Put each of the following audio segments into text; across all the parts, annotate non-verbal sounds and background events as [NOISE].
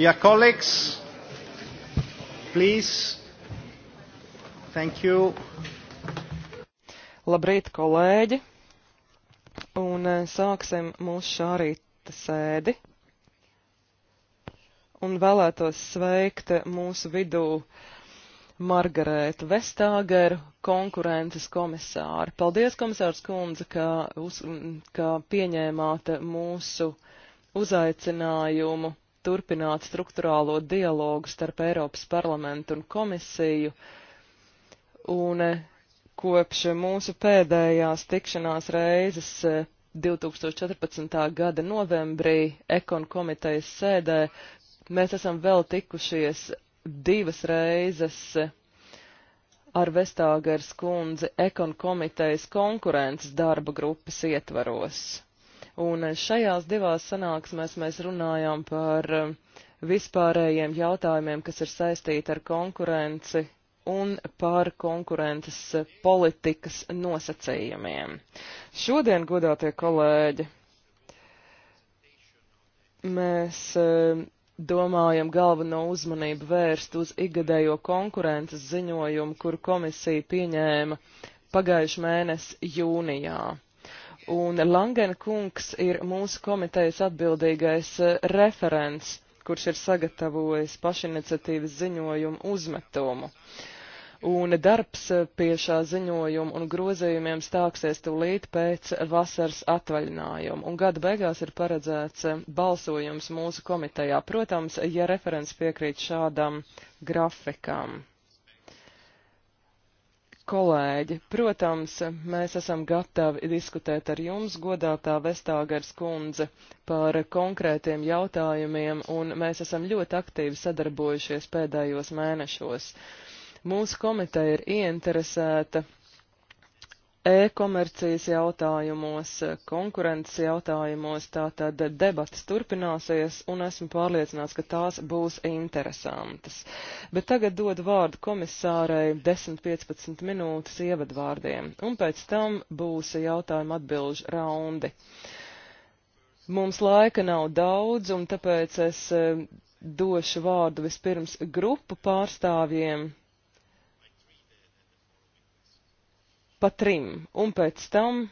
Dear colleagues, please, thank you. Labrīt, kolēģi, un eh, sāksim mūsu šā rīta sēdi. Un vēlētos sveikt mūsu vidū Margarētu Vestāgeru, konkurences komisāru. Paldies, komisārs Kundze, ka, uz, ka pieņēmāt mūsu uzaicinājumu turpināt struktūrālo dialogu starp Eiropas parlamentu un komisiju. Un eh, kopš mūsu pēdējās tikšanās reizes 2014. Eh, gada novembrī Ekon komitejas sēdē mēs esam vēl tikušies divas reizes eh, ar Vestāgers kundzi Ekon komitejas konkurences darba grupas ietvaros. Un eh, šajās divās sanāksmēs mēs runājām par eh, vispārējiem jautājumiem, kas ir saistīti ar konkurenci un par konkurences eh, politikas nosacījumiem. Šodien, godātie kolēģi, mēs domājam galveno uzmanību vērst uz igadējo konkurences ziņojumu, kuru komisija pieņēma pagājuši mēnesi jūnijā. Un Langena kungs ir mūsu komitejas atbildīgais eh, referents, kurš ir sagatavojis pašiniciatīvas ziņojumu uzmetumu. Un darbs eh, pie šā ziņojuma un grozījumiem stāksies tūlīt pēc vasaras atvaļinājuma. Un gada beigās ir paredzēts eh, balsojums mūsu komitejā. Protams, ja referents piekrīt šādam grafikam kolēģi, protams, mēs esam gatavi diskutēt ar jums, godātā Vestāgers kundze, par konkrētiem jautājumiem, un mēs esam ļoti aktīvi sadarbojušies pēdējos mēnešos. Mūsu komiteja ir ieinteresēta e-komercijas jautājumos, konkurences jautājumos, tātad debatas turpināsies, un esmu pārliecināts, ka tās būs interesantas. Bet tagad dodu vārdu komisārai 10-15 minūtes ievadvārdiem, un pēc tam būs jautājuma atbilžu raundi. Mums laika nav daudz, un tāpēc es eh, došu vārdu vispirms grupu pārstāvjiem, pa trim, un pēc tam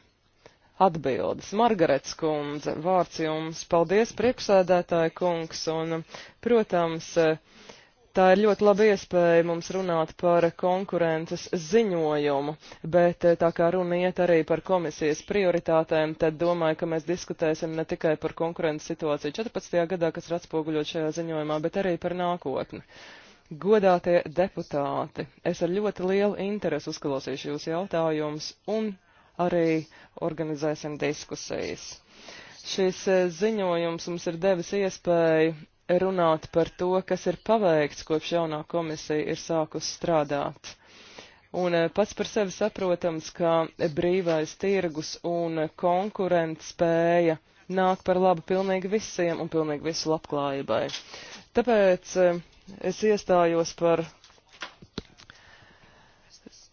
atbildes. Margarets kundze, vārds jums, paldies priekšsēdētāja kungs, un, protams, tā ir ļoti laba iespēja mums runāt par konkurences ziņojumu, bet tā kā runa iet arī par komisijas prioritātēm, tad domāju, ka mēs diskutēsim ne tikai par konkurences situāciju 14. gadā, kas ir atspoguļot šajā ziņojumā, bet arī par nākotni. Godātie deputāti, es ar ļoti lielu interesi uzklausīšu jūs jautājumus un arī organizēsim diskusijas. Šis eh, ziņojums mums ir devis iespēju runāt par to, kas ir paveikts, kopš jaunā komisija ir sākus strādāt. Un eh, pats par sevi saprotams, ka brīvais tirgus un konkurence spēja nāk par labu pilnīgi visiem un pilnīgi visu labklājībai. Tāpēc eh, es iestājos par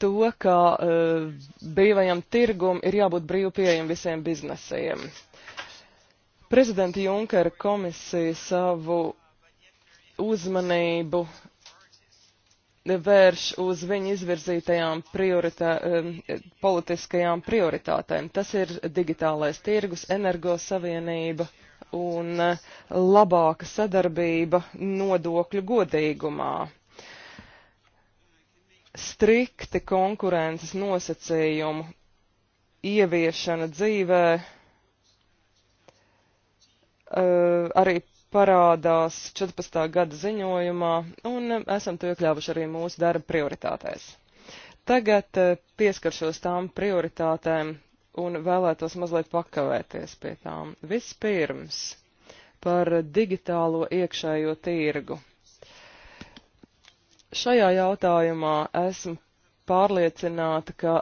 to, ka uh, brīvajam tirgum ir jābūt brīvi pieejam visiem biznesiem. Prezidenta Junkera komisija savu uzmanību vērš uz viņu izvirzītajām prioritā, eh, politiskajām prioritātēm. Tas ir digitālais tirgus, energosavienība. savienība un eh, labāka sadarbība nodokļu godīgumā. Strikti konkurences nosacījumu ieviešana dzīvē uh, arī parādās 14. gada ziņojumā, un eh, esam to iekļāvuši arī mūsu darba prioritātēs. Tagad uh, pieskaršos tām prioritātēm, un vēlētos mazliet pakavēties pie tām. Vispirms par digitālo iekšējo tirgu. Šajā jautājumā esmu pārliecināta, ka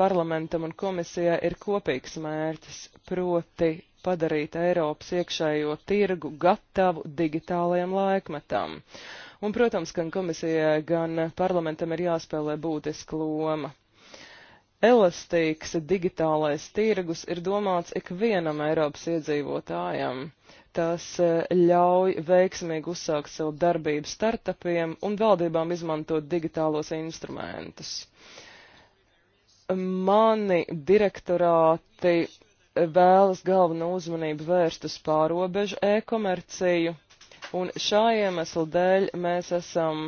parlamentam un komisijai ir kopīgs mērķis, proti padarīt Eiropas iekšējo tirgu gatavu digitālajam laikmetam. Un, protams, gan komisijai, gan parlamentam ir jāspēlē būtiska loma. Elastīgs digitālais tirgus ir domāts ikvienam Eiropas iedzīvotājam. Tas eh, ļauj veiksmīgi uzsākt savu darbību startupiem un valdībām izmantot digitālos instrumentus. Mani direktorāti vēlas galveno uzmanību vērst uz pārobežu e-komerciju, un šā iemesla dēļ mēs esam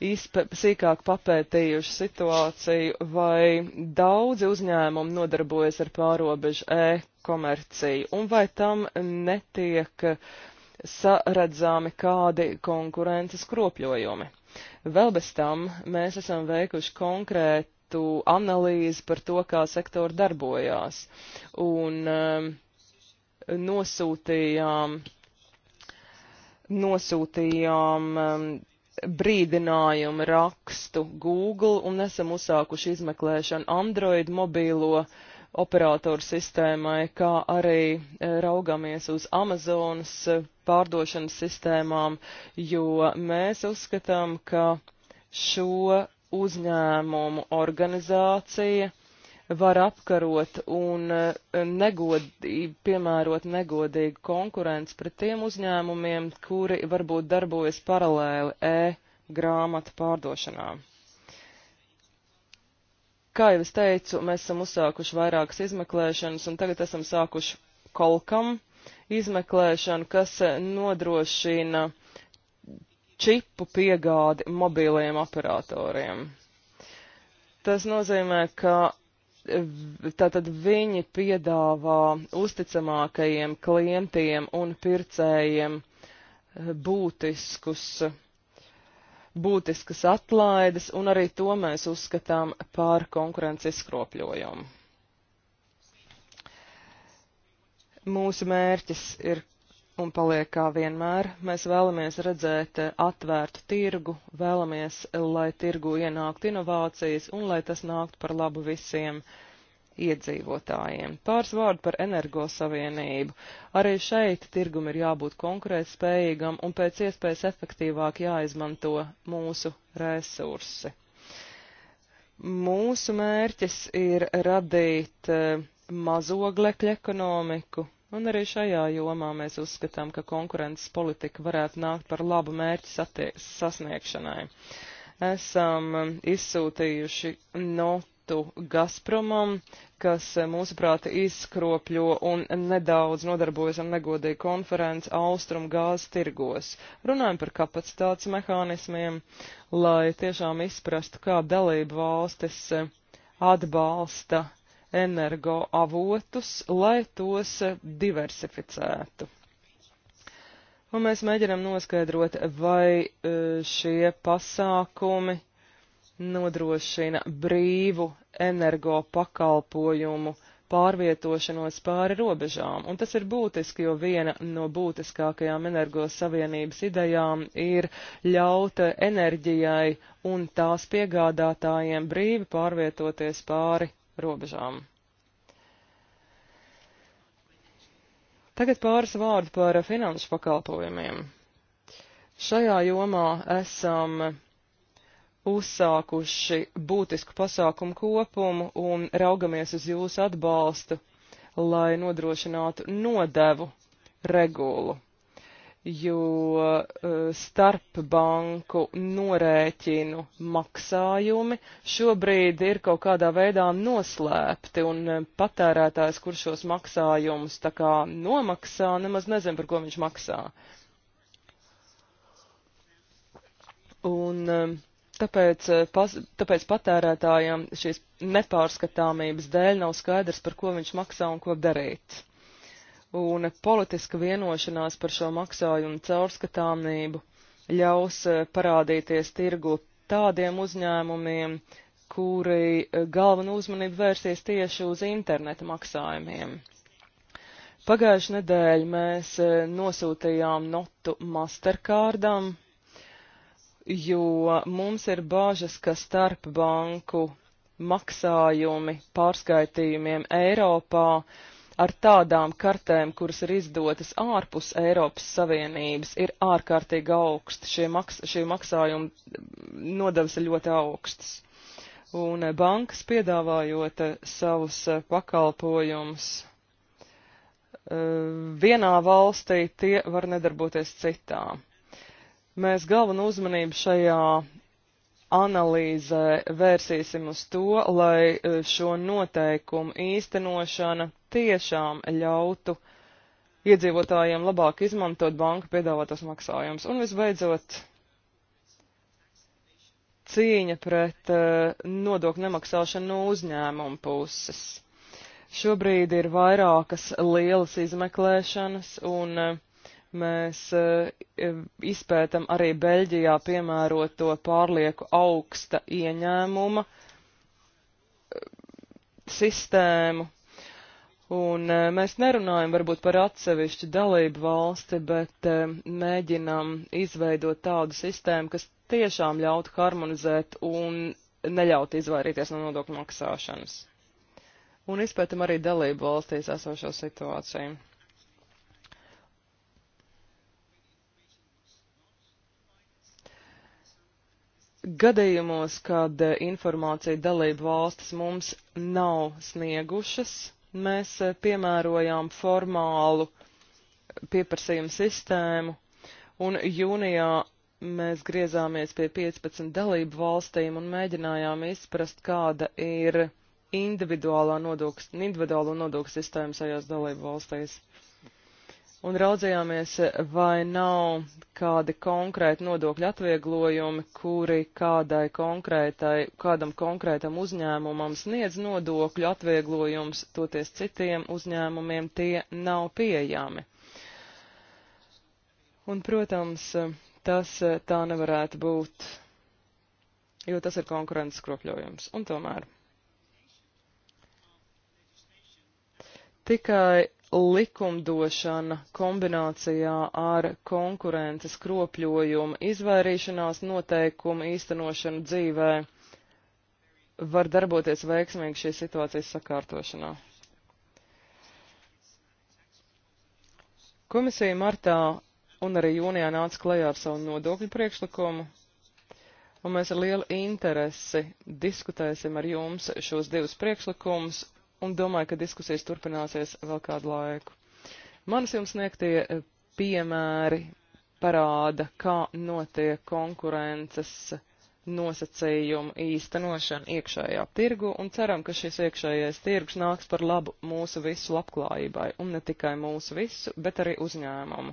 sīkāk papētījuši situāciju, vai daudzi uzņēmumi nodarbojas ar pārobežu e-komerciju, un vai tam netiek saredzami kādi konkurences kropļojumi. Vēl bez tam mēs esam veikuši konkrētu analīzi par to, kā sektori darbojās, un um, nosūtījām nosūtījām um, brīdinājumu rakstu Google un esam uzsākuši izmeklēšanu Android mobīlo operatoru sistēmai, kā arī e, raugamies uz Amazonas e, pārdošanas sistēmām, jo mēs uzskatām, ka šo uzņēmumu organizācija var apkarot un eh, negodīgi, piemērot negodīgu konkurenci pret tiem uzņēmumiem, kuri varbūt darbojas paralēli e-grāmatu pārdošanā. Kā jau es teicu, mēs esam uzsākuši vairākas izmeklēšanas un tagad esam sākuši kolkam izmeklēšanu, kas eh, nodrošina čipu piegādi mobiliem operatoriem. Tas nozīmē, ka Tātad viņi piedāvā uzticamākajiem klientiem un pircējiem būtiskus, būtiskas atlaides, un arī to mēs uzskatām par konkurences izkropļojumu. Mūsu mērķis ir un paliek kā vienmēr. Mēs vēlamies redzēt eh, atvērtu tirgu, vēlamies, lai tirgu ienāktu inovācijas un lai tas nāktu par labu visiem iedzīvotājiem. Pāris vārdu par energosavienību. Arī šeit tirgum ir jābūt konkurētspējīgam un pēc iespējas efektīvāk jāizmanto mūsu resursi. Mūsu mērķis ir radīt eh, mazoglekļa ekonomiku, Un arī šajā jomā mēs uzskatām, ka konkurences politika varētu nākt par labu mērķu sasniegšanai. Esam izsūtījuši notu Gazpromam, kas mūsuprāt izskropļo un nedaudz nodarbojas ar negodīgu konferenci Austrum gāzes tirgos. Runājam par kapacitātes mehānismiem, lai tiešām izprastu, kā dalību valstis atbalsta energoavotus, lai tos diversificētu. Un mēs mēģinām noskaidrot, vai e, šie pasākumi nodrošina brīvu energo pakalpojumu pārvietošanos pāri robežām. Un tas ir būtiski, jo viena no būtiskākajām energos savienības idejām ir ļaut enerģijai un tās piegādātājiem brīvi pārvietoties pāri robežām. Tagad pāris vārdu par finanšu pakalpojumiem. Šajā jomā esam uzsākuši būtisku pasākumu kopumu un raugamies uz jūsu atbalstu, lai nodrošinātu nodevu regulu jo eh, starp banku norēķinu maksājumi šobrīd ir kaut kādā veidā noslēpti, un eh, patērētājs, kurš šos maksājumus tā kā nomaksā, nemaz nezin, par ko viņš maksā. Un eh, tāpēc, pas, tāpēc patērētājiem šīs nepārskatāmības dēļ nav skaidrs, par ko viņš maksā un ko darīt un politiska vienošanās par šo maksājumu caurskatāmību ļaus e, parādīties tirgu tādiem uzņēmumiem, kuri e, galvenu uzmanību vērsies tieši uz interneta maksājumiem. Pagājušajā nedēļā mēs e, nosūtījām notu Mastercardam, jo mums ir bāžas, ka starp banku maksājumi pārskaitījumiem Eiropā uh, ar tādām kartēm, kuras ir izdotas ārpus Eiropas Savienības, ir ārkārtīgi augsts. Šie, maks šie maksājumi nodevs ir ļoti augsts. Un bankas piedāvājot savus pakalpojumus vienā valstī, tie var nedarboties citā. Mēs galvenu uzmanību šajā analīzē vērsīsim uz to, lai šo noteikumu īstenošana tiešām ļautu iedzīvotājiem labāk izmantot banka piedāvātos maksājumus. Un visbeidzot, cīņa pret uh, nodokļu nemaksāšanu no uzņēmumu puses. Šobrīd ir vairākas lielas izmeklēšanas, un uh, mēs uh, izpētam arī Beļģijā piemēroto pārlieku augsta ieņēmuma sistēmu, Un eh, mēs nerunājam varbūt par atsevišķu dalību valsti, bet eh, mēģinam izveidot tādu sistēmu, kas tiešām ļautu harmonizēt un neļaut izvairīties no nodokļu maksāšanas. Un izpētam arī dalību valstīs esošo situāciju. Gadījumos, kad eh, informācija dalību valstis mums nav sniegušas, mēs eh, piemērojām formālu pieprasījumu sistēmu, un jūnijā mēs griezāmies pie 15 dalību valstīm un mēģinājām izprast, kāda ir individuālā nodokļa, individuālo nodokļu sistēma šajās dalību valstīs un raudzījāmies, vai nav kādi konkrēti nodokļu atvieglojumi, kuri kādai konkrētai, kādam konkrētam uzņēmumam sniedz nodokļu atvieglojums, toties citiem uzņēmumiem tie nav pieejami. Un, protams, tas tā nevarētu būt, jo tas ir konkurences kropļojums. Un tomēr. Tikai likumdošana kombinācijā ar konkurences kropļojumu, izvairīšanās noteikumu īstenošanu dzīvē var darboties veiksmīgi šīs situācijas sakārtošanā. Komisija martā un arī jūnijā nāca klajā ar savu nodokļu priekšlikumu, un mēs ar lielu interesi diskutēsim ar jums šos divus priekšlikumus un domāju, ka diskusijas turpināsies vēl kādu laiku. Manas jums sniegtie e, piemēri parāda, kā notiek konkurences nosacījumu īstenošana iekšējā tirgu un ceram, ka šis iekšējais tirgs nāks par labu mūsu visu labklājībai un ne tikai mūsu visu, bet arī uzņēmumu.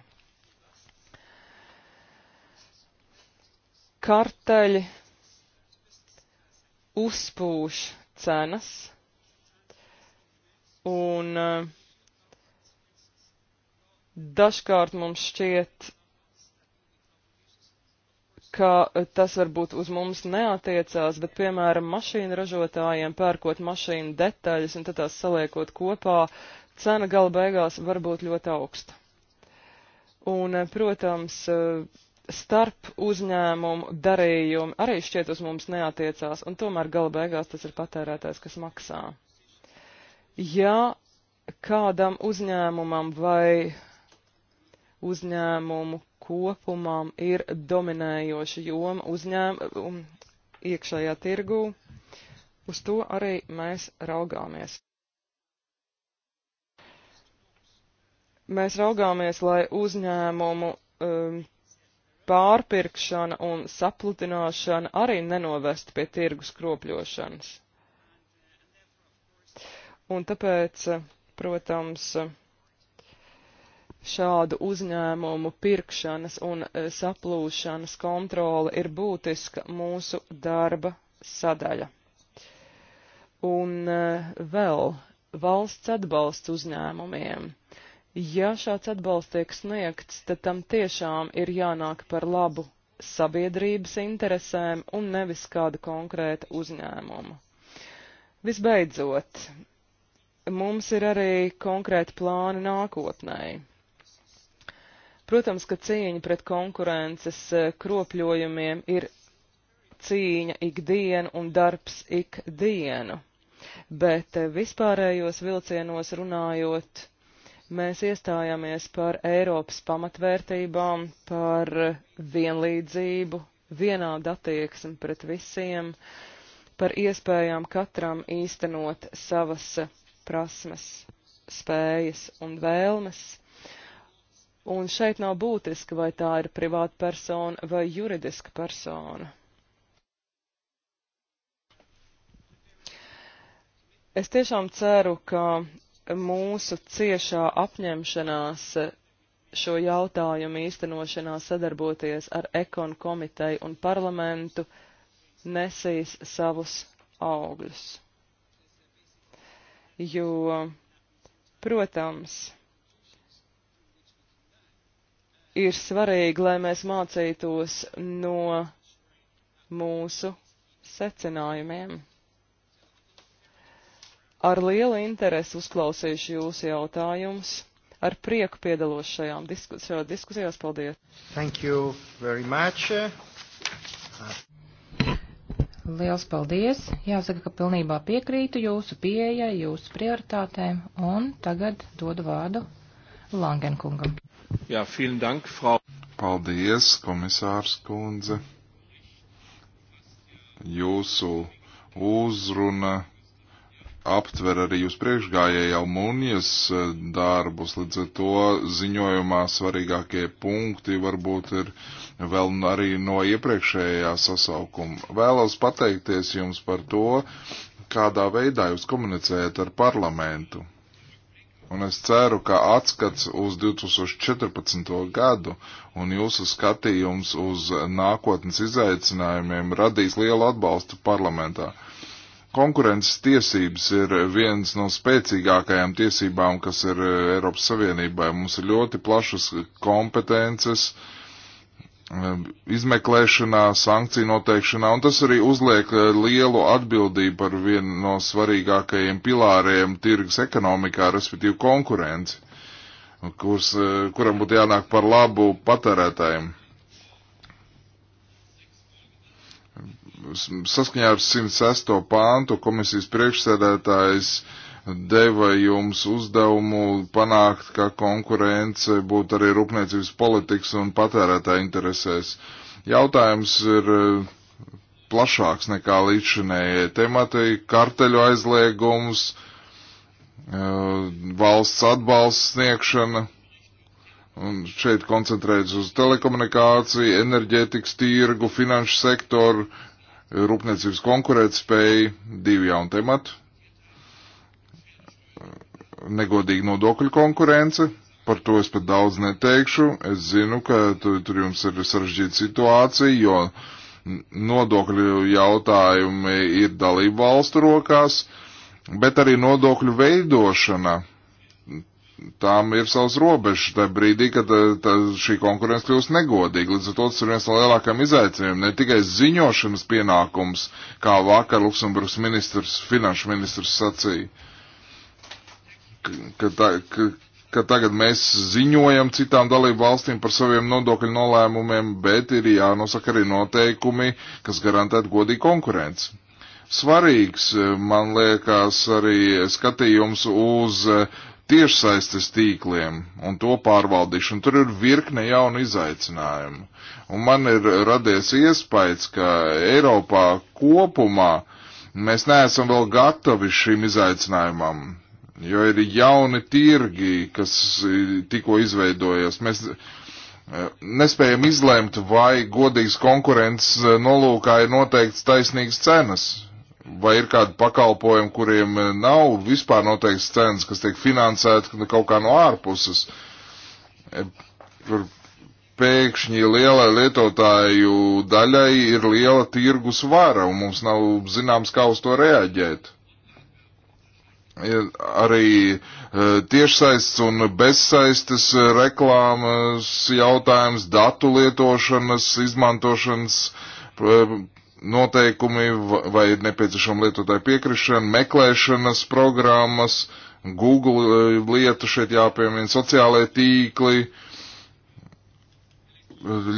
Karteļi uzpūš cenas Un eh, dažkārt mums šķiet, ka tas varbūt uz mums neatiecās, bet, piemēram, mašīnu ražotājiem pērkot mašīnu detaļas un tad tās saliekot kopā, cena gala beigās var būt ļoti augsta. Un, eh, protams, eh, starp uzņēmumu darījumi arī šķiet uz mums neatiecās, un tomēr gala beigās tas ir patērētājs, kas maksā ja kādam uzņēmumam vai uzņēmumu kopumam ir dominējoša joma uzņēmuma iekšējā tirgū, uz to arī mēs raugāmies. Mēs raugāmies, lai uzņēmumu um, pārpirkšana un sapludināšana arī nenovest pie tirgus kropļošanas. Un tāpēc, protams, šādu uzņēmumu pirkšanas un e, saplūšanas kontrole ir būtiska mūsu darba sadaļa. Un e, vēl valsts atbalsts uzņēmumiem. Ja šāds atbalsts tiek sniegts, tad tam tiešām ir jānāk par labu sabiedrības interesēm un nevis kāda konkrēta uzņēmuma. Visbeidzot, mums ir arī konkrēti plāni nākotnēji. Protams, ka cīņa pret konkurences e, kropļojumiem ir cīņa ikdienu un darbs ikdienu, bet e, vispārējos vilcienos runājot, mēs iestājāmies par Eiropas pamatvērtībām, par vienlīdzību, vienādu attieksmi pret visiem, par iespējām katram īstenot savas prasmes, spējas un vēlmes. Un šeit nav būtiski, vai tā ir privāta persona vai juridiska persona. Es tiešām ceru, ka mūsu ciešā apņemšanās šo jautājumu īstenošanā sadarboties ar ekonu komiteju un parlamentu nesīs savus augļus jo, protams, ir svarīgi, lai mēs mācītos no mūsu secinājumiem. Ar lielu interesi uzklausīšu jūsu jautājumus. Ar prieku piedalos šajām diskus, šajā diskusijās. Paldies! Thank you very much. Liels paldies! Jāsaka, ka pilnībā piekrītu jūsu pieejai, jūsu prioritātēm, un tagad dodu vārdu Langenkungam. Jā, vielen dank, Frau. Paldies, komisārs kundze. Jūsu uzruna aptver arī jūs priekšgājēja Almūnijas eh, darbus, līdz ar to ziņojumā svarīgākie punkti varbūt ir vēl arī no iepriekšējā sasaukuma. Vēlos pateikties jums par to, kādā veidā jūs komunicējat ar parlamentu. Un es ceru, ka atskats uz 2014. gadu un jūsu skatījums uz nākotnes izaicinājumiem radīs lielu atbalstu parlamentā konkurences tiesības ir viens no spēcīgākajām tiesībām, kas ir eh, Eiropas Savienībā. Mums ir ļoti plašas kompetences eh, izmeklēšanā, sankciju noteikšanā, un tas arī uzliek eh, lielu atbildību par vienu no svarīgākajiem pilāriem tirgus ekonomikā, respektīvi konkurenci, kurs, kuram būtu jānāk par labu patērētājiem. Saskaņā ar 106. pāntu komisijas priekšsēdētājs deva jums uzdevumu panākt, ka konkurence būtu arī rūpniecības politikas un patērētāja interesēs. Jautājums ir eh, plašāks nekā līdzinējie temati - karteļu aizliegums, eh, valsts atbalsts sniegšana, un šeit koncentrējas uz telekomunikāciju, enerģētikas tirgu, finanšu sektoru, rūpniecības konkurētspēja, divi jauni temati, negodīga nodokļu konkurence, par to es pat daudz neteikšu, es zinu, ka tur, tur jums ir sarežģīta situācija, jo nodokļu jautājumi ir dalību valstu rokās, bet arī nodokļu veidošana tām ir savs robežs, tā brīdī, kad tā, eh, tā, šī konkurence kļūst negodīga. Līdz ar to tas ir viens no lielākajiem izaicinājumiem. Ne tikai ziņošanas pienākums, kā vakar Luksemburgas ministrs, finanšu ministrs sacīja, ka, ka, ka, ka tagad mēs ziņojam citām dalību valstīm par saviem nodokļu nolēmumiem, bet ir jānosaka arī noteikumi, kas garantētu godīgu konkurenci. Svarīgs, eh, man liekas, arī skatījums uz uh, tiešsaistes tīkliem un to pārvaldīšanu. Tur ir virkne jaunu izaicinājumu. Un man ir radies iespējas, ka Eiropā kopumā mēs neesam vēl gatavi šim izaicinājumam, jo ir jauni tirgi, kas tikko izveidojas. Mēs eh, nespējam izlēmt, vai godīgs konkurences eh, nolūkā ir noteikts taisnīgas cenas vai ir kādi pakalpojumi, kuriem eh, nav vispār noteikts cenas, kas tiek finansēti kaut kā no ārpuses. Eh, pēkšņi lielai lietotāju daļai ir liela tirgus vara, un mums nav zināms, kā uz to reaģēt. Arī eh, tiešsaistes un bezsaistes reklāmas jautājums, datu lietošanas, izmantošanas noteikumi vai ir nepieciešama lietotāja piekrišana, meklēšanas programmas, Google e, lietu šeit jāpiemina, sociālai tīkli,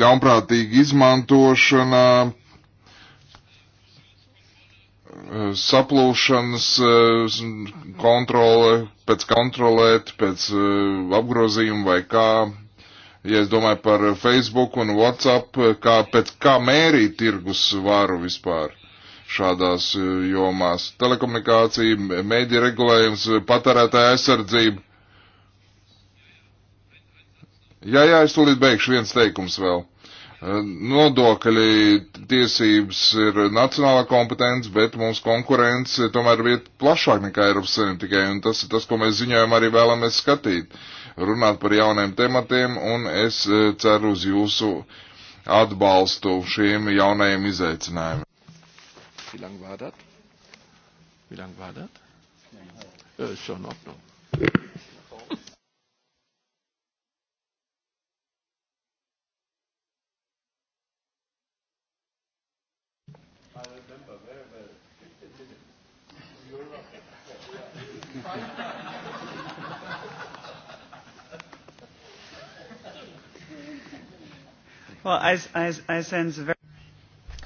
ļaunprātīga izmantošana, e, saplūšanas e, kontrole, pēc kontrolēt, pēc apgrozījuma vai kā ja es domāju par Facebook un WhatsApp, kā pēc kā mērīt tirgus varu vispār šādās e, jomās. Telekomunikācija, mēdī regulējums, patērētāja aizsardzība. Jā, jā, es tūlīt beigšu viens teikums vēl. E, nodokļi tiesības ir nacionālā kompetence, bet mūsu konkurence tomēr ir plašāk nekā Eiropas Savienība tikai, un tas ir tas, ko mēs ziņojam arī vēlamies skatīt. Uh, runāt par jauniem tematiem, un es e, ceru uz jūsu atbalstu šiem jaunajiem izaicinājumiem. Wie lang war das? Wie lang war das? Ja, äh, ist schon in Ordnung. I remember very well. Europe. Well, I, I, I sense very...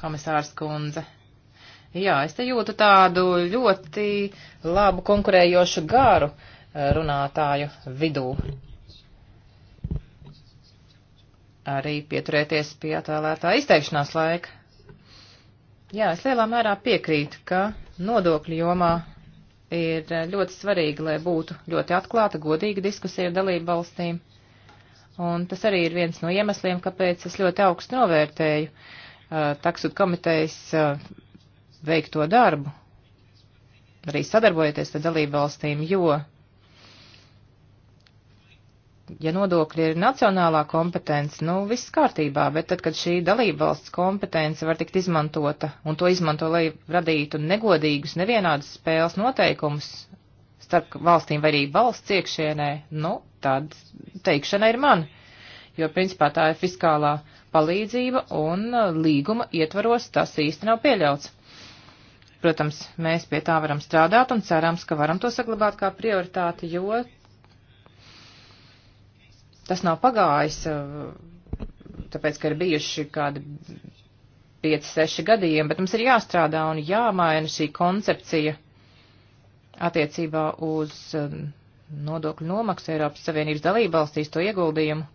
Komisārs Kundze. Jā, es te jūtu tādu ļoti labu konkurējošu garu eh, runātāju vidū. Arī pieturēties pie atvēlētā izteikšanās laika. Jā, es lielā mērā piekrītu, ka nodokļu jomā ir eh, ļoti svarīgi, lai būtu ļoti atklāta, godīga diskusija ar dalību valstīm. Un tas arī ir viens no iemesliem, kāpēc es ļoti augstu novērtēju uh, taksut komitejas uh, veikto darbu, arī sadarbojoties ar dalību valstīm, jo, ja nodokļi ir nacionālā kompetence, nu viss kārtībā, bet tad, kad šī dalību valsts kompetence var tikt izmantota, un to izmanto, lai radītu negodīgus, nevienādas spēles noteikumus starp valstīm vai arī valsts iekšienē, nu, tad teikšana ir man, jo principā tā ir fiskālā palīdzība un līguma ietvaros tas īsti nav pieļauts. Protams, mēs pie tā varam strādāt un cerams, ka varam to saglabāt kā prioritāti, jo tas nav pagājis, tāpēc, ka ir bijuši kādi 5-6 gadījumi, bet mums ir jāstrādā un jāmaina šī koncepcija attiecībā uz um, nodokļu nomaksu Eiropas Savienības dalībvalstīs to ieguldījumu.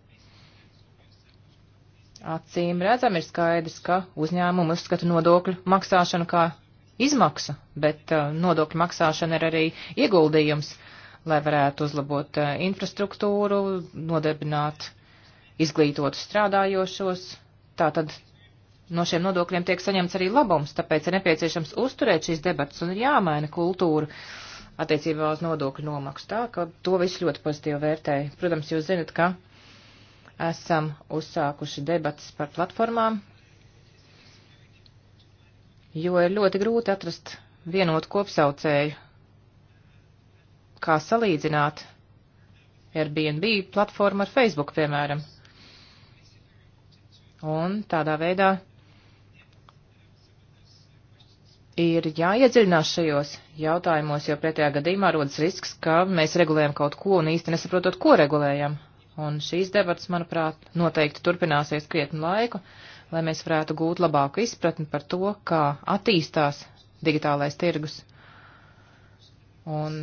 Acīm redzam ir skaidrs, ka uzņēmumu uzskata nodokļu maksāšanu kā izmaksu, bet uh, nodokļu maksāšana ir arī ieguldījums, lai varētu uzlabot uh, infrastruktūru, nodarbināt izglītotus strādājošos. Tātad no šiem nodokļiem tiek saņemts arī labums, tāpēc ir nepieciešams uzturēt šīs debatas un ir jāmaina kultūra. Uh, attiecībā uz nodokļu nomaksu. Tā, ka to visu ļoti pozitīvi vērtēju. Protams, jūs zinat, ka esam uzsākuši debatas par platformām, jo ir ļoti grūti atrast vienotu kopsaucēju, kā salīdzināt Airbnb platformu ar Facebook, piemēram. Un tādā veidā ir jāiedziļinās šajos jautājumos, jo pretējā gadījumā rodas risks, ka mēs regulējam kaut ko un īsti nesaprotot, ko regulējam. Un šīs debats, manuprāt, noteikti turpināsies krietnu laiku, lai mēs varētu gūt labāku izpratni par to, kā attīstās digitālais tirgus. Un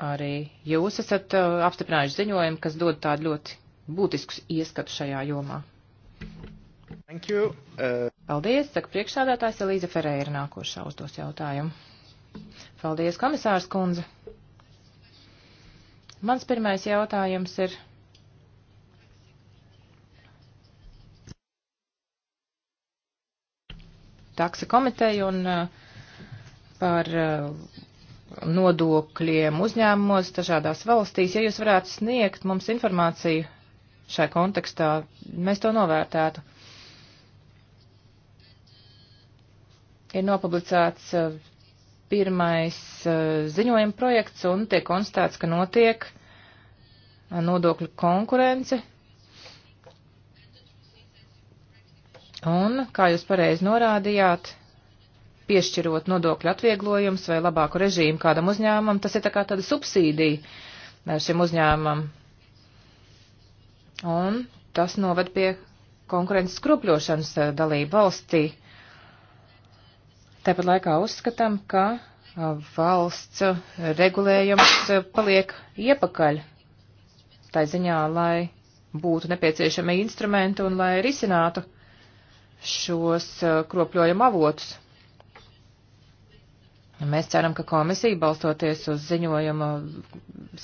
arī jūs esat uh, apstiprinājuši ziņojumu, kas dod tādu ļoti būtiskus ieskatu šajā jomā. Thank you. Uh... Paldies, saka priekšsādātājs Elīza Ferēra nākošā uzdos jautājumu. Paldies, komisārs kundze. Mans pirmais jautājums ir. Taksa komiteja un uh, par uh, nodokļiem uzņēmumos dažādās valstīs. Ja jūs varētu sniegt mums informāciju šai kontekstā, mēs to novērtētu. ir nopublicēts uh, pirmais uh, ziņojuma projekts un tiek konstatēts, ka notiek uh, nodokļu konkurence. Un, kā jūs pareizi norādījāt, piešķirot nodokļu atvieglojums vai labāku režīmu kādam uzņēmumam, tas ir tā kā tāda subsīdija šim uzņēmumam. Un tas noved pie konkurences skrupļošanas dalību valstī. Uh, Tāpat laikā uzskatām, ka valsts regulējums paliek iepakaļ tā ziņā, lai būtu nepieciešami instrumenti un lai risinātu šos kropļojumu avotus. Mēs ceram, ka komisija, balstoties uz ziņojuma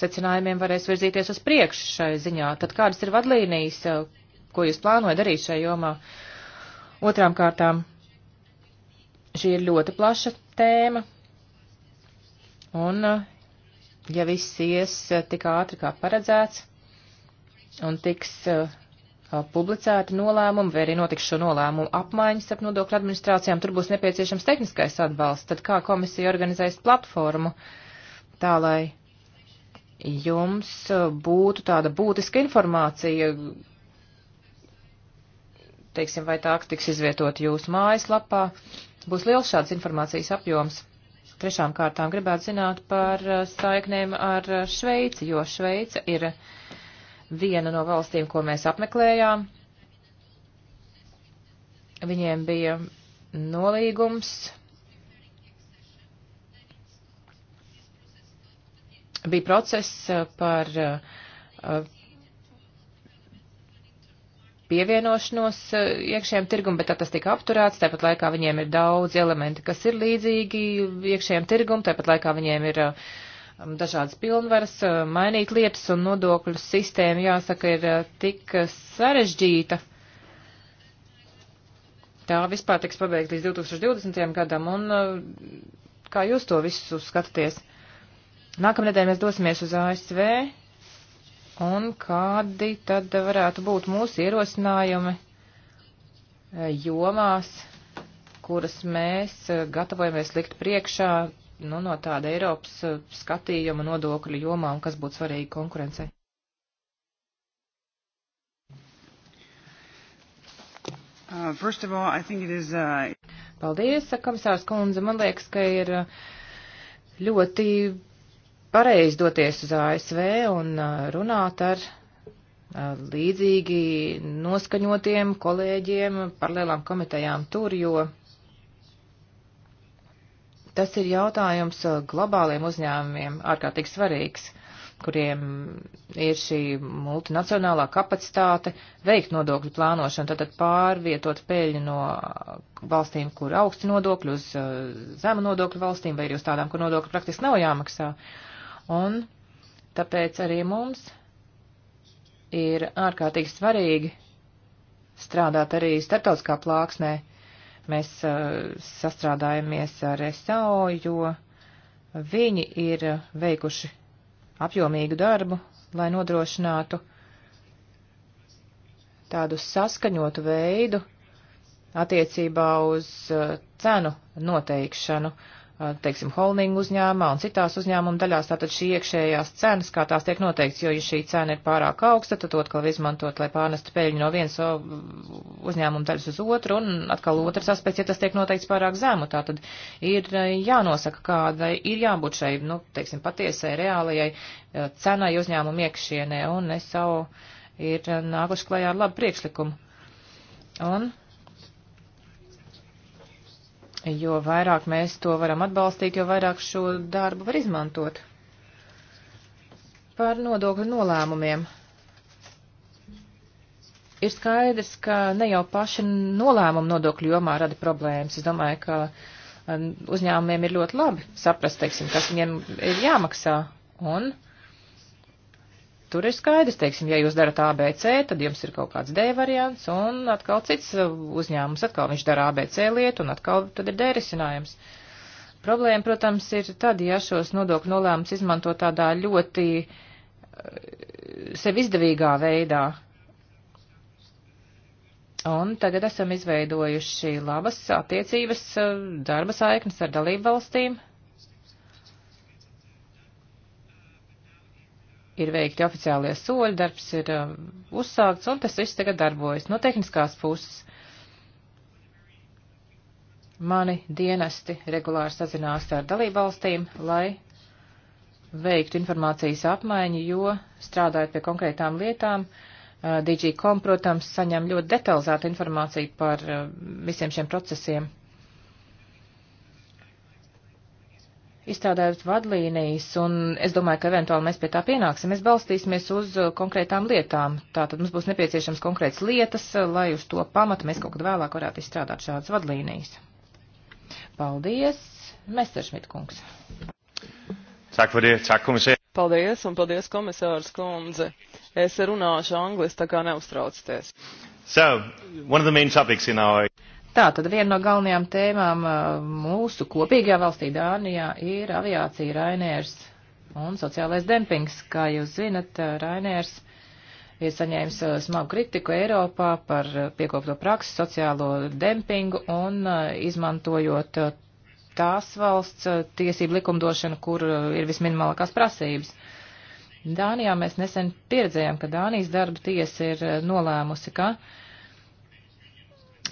secinājumiem, varēs virzīties uz priekšu šai ziņā. Tad kādas ir vadlīnijas, ko jūs plānojat darīt šajā jomā? Otrām kārtām Šī ir ļoti plaša tēma, un eh, ja viss ies eh, tik ātri kā paredzēts un tiks uh, publicēti nolēmumi, vai arī notiks šo nolēmumu apmaiņas ar nodokļu administrācijām, tur būs nepieciešams tehniskais atbalsts. Tad kā komisija organizēs platformu tā, lai jums būtu tāda būtiska informācija, teiksim, vai tā, kas tiks izvietot jūsu mājaslapā, uh, būs liels šāds informācijas apjoms. Trešām kārtām gribētu zināt par uh, saiknēm ar uh, Šveici, jo Šveica ir viena no valstīm, ko mēs apmeklējām. Viņiem bija nolīgums. Bija process uh, par pievienošanos eh, iekšējiem tirgumam, bet tā tas tika apturēts. Tāpat laikā viņiem ir daudz elementi, kas ir līdzīgi iekšējiem tirgumam, tāpat laikā viņiem ir eh, um, dažādas pilnvaras, eh, mainīt lietas un nodokļu sistēma, jāsaka, ir tik sarežģīta. Tā vispār tiks pabeigta līdz 2020. gadam, un kā jūs to visu skatāties? Nākamnedēļ mēs dosimies uz ASV, Un kādi tad varētu būt mūsu ierosinājumi e, jomās, kuras mēs e, gatavojamies likt priekšā nu, no tāda Eiropas e, skatījuma nodokļu jomā un kas būtu svarīgi konkurencei? Uh, first of all, I think it is. Uh... Paldies, komisārs kundze. Man liekas, ka ir ļoti pareizi doties uz ASV un uh, runāt ar uh, līdzīgi noskaņotiem kolēģiem par lielām komitejām tur, jo tas ir jautājums uh, globāliem uzņēmumiem ārkārtīgi svarīgs, kuriem ir šī multinacionālā kapacitāte veikt nodokļu plānošanu, tātad pārvietot peļņu no valstīm, kur augsti nodokļi, uz zemu nodokļu valstīm vai arī uz tādām, kur nodokļi praktiski nav jāmaksā. Uh, Un tāpēc arī mums ir ārkārtīgi svarīgi strādāt arī starptautiskā plāksnē. Mēs uh, sastrādājamies ar SAO, jo viņi ir veikuši apjomīgu darbu, lai nodrošinātu tādu saskaņotu veidu attiecībā uz uh, cenu noteikšanu teiksim, holdingu uzņēmumā un citās uzņēmuma daļās, tātad šī iekšējās cenas, kā tās tiek noteikts, jo, ja šī cena ir pārāk augsta, tad to atkal izmantot, lai pārnestu peļņu no vienas uzņēmuma daļas uz otru, un atkal otrs aspekts, ja tas tiek noteikts pārāk zemu, tātad ir jānosaka, kādai ir jābūt šai, nu, teiksim, patiesai, reālajai cenai uzņēmuma iekšienē, un es savu ir nākuši klajā ar labu priekšlikumu. Un jo vairāk mēs to varam atbalstīt, jo vairāk šo darbu var izmantot. Par nodokļu nolēmumiem. Ir skaidrs, ka ne jau paši nolēmumi nodokļu jomā rada problēmas. Es domāju, ka um, uzņēmumiem ir ļoti labi saprast, teiksim, kas viņiem ir jāmaksā. Un tur ir skaidrs, teiksim, ja jūs darat ABC, tad jums ir kaut kāds D variants, un atkal cits uh, uzņēmums, atkal viņš dara ABC lietu, un atkal tad ir D risinājums. Problēma, protams, ir tad, ja šos nodokļu nolēmums izmanto tādā ļoti uh, sev izdevīgā veidā. Un tagad esam izveidojuši labas attiecības uh, darba saiknes ar dalību valstīm, ir veikti oficiālie soļi, darbs ir um, uzsākts, un tas viss tagad darbojas. No tehniskās puses mani dienesti regulāri sazinās ar dalībvalstīm, lai veiktu informācijas apmaiņu, jo strādājot pie konkrētām lietām, uh, DigiCom, protams, saņem ļoti detalizētu informāciju par uh, visiem šiem procesiem. izstrādājot vadlīnijas, un es domāju, ka eventuāli mēs pie tā pienāksim. Mēs balstīsimies uz uh, konkrētām lietām. Tātad mums būs nepieciešams konkrēts lietas, uh, lai uz to pamata mēs kaut kad vēlāk varētu izstrādāt šādas vadlīnijas. Paldies, Mesteršmit kungs. Tak for det. Tak, komisār. Paldies, un paldies, komisārs kundze. Es runāšu angliski, tā kā neuztraucieties. So, one of the main topics in our Tā tad viena no galvenajām tēmām uh, mūsu kopīgajā valstī Dānijā ir aviācija Rainērs un sociālais dempings. Kā jūs zinat, uh, Rainērs ir saņēmis uh, smagu kritiku Eiropā par piekopto praksi, sociālo dempingu un izmantojot tās valsts tiesību likumdošanu, kur ir visminimālākās prasības. Dānijā mēs nesen pieredzējām, ka Dānijas darba tiesa ir nolēmusi, ka uh,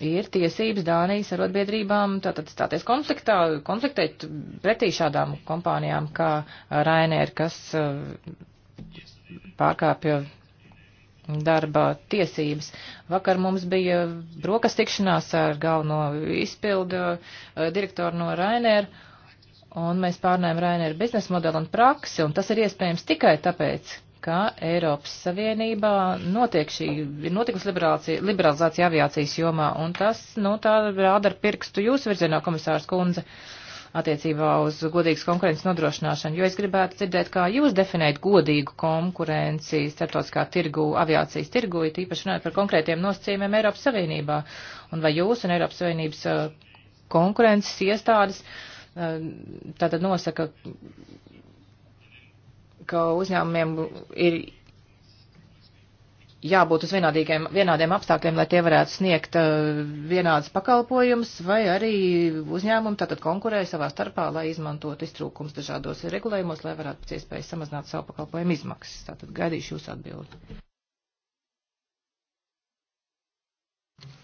ir tiesības Dānijas arotbiedrībām tātad stāties konfliktā, konfliktēt pretī šādām kompānijām kā Rainer, kas eh, pārkāpja darba tiesības. Vakar mums bija brokas tikšanās ar galveno izpildu eh, direktoru no Rainer, un mēs pārnājām Rainer biznesa modeli un praksi, un tas ir iespējams tikai tāpēc, ka Eiropas Savienībā notiek šī, ir notikusi liberalizācija aviācijas jomā, un tas, nu, tā rāda ar pirkstu jūsu virzienā, komisārs Kunze, attiecībā uz godīgas konkurences nodrošināšanu, jo es gribētu dzirdēt, kā jūs definējat godīgu konkurenci starptautiskā tirgu, aviācijas tirgu, it īpaši runājot par konkrētiem nosacījumiem Eiropas Savienībā, un vai jūs un Eiropas Savienības uh, konkurences iestādes uh, tātad nosaka ka uzņēmumiem ir jābūt uz vienādiem, vienādiem apstākļiem, lai tie varētu sniegt uh, vienādas pakalpojumus, vai arī uzņēmumi tātad konkurē savā starpā, lai izmantotu iztrūkums dažādos regulējumos, lai varētu pēc iespējas samazināt savu pakalpojumu izmaksas. Tātad gaidīšu jūsu atbildi.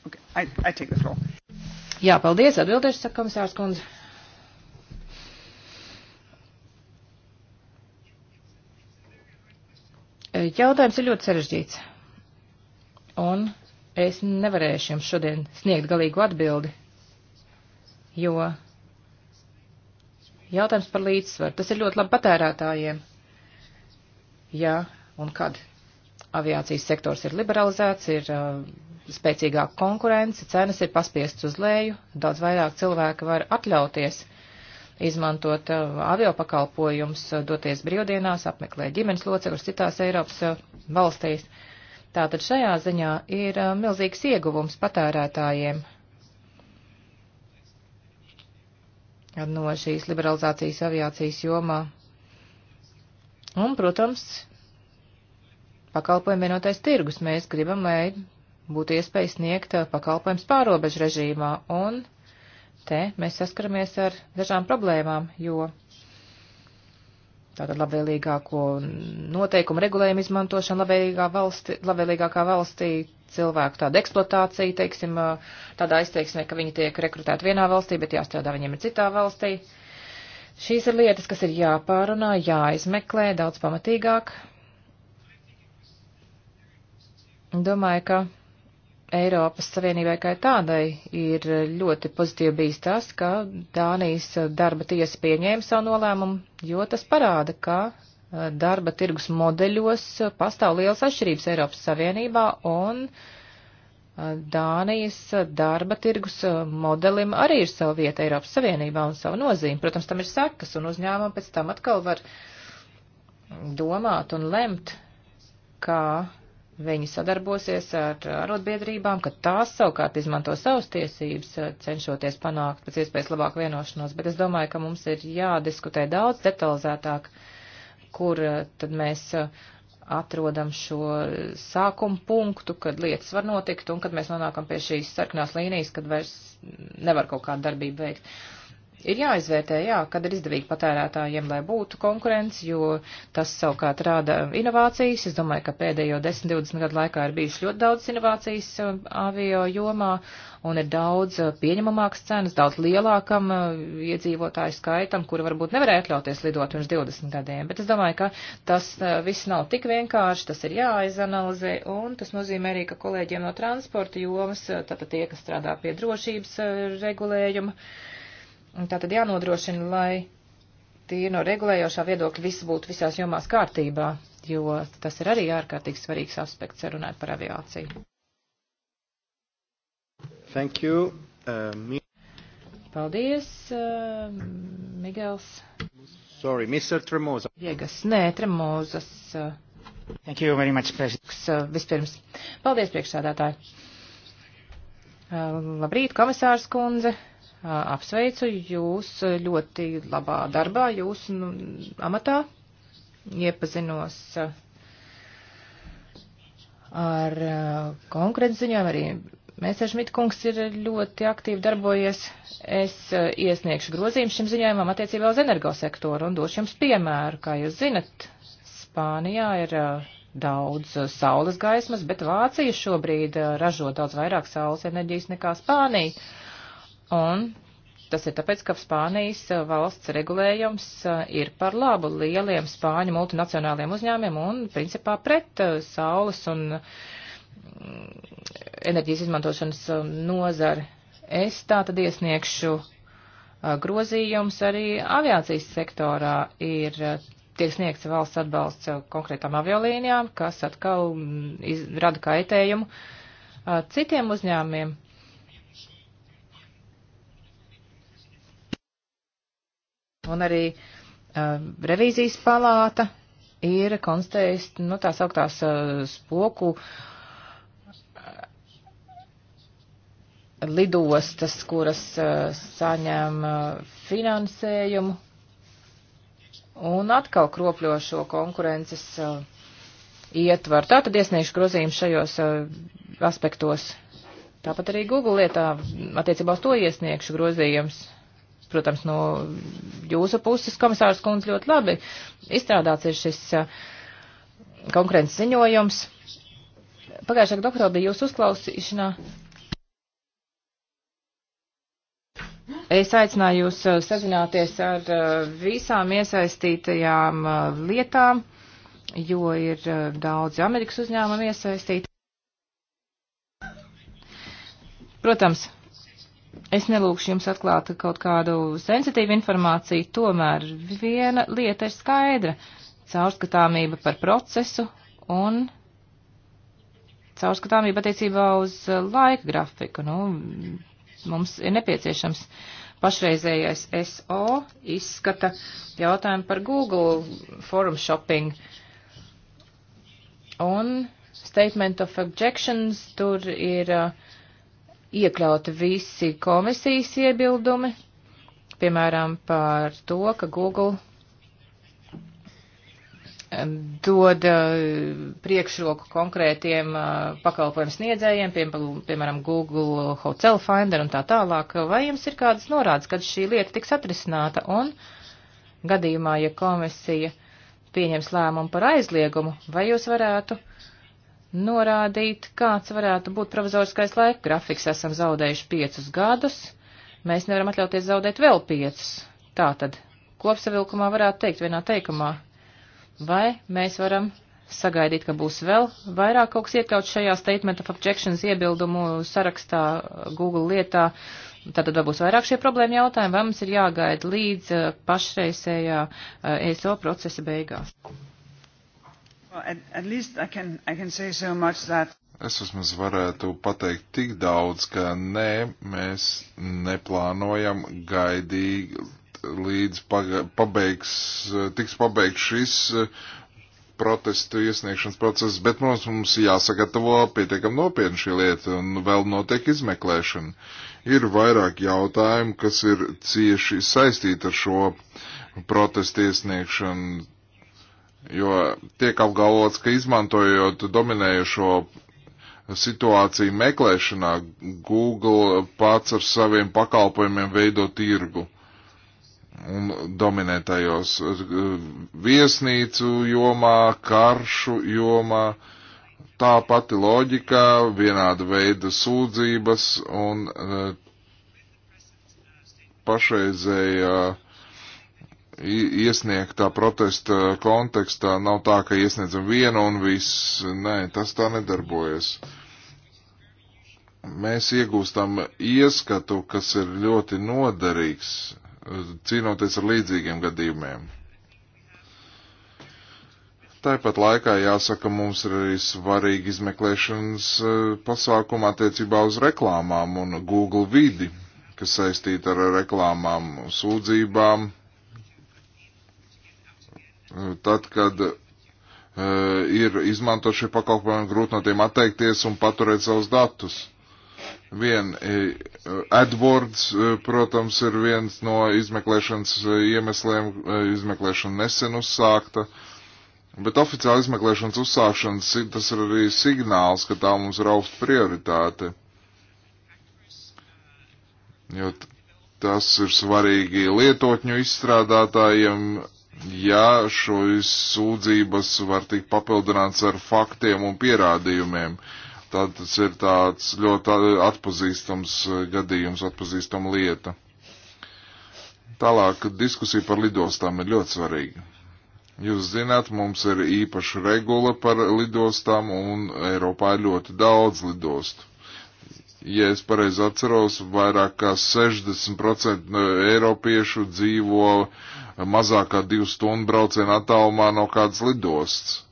Okay, I, I Jā, paldies, atbildēšu, saka komisārs kundze. Jautājums ir ļoti sarežģīts. Un es nevarēšu jums šodien sniegt galīgu atbildi, jo jautājums par līdzsvaru. Tas ir ļoti labi patērētājiem. Jā, un kad aviācijas sektors ir liberalizēts, ir uh, spēcīgāka konkurence, cenas ir paspiestas uz leju, daudz vairāk cilvēki var atļauties izmantot uh, avio pakalpojums, uh, doties brīvdienās, apmeklēt ģimenes locekļus citās Eiropas uh, valstīs. Tātad šajā ziņā ir milzīgs ieguvums patērētājiem no šīs liberalizācijas aviācijas jomā. Un, protams, pakalpojumu vienotais tirgus. Mēs gribam, lai būtu iespēja sniegt pakalpojums pārobežu režīmā, un te mēs saskaramies ar dažām problēmām, jo tātad labvēlīgāko noteikumu regulējumu izmantošana labvēlīgā valsti, labvēlīgākā valstī cilvēku tāda eksploatācija, teiksim, tādā izteiksmē, ka viņi tiek rekrutēti vienā valstī, bet jāstrādā viņiem ir citā valstī. Šīs ir lietas, kas ir jāpārunā, jāizmeklē daudz pamatīgāk. Domāju, ka Eiropas Savienībai kā tādai ir ļoti pozitīvi bijis tas, ka Dānijas darba tiesa pieņēma savu nolēmumu, jo tas parāda, ka eh, darba tirgus modeļos pastāv liels atšķirības Eiropas Savienībā un eh, Dānijas darba tirgus modelim arī ir sava vieta Eiropas Savienībā un savu nozīmi. Protams, tam ir sekas un uzņēmumi pēc tam atkal var domāt un lemt, kā Viņi sadarbosies ar arotbiedrībām, ka tās savukārt izmanto savas tiesības, eh, cenšoties panākt pēc iespējas labāku vienošanos, bet es domāju, ka mums ir jādiskutē daudz detalizētāk, kur eh, tad mēs eh, atrodam šo sākumu punktu, kad lietas var notikt un kad mēs nonākam pie šīs sarkanās līnijas, kad vairs nevar kaut kādu darbību veikt. Ir jāizvērtē, jā, kad ir izdevīgi patērētājiem, lai būtu konkurence, jo tas savukārt rāda inovācijas. Es domāju, ka pēdējo 10-20 gadu laikā ir bijis ļoti daudz inovācijas um, avio jomā un ir daudz uh, pieņemamāks cenas, daudz lielākam uh, iedzīvotāju skaitam, kuri varbūt nevarēja atļauties lidot pirms 20 gadiem. Bet es domāju, ka tas uh, viss nav tik vienkārši, tas ir jāizanalizē un tas nozīmē arī, ka kolēģiem no transporta jomas, tātad tie, kas strādā pie drošības regulējuma, Tā tad jānodrošina, lai tīri no regulējošā viedokļa viss būtu visās jomās kārtībā, jo tas ir arī ārkārtīgi svarīgs aspekts, ja runājot par aviāciju. Thank you. Um, Paldies, uh, Migels. Sorry, Mr. Tremoza. Jēgas, nē, Tremozas. Uh, Thank you very much, President. Uh, vispirms. Paldies, priekšsādātāji. Uh, labrīt, komisārs kundze. Uh, apsveicu jūs ļoti labā darbā, jūsu nu, amatā. Iepazinos ar konkrētu ziņām arī. Mēsēš Mitkungs ir ļoti aktīvi darbojies. Es iesniegšu grozījumu šim ziņojumam attiecībā uz energosektoru un došu jums piemēru. Kā jūs zinat, Spānijā ir daudz saules gaismas, bet Vācija šobrīd ražo daudz vairāk saules enerģijas nekā Spānija. Un tas ir tāpēc, ka Spānijas uh, valsts regulējums uh, ir par labu lieliem spāņu multinacionāliem uzņēmiem un principā pret uh, saules un mm, enerģijas izmantošanas nozari. Es tā tad iesniegšu grozījums arī aviācijas sektorā ir tiek sniegts valsts atbalsts konkrētām aviolīnijām, kas atkal mm, iz, rada kaitējumu citiem uzņēmumiem. Un arī uh, revīzijas palāta ir konstatējusi nu, tās augtās uh, spoku lidostas, kuras uh, saņem uh, finansējumu un atkal kropļo šo konkurences uh, ietvaru. Tā tad iesniegšu grozījumu šajos uh, aspektos. Tāpat arī Google lietā attiecībā uz to iesniegšu grozījums protams, no jūsu puses, komisārs kundze, ļoti labi izstrādāts ir šis uh, konkurences ziņojums. Pagājušā gada oktobrī jūs uzklausīšanā Es aicināju jūs uh, sazināties ar uh, visām iesaistītajām lietām, jo ir daudzi Amerikas uzņēmumi iesaistīti. Protams, Es nelūkšu jums atklāt kaut kādu sensitīvu informāciju, tomēr viena lieta ir skaidra - caurskatāmība par procesu un caurskatāmība attiecībā uz laika grafiku. Nu, mums ir nepieciešams pašreizējais SO izskata jautājumu par Google forum shopping. Un statement of objections tur ir uh, iekļauti visi komisijas iebildumi, piemēram, par to, ka Google dod eh, priekšroku konkrētiem eh, pakalpojumu sniedzējiem, piemēram, Google Hotel Finder un tā tālāk. Vai jums ir kādas norādes, kad šī lieta tiks atrisināta un gadījumā, ja komisija pieņems lēmumu par aizliegumu, vai jūs varētu norādīt, kāds varētu būt provizoriskais laika grafiks. Esam zaudējuši piecus gadus, mēs nevaram atļauties zaudēt vēl piecus. Tātad, kopsavilkumā varētu teikt vienā teikumā, vai mēs varam sagaidīt, ka būs vēl vairāk kaut kas iekļauts šajā statement of objections iebildumu sarakstā Google lietā. Tātad vēl būs vairāk šie problēma jautājumi, vai mums ir jāgaida līdz eh, pašreizējā ESO eh, e procesa beigās. Well, at least I can, I can say so much that Es vismaz varētu pateikt tik daudz, ka nē, mēs neplānojam gaidīt līdz pabeigs, tiks pabeigts šis eh, protestu iesniegšanas process, bet mums, mums jāsagatavo pietiekam nopietni šī lieta un vēl notiek izmeklēšana. Ir vairāk jautājumu, kas ir cieši saistīti ar šo protestu iesniegšanu jo tiek apgalvots, ka izmantojot dominējošo situāciju meklēšanā, Google pats ar saviem pakalpojumiem veido tirgu un dominē tajos viesnīcu jomā, karšu jomā. Tā pati loģika, vienāda veida sūdzības un eh, pašreizējā uh, iesniegtā protesta kontekstā nav tā, ka iesniedzam vienu un viss. Nē, tas tā nedarbojas. Mēs iegūstam ieskatu, kas ir ļoti noderīgs cīnoties ar līdzīgiem gadījumiem. Tāpat laikā jāsaka, mums ir arī svarīgi izmeklēšanas e, pasākuma attiecībā uz reklāmām un Google vidi, kas saistīta ar reklāmām, sūdzībām tad, kad uh, ir izmanto šie pakalpojumi, grūti no tiem atteikties un paturēt savus datus. Vien e, AdWords, e, protams, ir viens no izmeklēšanas iemesliem, izmeklēšana nesen uzsākta, bet oficiāli izmeklēšanas uzsākšanas tas ir arī signāls, ka tā mums ir augsta prioritāte. Jo tas ir svarīgi lietotņu izstrādātājiem, ja šo sūdzības var tikt papildināts ar faktiem un pierādījumiem. Tad tas ir tāds ļoti atpazīstams gadījums, atpazīstama lieta. Tālāk diskusija par lidostām ir ļoti svarīga. Jūs zināt, mums ir īpaša regula par lidostām, un Eiropā ir ļoti daudz lidostu ja es pareizi atceros, vairāk kā 60% eiropiešu dzīvo mazāk kā divu stundu braucienu attālumā no kādas lidosts.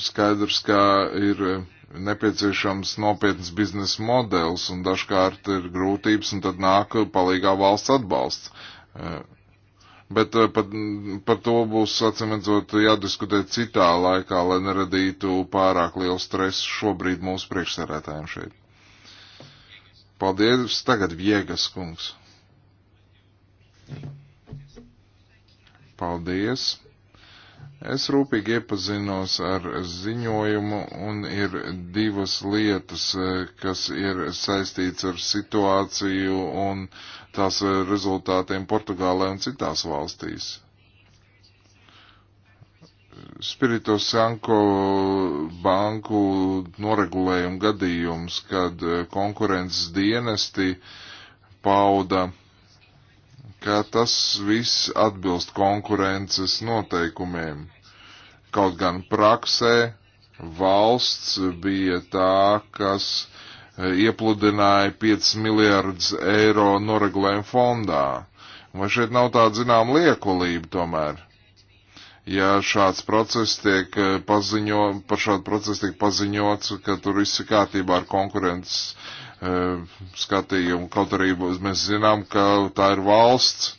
Skaidrs, ka ir nepieciešams nopietns biznesa modelis un dažkārt ir grūtības un tad nāk palīgā valsts atbalsts. Eh, bet eh, par, mm, par to būs, atcīmredzot, jādiskutē citā laikā, lai neradītu pārāk lielu stresu šobrīd mūsu priekšsarētājiem šeit. Paldies, tagad Viegas kungs. Paldies. Es rūpīgi iepazinos ar ziņojumu un ir divas lietas, eh, kas ir saistīts ar situāciju un tās eh, rezultātiem Portugālē un citās valstīs. Spirito Sanko banku noregulējuma gadījums, kad eh, konkurences dienesti pauda, ka tas viss atbilst konkurences noteikumiem. Kaut gan praksē valsts bija tā, kas iepludināja 5 miljārdus eiro noregulējumu fondā. Vai šeit nav tāda zinām liekulība tomēr? Ja šāds process tiek eh, paziņo, par šādu procesu tiek paziņots, ka tur viss ir kārtībā ar konkurences eh, skatījumu, kaut arī mēs zinām, ka tā ir valsts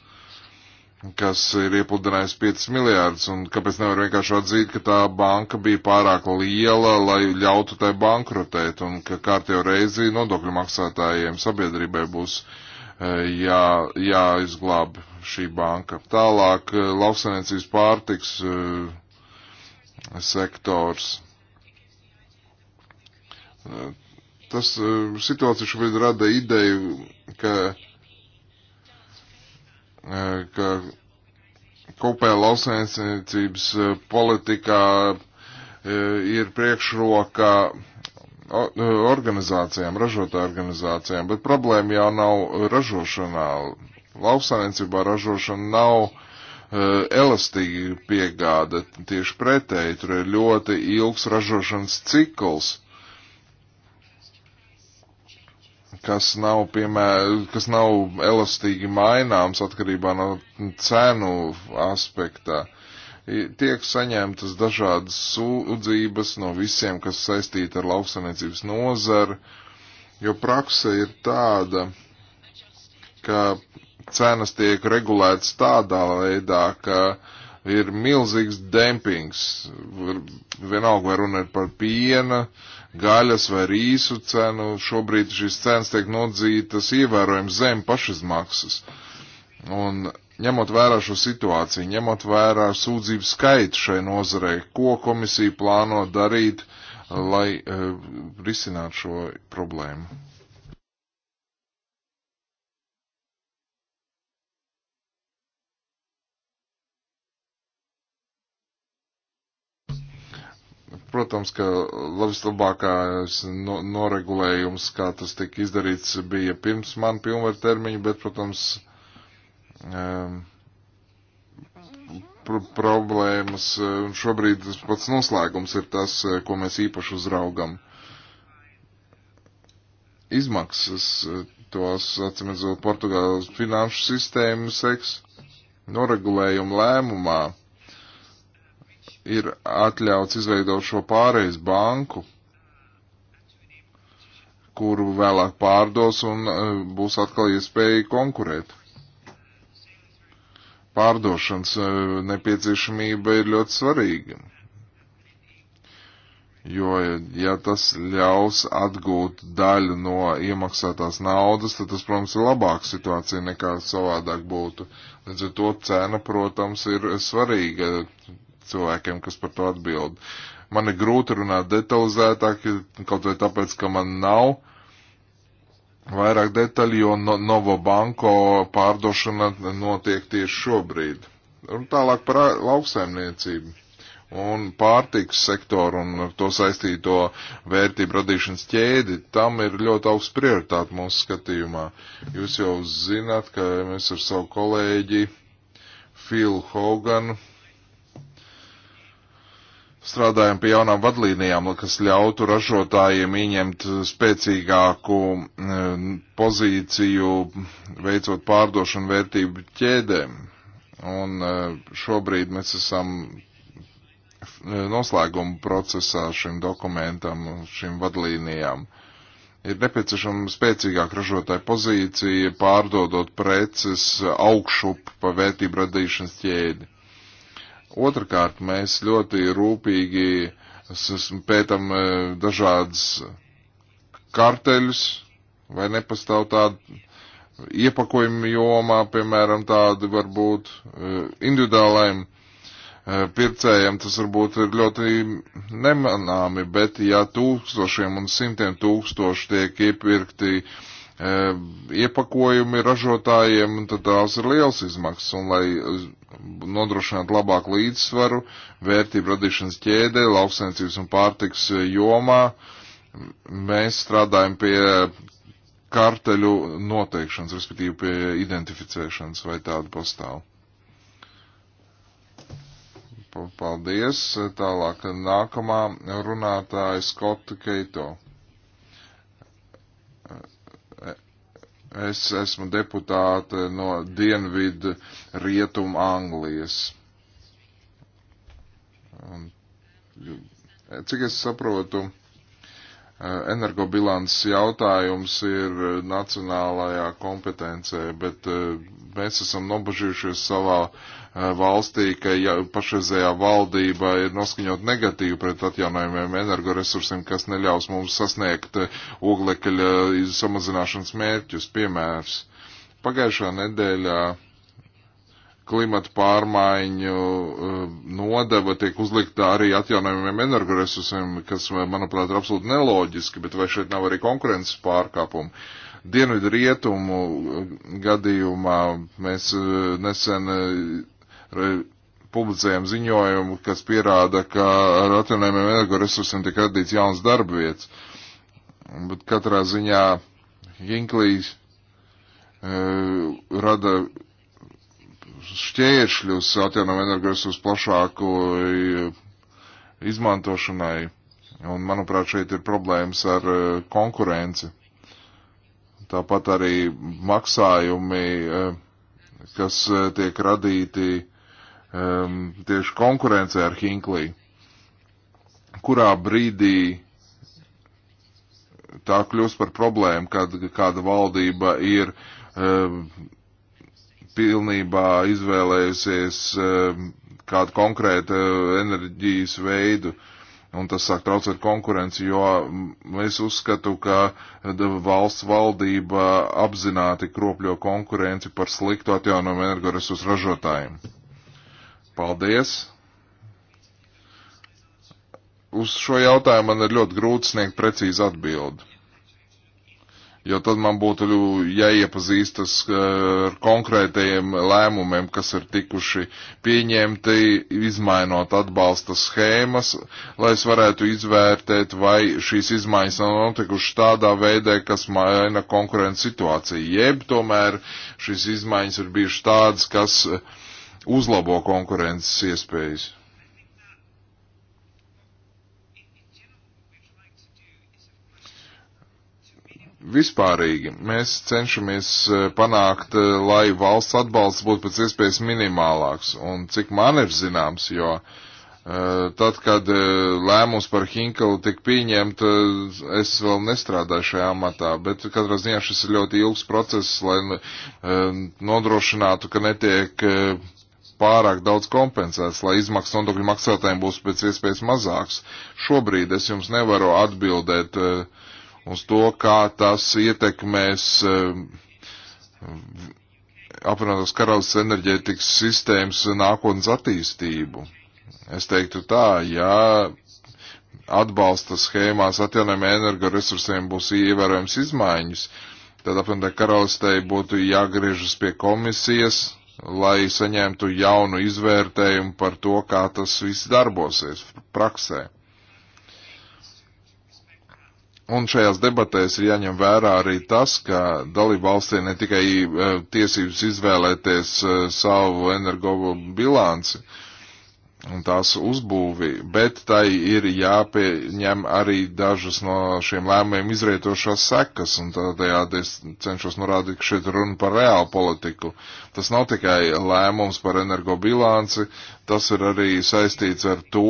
kas ir iepludinājis 5 miljārdus, un kāpēc nevar vienkārši atzīt, ka tā banka bija pārāk liela, lai ļautu tai bankrotēt, un ka kārtējo reizi nodokļu maksātājiem sabiedrībai būs e, jā, jāizglāb šī banka. Tālāk e, lauksainiecības pārtiks e, sektors. Tas situācija šobrīd rada ideju, ka ka kopējā lauksaimniecības eh, politikā eh, ir priekšroka eh, organizācijām, ražotāju organizācijām, bet problēma jau nav ražošanā. Lauksaimniecībā ražošana nav uh, elastīga piegāda, tieši pretēji, tur ir ļoti ilgs ražošanas cikls. kas nav, piemēram, kas nav elastīgi maināms atkarībā no cenu aspektā. Tiek saņemtas dažādas sūdzības no visiem, kas saistīti ar lauksaimniecības nozari, jo prakse ir tāda, ka cenas tiek regulētas tādā veidā, ka ir milzīgs dempings. Vienalga, vai runa ir par piena uh, gaļas vai rīsu cenu, šobrīd šīs cenas tiek nodzītas ievērojami zem pašizmaksas. Un ņemot vērā šo situāciju, ņemot vērā sūdzību skaitu šai nozarei, ko komisija plāno darīt, lai uh, risinātu šo problēmu? Protams, ka vislabākais no, noregulējums, kā tas tika izdarīts, bija pirms man pilnvaru termiņa, bet, protams, um, ehm, pr problēmas eh, un šobrīd tas pats noslēgums ir tas, eh, ko mēs īpaši uzraugam. Izmaksas eh, tos, atcīmredzot, Portugāles finanšu sistēmas seks noregulējuma lēmumā ir atļauts izveidot šo pārejas banku, kuru vēlāk pārdos un e, būs atkal iespēja konkurēt. Pārdošanas e, nepieciešamība ir ļoti svarīga. Jo, ja tas ļaus atgūt daļu no iemaksātās naudas, tad tas, protams, ir labāka situācija nekā savādāk būtu. Līdz ar to cena, protams, ir svarīga cilvēkiem, kas par to atbild. Man ir grūti runāt detalizētāk, kaut vai tāpēc, ka man nav vairāk detaļu, jo no, Novo banko pārdošana notiek tieši šobrīd. Un tālāk par lauksaimniecību un pārtiks sektoru un ar to saistīto vērtību radīšanas ķēdi, tam ir ļoti augsts prioritāte mūsu skatījumā. Jūs jau zināt, ka mēs ar savu kolēģi Filu Hoganu strādājam pie jaunām vadlīnijām, kas ļautu ražotājiem ieņemt spēcīgāku e, pozīciju, veicot pārdošanu vērtību ķēdēm. Un e, šobrīd mēs esam e, noslēguma procesā šim dokumentam, šīm vadlīnijām. Ir nepieciešama spēcīgāka ražotāja pozīcija, pārdodot preces augšup pa vērtību radīšanas ķēdi. Otrakārt, mēs ļoti rūpīgi pētam e, dažādas karteļus, vai nepastāv tāda iepakojuma jomā, piemēram, tādi varbūt e, individuālajiem e, pircējiem tas varbūt ir ļoti nemanāmi, bet ja tūkstošiem un simtiem tūkstoši tiek iepirkti uh, Ehm, iepakojumi ražotājiem, tad tās ir liels izmaksas. Un, lai eh, nodrošinātu labāku līdzsvaru vērtību radīšanas ķēdē, lauksainicības un pārtiks eh, jomā, mēs strādājam pie karteļu noteikšanas, respektīvi pie identificēšanas, vai tāda pastāv. Paldies. Tālāk nākamā runātāja Skota Keito. Es esmu deputāte no Dienvidu Rietumu Anglijas. Un, cik es saprotu, eh, energobilants jautājums ir nacionālajā kompetencē, bet eh, mēs esam nobažījušies savā Eh, valstī, ka ja pašreizējā valdība ir noskaņot negatīvi pret atjaunojumiem energoresursiem, kas neļaus mums sasniegt eh, oglekļa eh, samazināšanas mērķus, piemērs. Pagājušā nedēļā klimata pārmaiņu nodeva tiek uzlikta arī atjaunojumiem energoresursiem, kas, manuprāt, ir absolūti neloģiski, bet vai šeit nav arī konkurences pārkāpumu? Dienvidu rietumu gadījumā mēs nesen publicējam ziņojumu, kas pierāda, ka ar atjaunojumiem energoresursiem tiek radīts jauns darba vietas. Bet katrā ziņā Hinklīs uh, e, rada šķēršļus atjaunojumu energoresursu plašāku e, izmantošanai. Un, manuprāt, šeit ir problēmas ar e, konkurenci. Tāpat arī maksājumi, kas tiek radīti um, tieši konkurencē ar Hinklī. Kurā brīdī tā kļūst par problēmu, kad kāda valdība ir um, pilnībā izvēlējusies um, kādu konkrētu enerģijas veidu. Un tas sāk traucēt konkurenci, jo es uzskatu, ka valsts valdība apzināti kropļo konkurenci par sliktu atjaunumu energoresursu ražotājiem. Paldies! Uz šo jautājumu man ir ļoti grūti sniegt precīzi atbildi jo tad man būtu jāiepazīstas uh, ar konkrētajiem lēmumiem, kas ir tikuši pieņemti, izmainot atbalsta schēmas, lai es varētu izvērtēt, vai šīs izmaiņas nav notikušas tādā veidē, kas maina konkurences situāciju, jeb tomēr šīs izmaiņas ir bijušas tādas, kas uh, uzlabo konkurences iespējas. Vispārīgi mēs cenšamies eh, panākt, eh, lai valsts atbalsts būtu pēc iespējas minimālāks, un cik man ir zināms, jo uh, tad, kad lēmums par Hinkelu tika pieņemta, es vēl nestrādāju šajā amatā, bet katrā ziņā šis ir ļoti ilgs process, lai nodrošinātu, ka netiek pārāk daudz kompensēts, lai izmaksas nodokļu maksātājiem būs pēc iespējas mazāks. Šobrīd es jums nevaru atbildēt eh, uz to, kā tas ietekmēs eh, apvienotās karalists enerģētikas sistēmas nākotnes attīstību. Es teiktu tā, ja atbalsta schēmās atjaunojumiem energoresursiem būs ievērojams izmaiņas, tad apvienotā karalistei būtu jāgriežas pie komisijas, lai saņemtu jaunu izvērtējumu par to, kā tas viss darbosies praksē. Un šajās debatēs ir jāņem vērā arī tas, ka dalību valstī ne tikai eh, tiesības izvēlēties eh, savu energo bilanci, uh, un tās uzbūvi, bet tai ir jāpieņem arī dažas no šiem lēmumiem izrietošās sekas, un tādējādi es cenšos norādīt, ka šeit runa par reālu politiku. Tas nav tikai lēmums par energobilanci, tas ir arī saistīts ar to,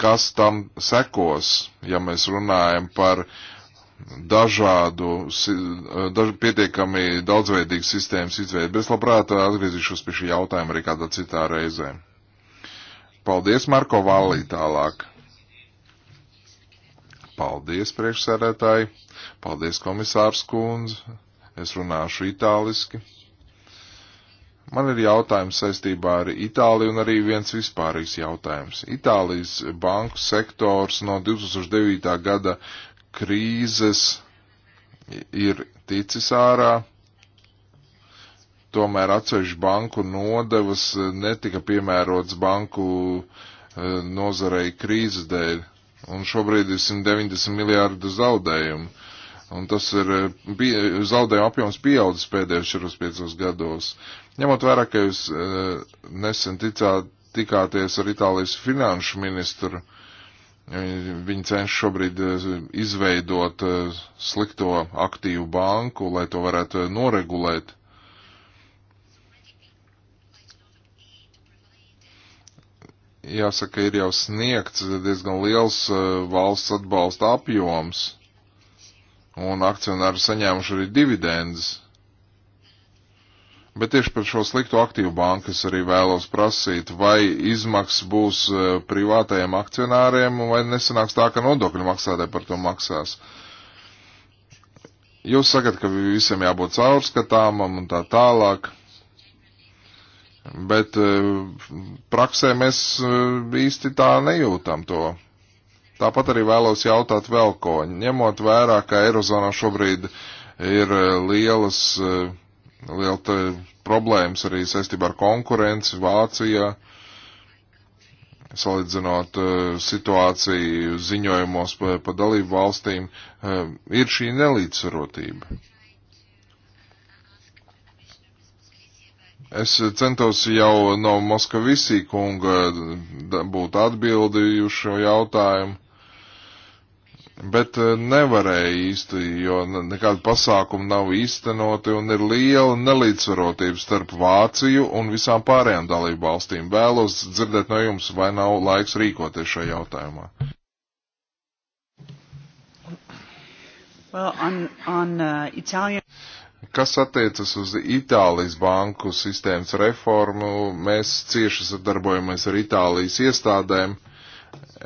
kas tam sekos, ja mēs runājam par dažādu, daž, pietiekami daudzveidīgu sistēmas izveidu. Bet es labprāt atgriezīšos pie šī jautājuma arī kādā citā reizē. Paldies, Marko Vallī, tālāk. Paldies, priekšsēdētāji. Paldies, komisārs Kunz. Es runāšu itāliski. Man ir jautājums saistībā ar Itāliju un arī viens vispārīgs jautājums. Itālijas banku sektors no 2009. gada krīzes ir ticis ārā tomēr atsevišķu banku nodevas e, netika piemērots banku e, nozarei krīzes dēļ. Un šobrīd ir 190 miljārdu zaudējumu. Un tas ir e, zaudējuma apjoms pieaudzis pēdējos 45 gados. Ņemot vērā, ka jūs nesen ticāt, tikāties ar Itālijas finanšu ministru, viņi cenšas šobrīd izveidot slikto aktīvu banku, lai to varētu noregulēt jāsaka, ir jau sniegts diezgan liels uh, valsts atbalsta apjoms, un akcionāri saņēmuši arī dividendes. Bet tieši par šo sliktu aktīvu banku es arī vēlos prasīt, vai izmaksas būs uh, privātajiem akcionāriem, vai nesanāks tā, ka nodokļu maksātāji par to maksās. Jūs sakat, ka visam jābūt caurskatāmam un tā tālāk. Bet eh, praksē mēs eh, īsti tā nejūtam to. Tāpat arī vēlos jautāt vēl ko. Ņemot vērā, ka Eirozonā šobrīd ir eh, lielas, liela problēmas arī saistībā ar konkurenci Vācijā, salīdzinot situāciju ziņojumos pa, pa dalību valstīm, ir šī nelīdzsvarotība Es centos jau no Moskavisī kunga būt atbildījušo jautājumu, bet eh, nevarēja īsti, jo nekāda pasākuma nav īstenoti un ir liela nelīdzsvarotība starp Vāciju un visām pārējām dalību valstīm. Vēlos dzirdēt no jums, vai nav laiks rīkoties šajā jautājumā. Well, on, on, uh, Italian... Kas attiecas uz Itālijas banku sistēmas reformu, mēs cieši sadarbojamies ar Itālijas iestādēm.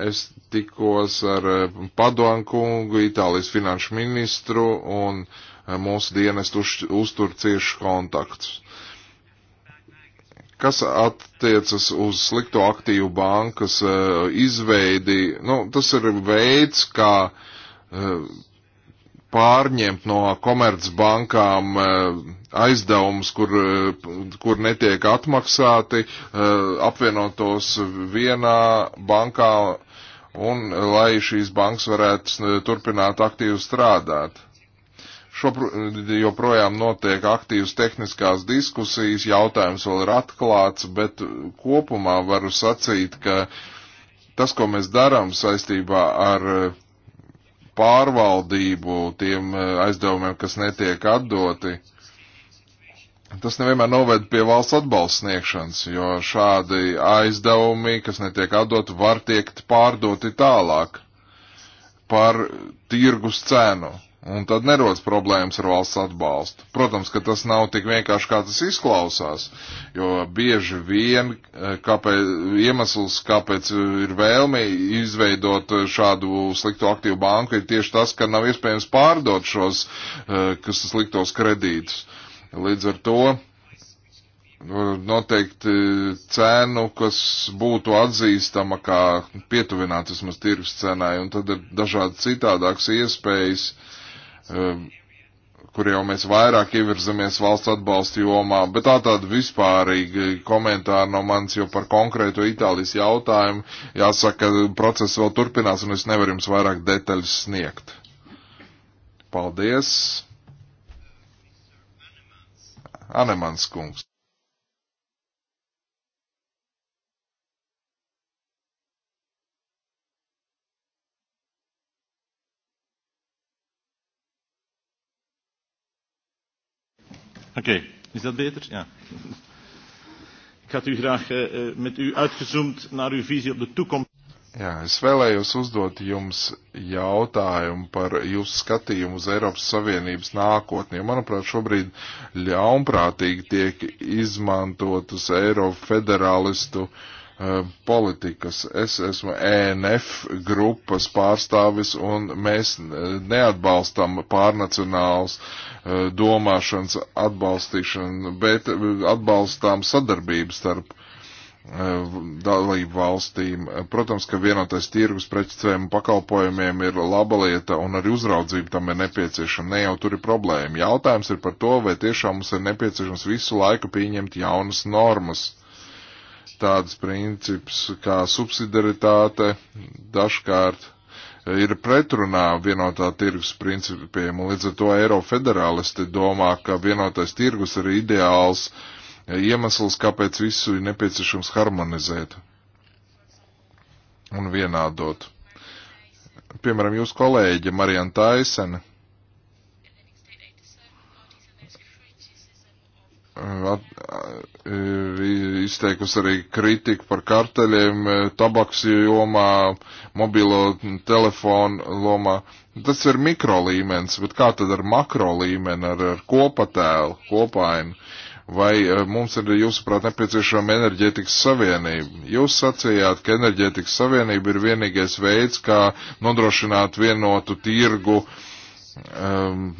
Es tikos ar eh, Padoankungu, Itālijas finanšu ministru un eh, mūsu dienestu uztur cieši kontaktus. Kas attiecas uz slikto aktīvu bankas eh, izveidi, nu, tas ir veids, kā pārņemt no komercbankām eh, aizdevumus, kur, eh, kur netiek atmaksāti, eh, apvienotos vienā bankā un lai šīs bankas varētu turpināt aktīvi strādāt. Šo, joprojām notiek aktīvas tehniskās diskusijas, jautājums vēl ir atklāts, bet kopumā varu sacīt, ka tas, ko mēs darām saistībā ar uh, pārvaldību tiem eh, aizdevumiem, kas netiek atdoti. Tas nevienmēr noved pie valsts atbalsts sniegšanas, jo šādi aizdevumi, kas netiek atdoti, var tiekt pārdoti tālāk par tirgus cenu. Un tad nerodas problēmas ar valsts atbalstu. Protams, ka tas nav tik vienkārši, kā tas izklausās, jo bieži vien eh, kāpēc, iemesls, kāpēc ir vēlme izveidot eh, šādu sliktu aktīvu banku, ir tieši tas, ka nav iespējams pārdot šos eh, sliktos kredītus. Līdz ar to noteikti cenu, kas būtu atzīstama kā pietuvināta vismaz tirgus cenai, un tad ir dažādi citādākas iespējas uh, Um, kur jau mēs vairāk ievirzamies valsts atbalsta jomā, bet tā tāda vispārīga komentāra no manis jau par konkrēto Itālijas jautājumu. Jāsaka, process vēl turpinās un es nevaru jums vairāk detaļas sniegt. Paldies! Anemans kungs. Oké, okay. is dat beter? Ja. Ik had u graag uh, met u uitgezoomd naar uw visie op de toekomst. Jā, es vēlējos uzdot jums jautājumu par jūsu skatījumu uz Eiropas Savienības nākotni. Jo, manuprāt, šobrīd ļaunprātīgi tiek izmantotas Eiropa federālistu uh, Eh, politikas. Es esmu ENF grupas pārstāvis un mēs neatbalstam pārnacionāls eh, domāšanas atbalstīšanu, bet eh, atbalstām sadarbību starp dalību valstīm. Protams, ka vienotais tirgus precēm un pakalpojumiem ir laba lieta un arī uzraudzība tam ir nepieciešama. Ne jau tur ir problēma. Jautājums ir par to, vai tiešām mums ir nepieciešams visu laiku pieņemt jaunas normas tādas princips kā subsidaritāte dažkārt ir pretrunā vienotā tirgus principiem, un līdz ar to Eiro federālisti domā, ka vienotais tirgus ir ideāls iemesls, kāpēc visu ir nepieciešams harmonizēt un vienādot. Piemēram, jūs kolēģi Marijana Taisena E, izteikusi arī kritiku par karteļiem, e, tabaks jomā, mobilo telefonu lomā. Tas ir mikro līmenis, bet kā tad ar makro līmeni, ar, ar kopatēlu, kopainu? Vai e, mums ir, jūsuprāt, nepieciešama enerģētikas savienība? Jūs sacījāt, ka enerģētikas savienība ir vienīgais veids, kā nodrošināt vienotu tirgu um,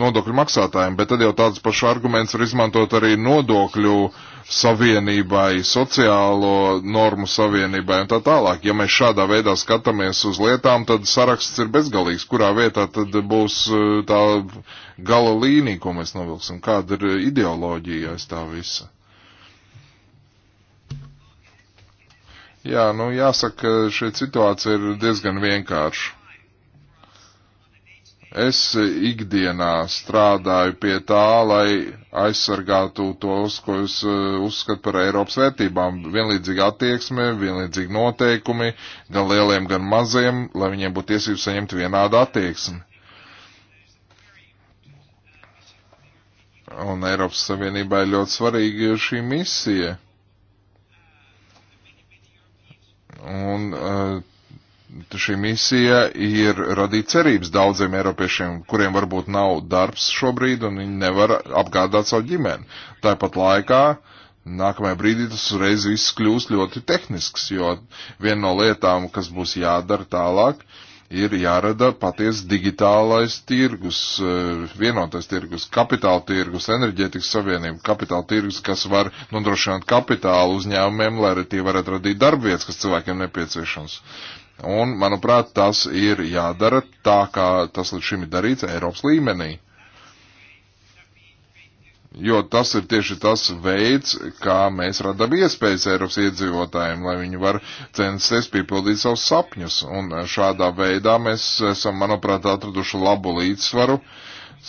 nodokļu maksātājiem, bet tad jau tāds pašs arguments var izmantot arī nodokļu savienībai, sociālo normu savienībai un tā tālāk. Ja mēs šādā veidā skatāmies uz lietām, tad saraksts ir bezgalīgs, kurā vietā tad būs eh, tā gala līnija, ko mēs novilksim, kāda ir ideoloģija aiz tā visa. Jā, nu jāsaka, šī situācija ir diezgan vienkārša Es ikdienā strādāju pie tā, lai aizsargātu tos, ko es eh, uzskatu par Eiropas vērtībām. Vienlīdzīga attieksme, vienlīdzīgi noteikumi gan lieliem, gan maziem, lai viņiem būtu tiesības saņemt vienādu attieksmi. Un Eiropas Savienībā ir ļoti svarīga šī misija. Un uh, Šī misija ir radīt cerības daudziem eiropiešiem, kuriem varbūt nav darbs šobrīd un viņi nevar apgādāt savu ģimeni. Tāpat laikā nākamajā brīdī tas reiz viss kļūs ļoti tehnisks, jo viena no lietām, kas būs jādara tālāk, ir jārada paties digitālais tirgus, eh, vienotais tirgus, kapitāla tirgus, enerģētikas savienība, kapitāla tirgus, kas var nodrošināt kapitālu uzņēmumiem, lai arī tie varētu radīt darbvietas, kas cilvēkiem nepieciešams. Uh, Un, manuprāt, tas ir jādara tā, kā tas līdz šim ir darīts Eiropas līmenī. Jo tas ir tieši tas veids, kā mēs radām iespējas Eiropas iedzīvotājiem, lai viņi var censties piepildīt savus sapņus. Un šādā veidā mēs esam, manuprāt, atraduši labu līdzsvaru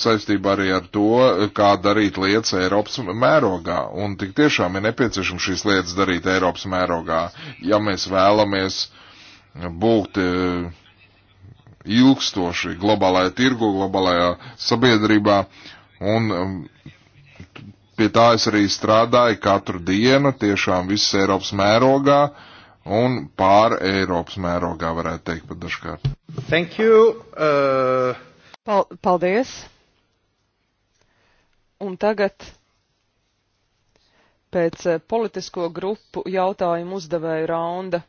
saistībā arī ar to, kā darīt lietas Eiropas mērogā. Un tik tiešām ir nepieciešams šīs lietas darīt Eiropas mērogā, ja mēs vēlamies uh, būt e, ilgstoši globālajā tirgu, globālajā sabiedrībā. Un e, pie tā es arī strādāju katru dienu, tiešām visas Eiropas mērogā un pār Eiropas mērogā, varētu teikt pat dažkārt. Thank you. Uh... Pal paldies. Un tagad pēc politisko grupu jautājumu uzdevēju raunda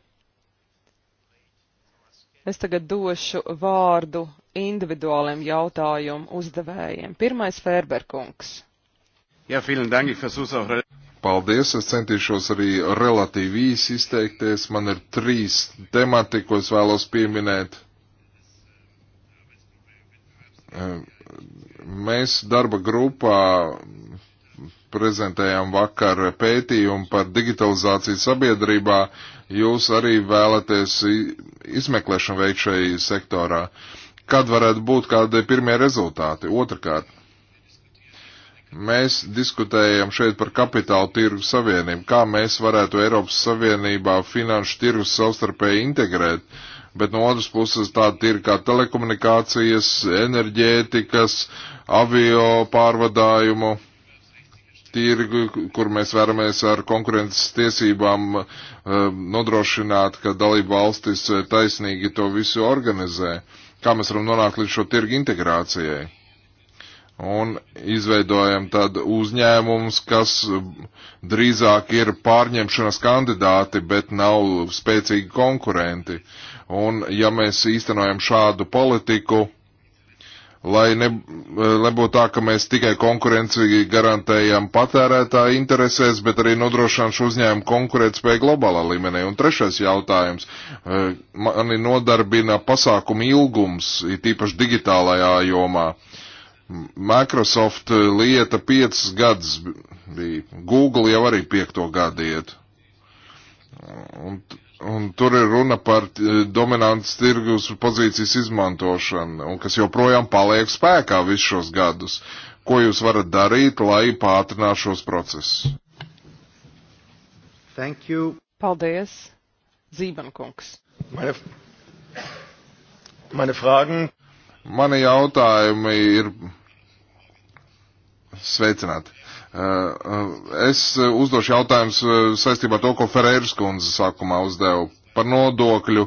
Es tagad došu vārdu individuāliem jautājumu uzdevējiem. Pirmais Fērberkungs. Jā, vielen dank, ich versuch's auch. Paldies, es centīšos arī relatīvi īsi izteikties. Man ir trīs temati, ko es vēlos pieminēt. Eh, mēs darba grupā prezentējām vakar pētījumu par digitalizāciju sabiedrībā, jūs arī vēlaties izmeklēšanu veikt šai sektorā. Kad varētu būt kādi pirmie rezultāti? Otrakārt, mēs diskutējam šeit par kapitālu tirgu savienību, kā mēs varētu Eiropas Savienībā finanšu tirgus savstarpēji integrēt, bet no otras puses tāda tirga kā telekomunikācijas, enerģētikas, avio pārvadājumu tirgu, kur mēs vēramies ar konkurences tiesībām eh, nodrošināt, ka dalība valstis eh, taisnīgi to visu organizē. Kā mēs varam nonākt līdz šo tirgu integrācijai? Un izveidojam tādu uzņēmumus, kas drīzāk ir pārņemšanas kandidāti, bet nav spēcīgi konkurenti. Un ja mēs īstenojam šādu politiku, lai, ne, lai būtu tā, ka mēs tikai konkurenci garantējam patērētāju interesēs, bet arī nodrošinām šo uzņēmumu konkurētspēju globālā līmenī. Un trešais jautājums. Eh, mani nodarbina pasākumu ilgums, it īpaši digitālajā jomā. Microsoft eh, lieta 5 gadus bija, Google jau arī 5 gadu iet. Un Un tur ir runa par eh, dominantas tirgus pozīcijas izmantošanu, un kas joprojām paliek spēkā visus šos gadus. Ko jūs varat darīt, lai pātrinātu šos procesus? Thank you. Paldies, Zībankungs. Mani, mani frāgen. Mani jautājumi ir sveicināti Eh, eh, es eh, uzdošu jautājumus saistībā ar to, ko Ferēras kundze sākumā uzdeva par nodokļu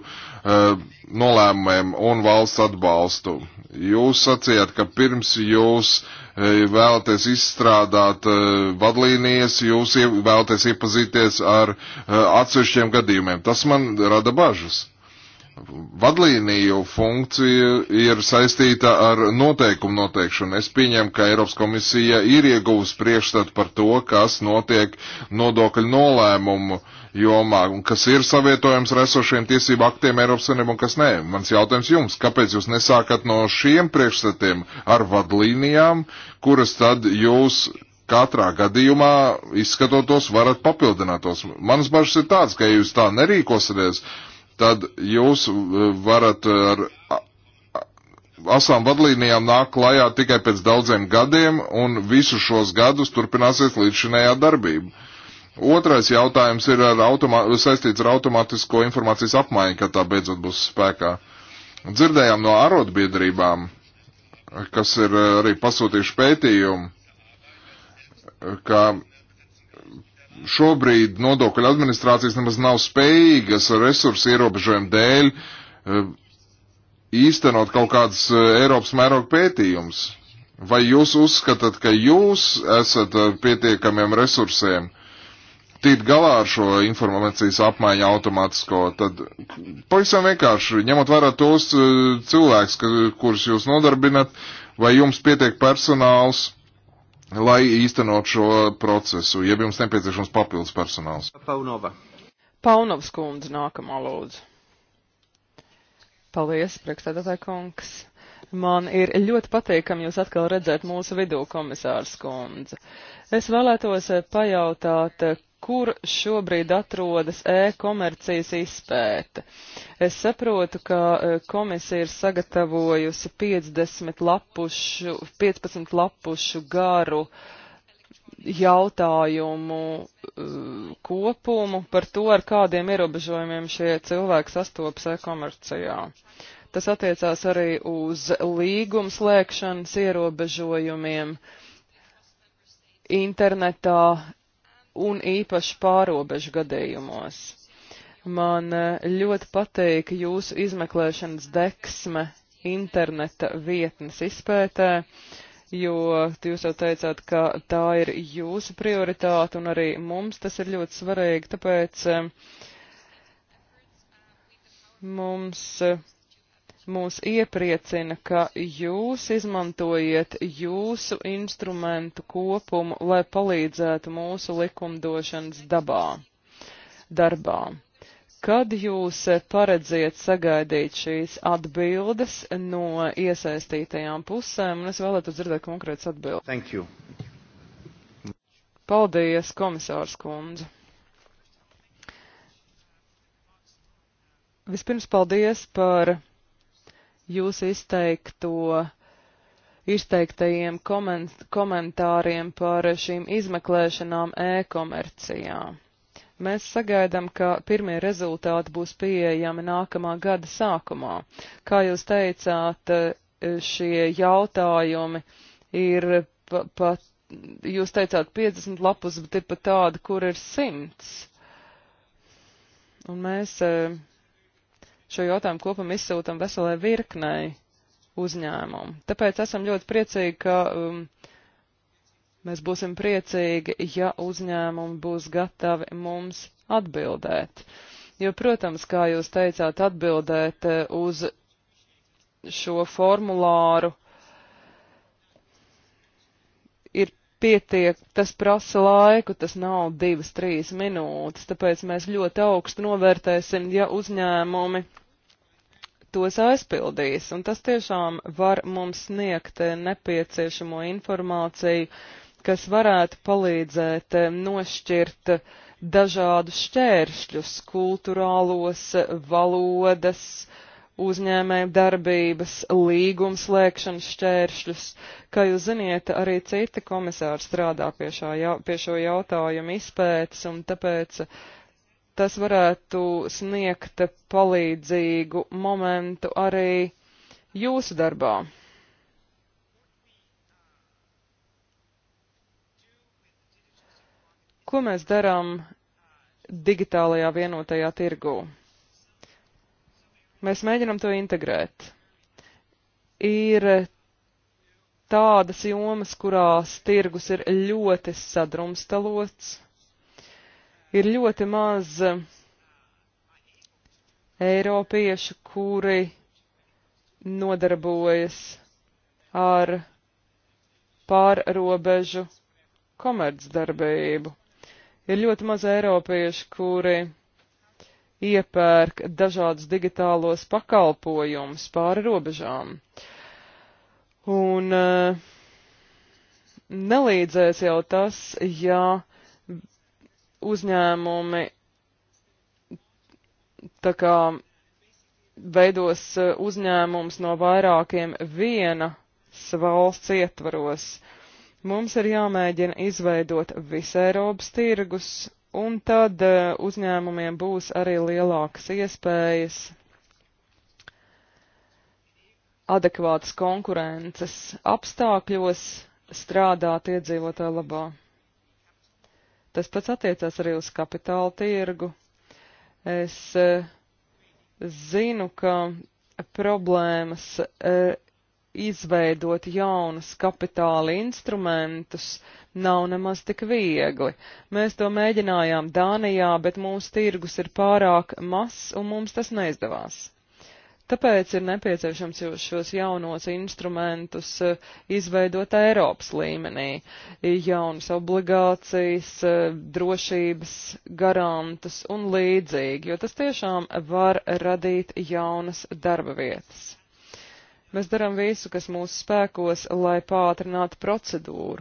nolēmumiem un valsts atbalstu. Jūs sacījāt, ka pirms jūs vēlaties izstrādāt vadlīnijas, jūs vēlaties iepazīties ar atsevišķiem gadījumiem. Tas man rada bažas vadlīniju funkcija ir saistīta ar noteikumu noteikšanu. Es pieņemu, ka Eiropas komisija ir ieguvusi priekšstatu par to, kas notiek nodokļu nolēmumu jomā, un kas ir savietojams ar esošiem tiesību aktiem Eiropas Savienībā un kas nē. Mans jautājums jums, kāpēc jūs nesākat no šiem priekšstatiem ar vadlīnijām, kuras tad jūs katrā gadījumā, izskatotos, varat papildinātos. Manas bažas ir tāds, ka ja jūs tā nerīkosieties, uh, tad jūs e, varat e, ar asām vadlīnijām nāk klajā tikai pēc daudziem gadiem, un visu šos gadus turpināsies līdzšinējā darbība. Otrais jautājums ir ar saistīts ar automātisko informācijas apmaiņu, kad tā beidzot būs spēkā. Dzirdējām no arotbiedrībām, kas ir e, arī pasūtījuši pētījumu, ka šobrīd nodokļu administrācijas nemaz nav spējīgas resursu ierobežojumu dēļ eh, īstenot kaut kādas eh, Eiropas mēroga pētījumus. Vai jūs uzskatāt, ka jūs esat ar eh, pietiekamiem resursiem tīt galā ar šo informācijas apmaiņu automātisko? Tad pavisam vienkārši, ņemot vērā tos cilvēkus, kurus jūs nodarbinat, vai jums pietiek personāls, lai īstenot šo procesu, ja jums nepieciešams papildus personāls. Paunova. Paunovs kundze nākamā lūdzu. Paldies, priekšstādātāja kungs. Man ir ļoti patīkami jūs atkal redzēt mūsu vidū, komisārs kundze. Es vēlētos pajautāt, kur šobrīd atrodas e-komercijas izpēte. Es saprotu, ka e, komisija ir sagatavojusi 50 lapušu, 15 lapušu garu jautājumu e, kopumu par to, ar kādiem ierobežojumiem šie cilvēki sastopas e-komercijā. Tas attiecās arī uz līgumslēgšanas ierobežojumiem internetā un īpaši pārobežu gadījumos. Man eh, ļoti patīk jūsu izmeklēšanas deksme interneta vietnes izpētē, jo jūs jau teicāt, ka tā ir jūsu prioritāte un arī mums tas ir ļoti svarīgi, tāpēc eh, mums eh, mūs iepriecina, ka jūs izmantojiet jūsu instrumentu kopumu, lai palīdzētu mūsu likumdošanas dabā, darbā. Kad jūs paredziet sagaidīt šīs atbildes no iesaistītajām pusēm, un es vēlētu dzirdēt konkrētas atbildes. Thank you. Paldies, komisārs kundze. Vispirms paldies par jūs izteikto, izteiktajiem koment, komentāriem par šīm izmeklēšanām e-komercijā. Mēs sagaidām, ka pirmie rezultāti būs pieejami nākamā gada sākumā. Kā jūs teicāt, šie jautājumi ir pat, pa, jūs teicāt 50 lapus, bet ir pat tāda, kur ir 100. Un mēs šo jautājumu kopumu izsūtam veselē virknei uzņēmumu. Tāpēc esam ļoti priecīgi, ka um, mēs būsim priecīgi, ja uzņēmumi būs gatavi mums atbildēt. Jo, protams, kā jūs teicāt, atbildēt eh, uz šo formulāru pietiek, tas prasa laiku, tas nav divas, trīs minūtes, tāpēc mēs ļoti augstu novērtēsim, ja uzņēmumi tos aizpildīs, un tas tiešām var mums sniegt eh, nepieciešamo informāciju, kas varētu palīdzēt eh, nošķirt dažādus šķēršļus, kulturālos, eh, valodas, uh, uzņēmēju darbības, līgums slēgšanas šķēršļus. Kā jūs ziniet, arī citi komisāri strādā pie, šā, pie šo jautājumu izpētes, un tāpēc tas varētu sniegt palīdzīgu momentu arī jūsu darbā. Ko mēs darām digitālajā vienotajā tirgū? Mēs mēģinam to integrēt. Ir tādas jomas, kurās tirgus ir ļoti sadrumstalots, ir ļoti maz eiropiešu, kuri nodarbojas ar pārrobežu komercdarbību. Ir ļoti maz eiropiešu, kuri iepērk dažādus digitālos pakalpojumus pāri robežām. Un uh, nelīdzēs jau tas, ja uzņēmumi tā kā veidos eh, uzņēmums no vairākiem vienas valsts ietvaros. Mums ir jāmēģina izveidot visu Eiropas tirgus, un tad eh, uzņēmumiem būs arī lielākas iespējas adekvātas konkurences apstākļos strādāt iedzīvotāju labā. Tas pats attiecās arī uz kapitāla tirgu. Es eh, zinu, ka problēmas eh, izveidot jaunus kapitāla instrumentus nav nemaz tik viegli. Mēs to mēģinājām Dānijā, bet mūsu tirgus ir pārāk mazs un mums tas neizdevās. Tāpēc ir nepieciešams jūs šos jaunos instrumentus eh, izveidot Eiropas līmenī, jaunas obligācijas, eh, drošības garantus un līdzīgi, jo tas tiešām var radīt jaunas darba vietas. Mēs darām visu, kas mūsu spēkos, lai pātrinātu procedūru.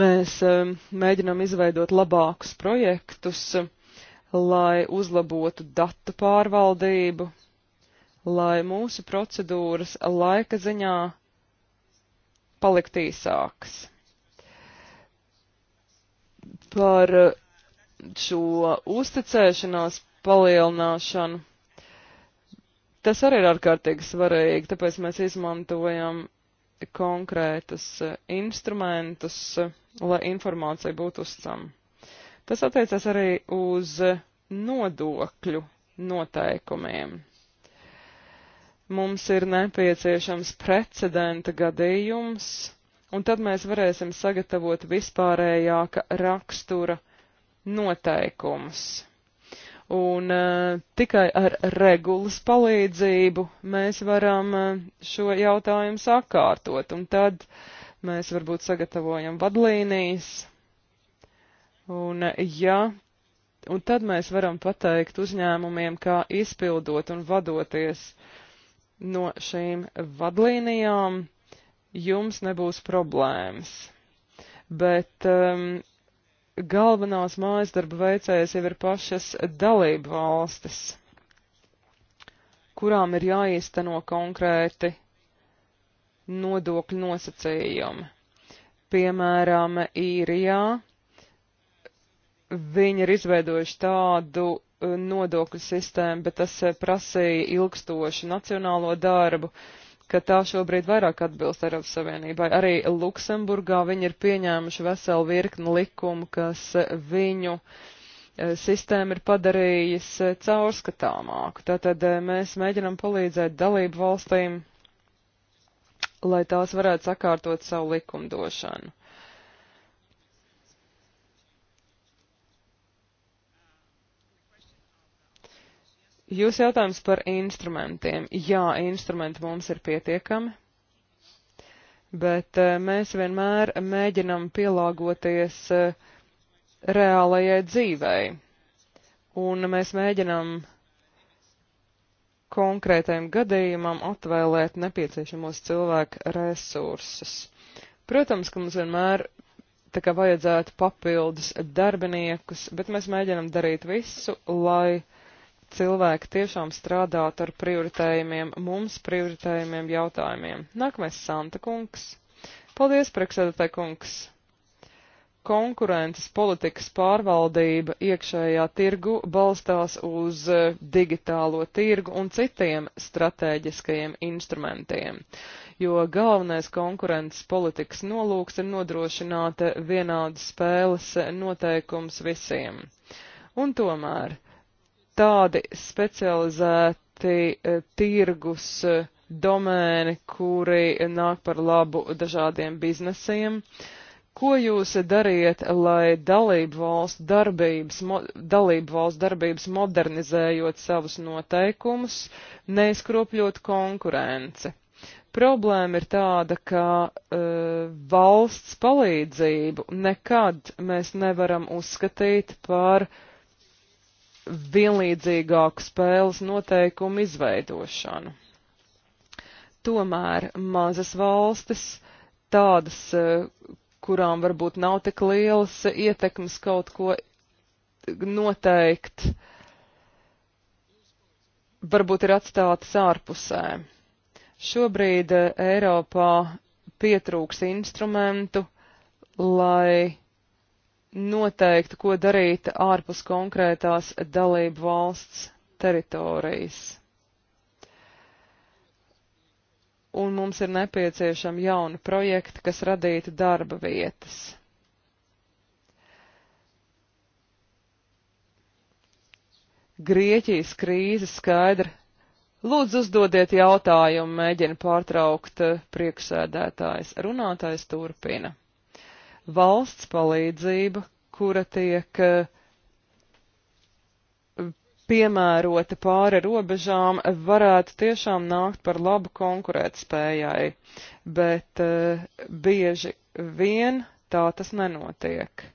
Mēs um, mēģinām izveidot labākus projektus, lai uzlabotu datu pārvaldību, lai mūsu procedūras laika ziņā palikt īsākas. Par uh, šo uzticēšanās palielināšanu. Tas arī ir ārkārtīgi svarīgi, tāpēc mēs izmantojam konkrētus eh, instrumentus, eh, lai informācija būtu uzcama. Tas attiecas arī uz nodokļu noteikumiem. Mums ir nepieciešams precedenta gadījums, un tad mēs varēsim sagatavot vispārējāka rakstura noteikumus. Un uh, tikai ar regulas palīdzību mēs varam uh, šo jautājumu sakārtot, un tad mēs varbūt sagatavojam vadlīnijas. Un, uh, ja, un tad mēs varam pateikt uzņēmumiem, kā izpildot un vadoties no šīm vadlīnijām, jums nebūs problēmas. Bet um, galvenās mājas darba veicējas jau ir pašas dalību valstis, kurām ir jāīsteno konkrēti nodokļu nosacījumi. Piemēram, īrijā viņi ir izveidojuši tādu eh, nodokļu sistēmu, bet tas eh, prasīja ilgstošu nacionālo darbu. Uh, ka tā šobrīd vairāk atbilst Eiropas Savienībai. Arī Luksemburgā viņi ir pieņēmuši veselu virkni likumu, kas viņu eh, sistēmu ir padarījis eh, caurskatāmāku. Tātad eh, mēs mēģinam palīdzēt dalību valstīm, lai tās varētu sakārtot savu likumdošanu. Jūs jautājums par instrumentiem. Jā, instrumenti mums ir pietiekami, bet eh, mēs vienmēr mēģinam pielāgoties eh, reālajai dzīvei. Un mēs mēģinam konkrētajam gadījumam atvēlēt nepieciešamos cilvēku resursus. Protams, ka mums vienmēr tā kā vajadzētu papildus darbiniekus, bet mēs mēģinam darīt visu, lai cilvēki tiešām strādātu ar prioritējumiem, mums prioritējumiem jautājumiem. Nākamais Santa kungs. Paldies, priekšsēdētāji kungs. Konkurences politikas pārvaldība iekšējā tirgu balstās uz e, digitālo tirgu un citiem stratēģiskajiem instrumentiem jo galvenais konkurences politikas nolūks ir nodrošināt vienādas spēles e, noteikums visiem. Un tomēr tādi specializēti e, tirgus e, domēni, kuri nāk par labu dažādiem biznesiem. Ko jūs dariet, lai dalību valsts darbības, mo, dalību valsts darbības modernizējot savus noteikumus, neizkropļot konkurenci? Problēma ir tāda, ka uh, valsts palīdzību nekad mēs nevaram uzskatīt par uh, vienlīdzīgāku spēles noteikumu izveidošanu. Tomēr mazas valstis, tādas, e, kurām varbūt nav tik lielas ietekmes kaut ko noteikt, varbūt ir atstātas ārpusē. Šobrīd e, Eiropā pietrūks instrumentu, lai noteikti, ko darīt ārpus konkrētās dalību valsts teritorijas. Un mums ir nepieciešami jauni projekti, kas radītu darba vietas. Grieķijas krīze skaidri. Lūdzu, uzdodiet jautājumu, mēģina pārtraukt priekšsēdētājs. Runātājs turpina valsts palīdzība, kura tiek eh, piemērota pāri robežām, varētu tiešām nākt par labu konkurētspējai, bet eh, bieži vien tā tas nenotiek.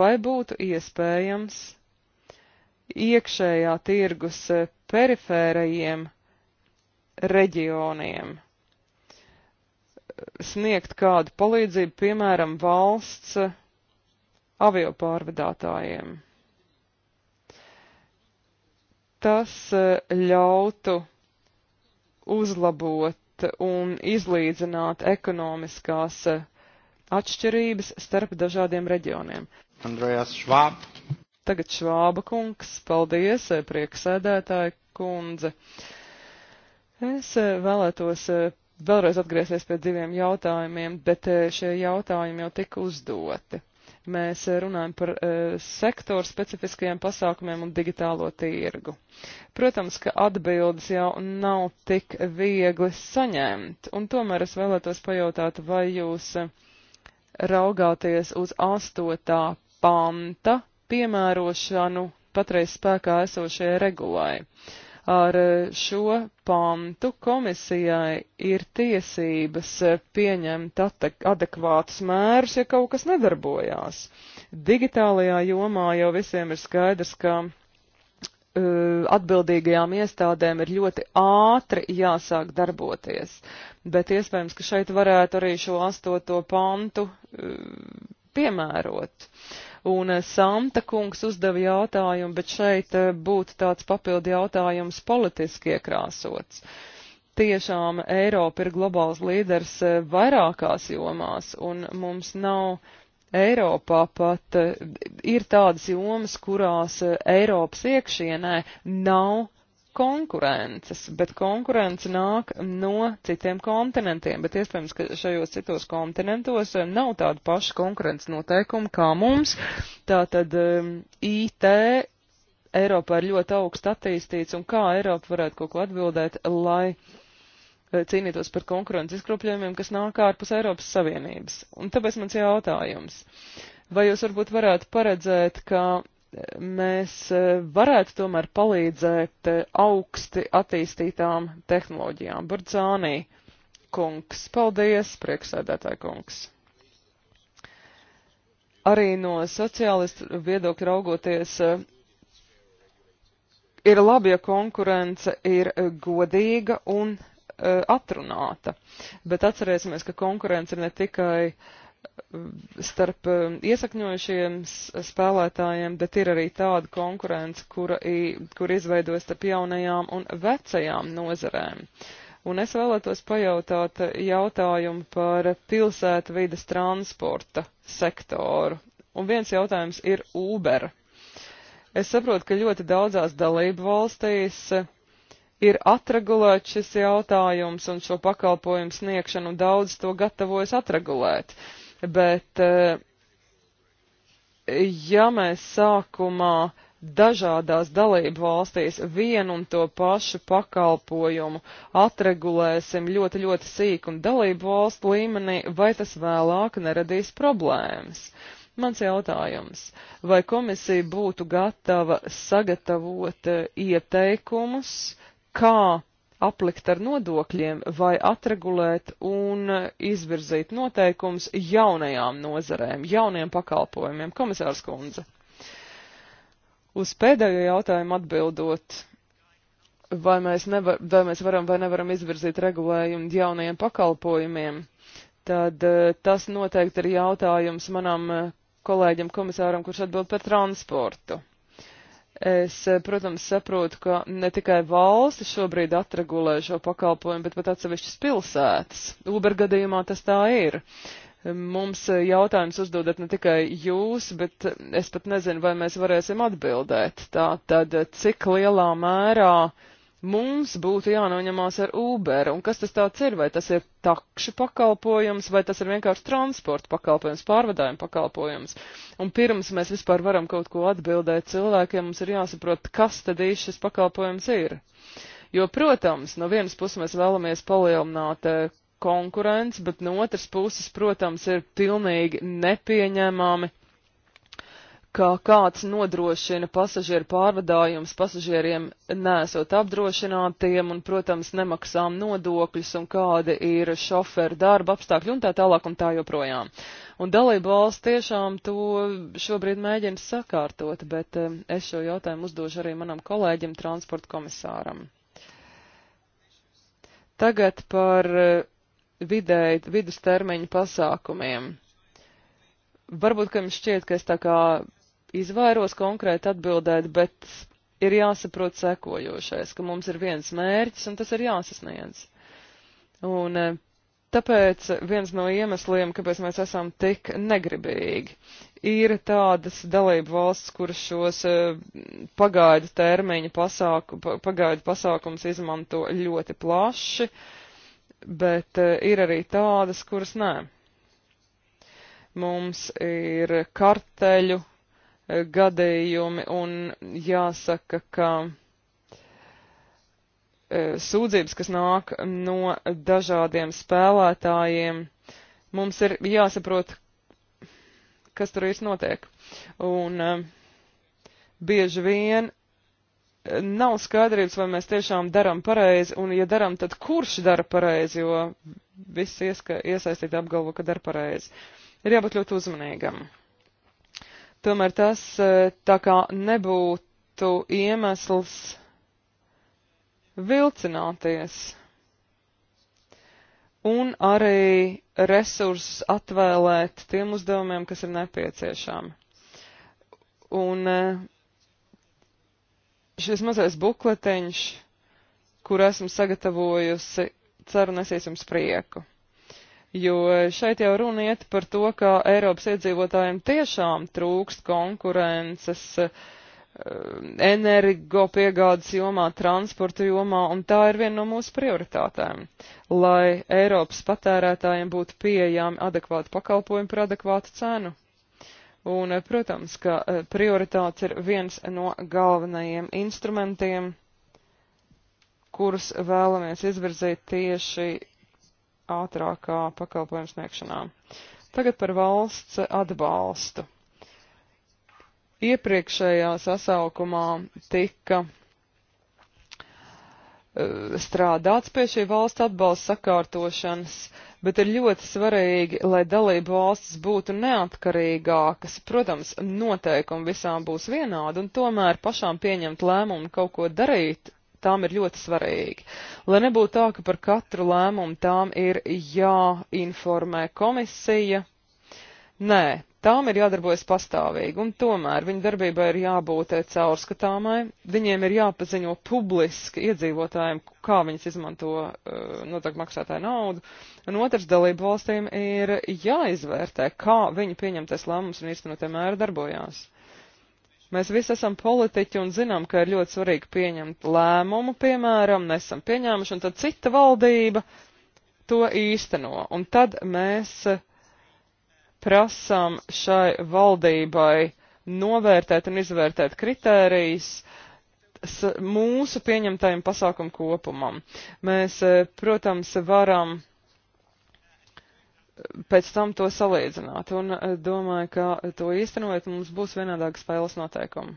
Vai būtu iespējams iekšējā tirgus eh, perifērajiem reģioniem sniegt kādu palīdzību, piemēram, valsts aviopārvadātājiem. Tas e, ļautu uzlabot un izlīdzināt ekonomiskās e, atšķirības starp dažādiem reģioniem. Andrejas Švāb. Tagad Švāba kungs, paldies, e, prieksēdētāja kundze. Es vēlētos vēlreiz atgriezties pie diviem jautājumiem, bet e, šie jautājumi jau tika uzdoti. Mēs e, runājam par uh, sektoru specifiskajiem pasākumiem un digitālo tirgu. Protams, ka atbildes jau nav tik viegli saņemt, un tomēr es vēlētos pajautāt, vai jūs raugāties uz astotā panta piemērošanu patreiz spēkā esošajai regulai. Uh, Ar eh, šo pantu komisijai ir tiesības eh, pieņemt adekvātus mērus, ja kaut kas nedarbojās. Digitālajā jomā jau visiem ir skaidrs, ka eh, atbildīgajām iestādēm ir ļoti ātri jāsāk darboties. Bet iespējams, ka šeit varētu arī šo astoto pantu piemērot. Un eh, Santa kungs uzdeva jautājumu, bet šeit eh, būtu tāds papildi jautājums politiski iekrāsots. Tiešām Eiropa ir globāls līders eh, vairākās jomās, un mums nav Eiropā pat ir tādas jomas, kurās Eiropas iekšienē nav konkurences, bet konkurence nāk no citiem kontinentiem, bet iespējams, ka šajos citos kontinentos nav tāda paša konkurences noteikuma kā mums. Tātad um, IT Eiropā ir ļoti augsts attīstīts, un kā Eiropa varētu kaut ko atbildēt, lai eh, cīnītos par konkurences izkropļojumiem, kas nāk ārpus Eiropas Savienības. Un tāpēc mans jautājums. Vai jūs varbūt varētu paredzēt, ka mēs e, varētu tomēr palīdzēt e, augsti attīstītām tehnoloģijām. Burdzānī kungs, paldies, prieksēdētāji kungs. Arī no sociālistu viedokļa raugoties, e, ir labi, ja konkurence ir godīga un atrunāta. Bet atcerēsimies, ka konkurence ir ne tikai uh, starp um, iesakņojušiem spēlētājiem, bet ir arī tāda konkurence, kura, i, kur izveidojas starp jaunajām un vecajām nozarēm. Un es vēlētos pajautāt jautājumu par pilsētu vidas transporta sektoru. Un viens jautājums ir Uber. Es saprotu, ka ļoti daudzās dalību valstīs ir atregulēts šis jautājums un šo pakalpojumu sniegšanu, un daudz to gatavojas atregulēt. Uh, bet eh, ja mēs sākumā dažādās dalību valstīs vienu un to pašu pakalpojumu atregulēsim ļoti, ļoti sīk un dalību valstu līmenī, vai tas vēlāk neradīs problēmas? Mans jautājums, vai komisija būtu gatava sagatavot eh, ieteikumus, kā aplikt ar nodokļiem vai atregulēt un izvirzīt noteikums jaunajām nozarēm, jauniem pakalpojumiem. Komisārs Kundze. Uz pēdējo jautājumu atbildot, vai mēs, nevar, vai mēs varam vai nevaram izvirzīt regulējumu jaunajiem pakalpojumiem, tad eh, tas noteikti ir jautājums manam eh, kolēģim komisāram, kurš atbild par transportu. Es, eh, protams, saprotu, ka ne tikai valsti šobrīd atregulē šo pakalpojumu, bet pat atsevišķas pilsētas. Uber gadījumā tas tā ir. Mums eh, jautājums uzdodat ne tikai jūs, bet eh, es pat nezinu, vai mēs varēsim atbildēt. Tā tad, cik lielā mērā uh, mums būtu jānoņemās ar Uber, un kas tas tāds ir, vai tas ir takšu pakalpojums, vai tas ir vienkārši transporta pakalpojums, pārvadājuma pakalpojums. Un pirms mēs vispār varam kaut ko atbildēt cilvēkiem, mums ir jāsaprot, kas tad īsti šis pakalpojums ir. Jo, protams, no vienas puses mēs vēlamies palielināt eh, konkurence, bet no otras puses, protams, ir pilnīgi nepieņēmami ka kāds nodrošina pasažieru pārvadājums pasažieriem nesot apdrošinātiem un, protams, nemaksām nodokļus un kādi ir šoferu darba apstākļi un tā tālāk un tā joprojām. Un dalība valsts tiešām to šobrīd mēģina sakārtot, bet eh, es šo jautājumu uzdošu arī manam kolēģim transporta komisāram. Tagad par eh, vidēji vidustermiņu pasākumiem varbūt, ka jums šķiet, ka es tā kā izvairos konkrēti atbildēt, bet ir jāsaprot sekojošais, ka mums ir viens mērķis un tas ir jāsasniedz. Un e, tāpēc viens no iemesliem, kāpēc mēs esam tik negribīgi, ir tādas dalību valsts, kuras šos e, pagaidu termiņu pasāku, pagaidu pasākums izmanto ļoti plaši, bet e, ir arī tādas, kuras nē. Mums ir karteļu gadījumi, un jāsaka, ka e, sūdzības, kas nāk no dažādiem spēlētājiem, mums ir jāsaprot, kas tur īsti notiek. Un e, bieži vien e, nav skaidrības, vai mēs tiešām daram pareizi, un ja daram, tad kurš dara pareizi, jo visi iesaistīti apgalvo, ka dara pareizi. Ir jābūt ļoti uzmanīgam. Tomēr tas eh, tā kā nebūtu iemesls vilcināties. Un arī resursus atvēlēt tiem uzdevumiem, kas ir nepieciešami. Un eh, šis mazais bukletiņš, kur esmu sagatavojusi, ceru nesies jums prieku jo šeit jau runa iet par to, ka Eiropas iedzīvotājiem tiešām trūkst konkurences eh, energo piegādes jomā, transporta jomā, un tā ir viena no mūsu prioritātēm, lai Eiropas patērētājiem būtu pieejami adekvāti pakalpojumi par adekvātu cenu. Un, eh, protams, ka eh, prioritāts ir viens no galvenajiem instrumentiem, kurus vēlamies izvirzīt tieši ātrākā pakalpojuma sniegšanā. Tagad par valsts atbalstu. Iepriekšējā sasaukumā tika eh, strādāts pie šī valsts atbalsta sakārtošanas, bet ir ļoti svarīgi, lai dalību valstis būtu neatkarīgākas. Protams, noteikumi visām būs vienādi, un tomēr pašām pieņemt lēmumu kaut ko darīt tām ir ļoti svarīgi. Lai nebūtu tā, ka par katru lēmumu tām ir jāinformē komisija, nē, tām ir jādarbojas pastāvīgi, un tomēr viņu darbībai ir jābūt caurskatāmai, viņiem ir jāpaziņo publiski iedzīvotājiem, kā viņas izmanto eh, nodokļu maksātāju naudu, un otrs dalību valstīm ir jāizvērtē, kā viņu pieņemtais lēmums un īstenotie mēri darbojās. Mēs visi esam politiķi un zinām, ka ir ļoti svarīgi pieņemt lēmumu, piemēram, nesam pieņēmuši, un tad cita valdība to īsteno. Un tad mēs prasām šai valdībai novērtēt un izvērtēt kritērijas, mūsu pieņemtajam pasākumu kopumam. Mēs, eh, protams, varam pēc tam to salīdzināt. Un eh, domāju, ka to īstenojot mums būs vienādāka spēles noteikuma.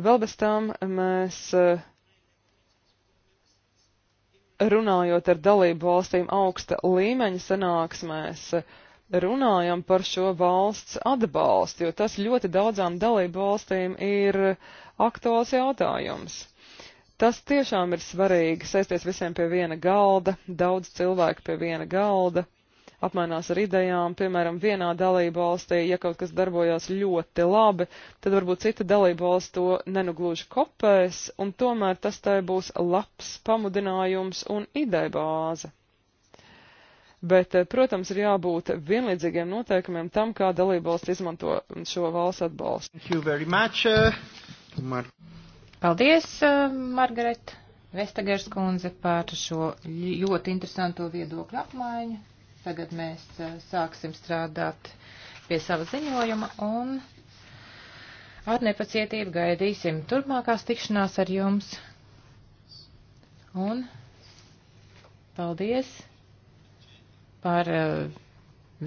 Vēl bez tam mēs eh, runājot ar dalību valstīm augsta līmeņa sanāksmēs, runājam par šo valsts atbalstu, jo tas ļoti daudzām dalību valstīm ir aktuāls jautājums. Tas tiešām ir svarīgi sēsties visiem pie viena galda, daudz cilvēku pie viena galda, apmainās ar idejām. Piemēram, vienā dalību valstī, ja kaut kas darbojās ļoti labi, tad varbūt cita dalību valsts to nenugluži kopēs, un tomēr tas tai būs labs pamudinājums un ideja bāze. Bet, eh, protams, ir jābūt vienlīdzīgiem noteikumiem tam, kā dalību valsts izmanto šo valsts atbalstu. Uh, Mar Paldies, uh, Margaret! Vestagers kundze par šo ļoti interesanto viedokļu apmaiņu. Tagad mēs sāksim strādāt pie sava ziņojuma un ar nepacietību gaidīsim turpmākās tikšanās ar jums. Un paldies par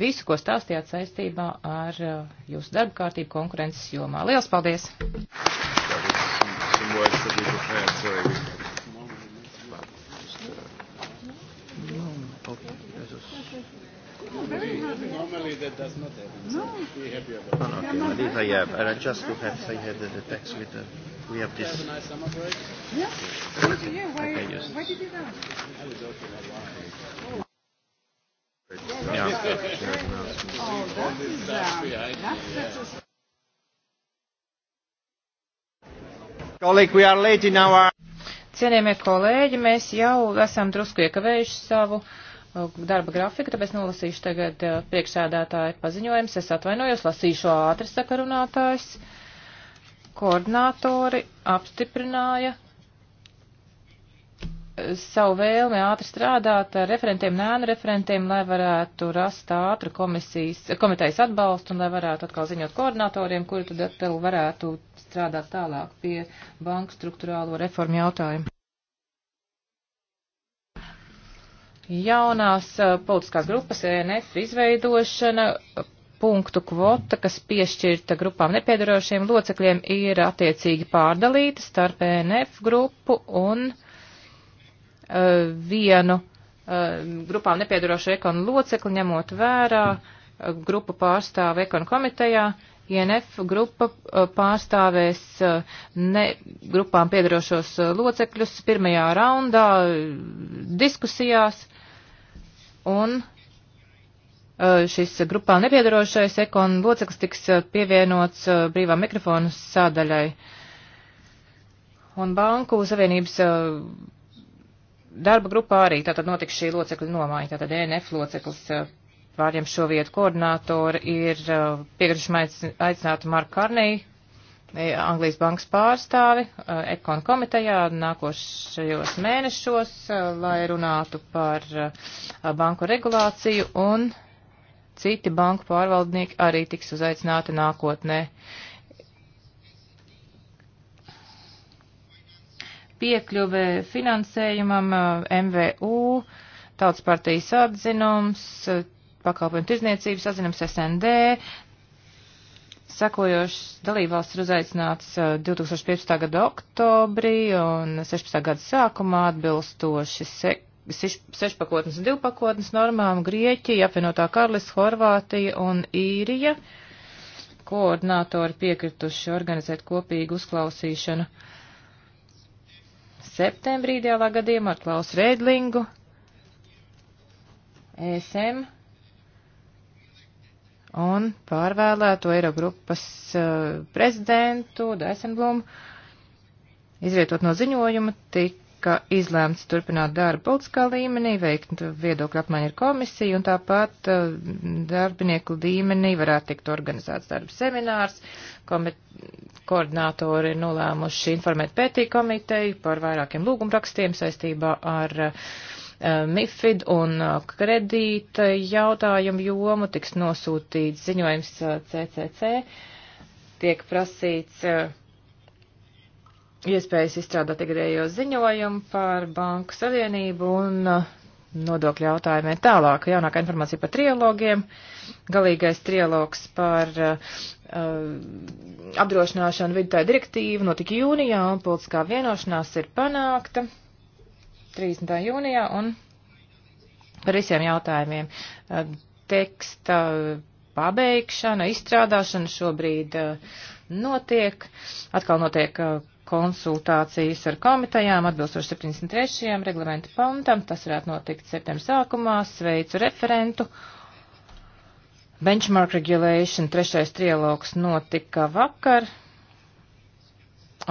visu, ko stāstījāt saistībā ar jūsu darba kārtību konkurences jomā. Lielas paldies! Some words that we prepared, sorry, we Okay. Jesus. Normally, normally that does not happen. So no. Be happy about it. Okay, well, if I have, and I just to have, I had the text with the. We have this. Have a nice summer break. Yeah. Good to hear. Where, okay, yes. where did you go? I was out in Hawaii. Yeah. yeah. yeah. Oh, that is, uh, that's yeah. such a Cienījamie kolēģi, mēs jau esam drusku iekavējuši savu Uh, darba grafiku, tāpēc nolasīšu tagad uh, priekšsēdētāju paziņojums. Es atvainojos, lasīšu ātri sakarunātājs. Koordinātori apstiprināja uh, savu vēlmi ātri strādāt ar referentiem, nēnu referentiem, lai varētu rast ātri komisijas, komitejas atbalstu un lai varētu atkal ziņot koordinatoriem, kuri tad atkal varētu strādāt tālāk pie banku struktūrālo reformu jautājumu. Jaunās uh, politiskās grupas ENF izveidošana, punktu kvota, kas piešķirta grupām nepiedarošiem locekļiem, ir attiecīgi pārdalīta starp ENF grupu un uh, vienu uh, grupām nepiedarošu ekonu locekli, ņemot vērā uh, grupu pārstāvu ekonu komitejā. Uh, INF grupa eh, pārstāvēs eh, ne grupām piedarošos eh, locekļus pirmajā raundā diskusijās, un šis grupā nepiedarošais ekon loceklis tiks pievienots brīvā mikrofonu sādaļai. Un Banku Savienības darba grupā arī tātad notiks šī locekļa nomaiņa, tātad ENF loceklis pārņem šo vietu koordinātori, ir uh, piekrišana aicināta Marku Karniju, e, Anglijas bankas pārstāvi, uh, ekon komitejā nākošajos mēnešos, uh, lai runātu par banku regulāciju un citi banku pārvaldnieki arī tiks uzaicināti nākotnē. Piekļuve finansējumam MVU, Tautas partijas atzinums, pakalpojumu tirzniecību, sazinams SND, Sekojošas dalībvalstis ir uzaicināts 2015. Uh, gada oktobrī un 16. gada sākumā atbilstoši se, seš, sešpakotnes un divpakotnes normām Grieķija, apvienotā Karlis, Horvātija un Īrija. Koordinātori piekrituši organizēt kopīgu uzklausīšanu septembrī ideālā gadījumā ar Klaus Rēdlingu, ESM un pārvēlēto Eirogrupas uh, prezidentu Daisenblumu. Izrietot no ziņojuma, tika izlēmts turpināt darbu politiskā līmenī, veikt viedokļu apmaiņu ar komisiju, un tāpat uh, darbinieku līmenī varētu tikt organizēts darba seminārs. Komit koordinātori ir nolēmuši informēt pētī komiteju par vairākiem lūgumrakstiem saistībā ar uh, Eh, MIFID un eh, kredīta jautājumu jomu tiks nosūtīts ziņojums CCC. Eh, Tiek prasīts iespējas izstrādāt ikgadējo ziņojumu par banku savienību un nodokļu jautājumiem tālāk. Jaunākā informācija par trialogiem, galīgais trialogs par uh, apdrošināšanu vidutāju direktīvu notika jūnijā un politiskā vienošanās ir panākta. 30. jūnijā un par visiem jautājumiem. Teksta pabeigšana, izstrādāšana šobrīd notiek. Atkal notiek konsultācijas ar komitejām atbilstoši 73. reglamentu pantam. Tas varētu notikt septembra sākumā. Sveicu referentu. Benchmark regulation trešais trialogs notika vakar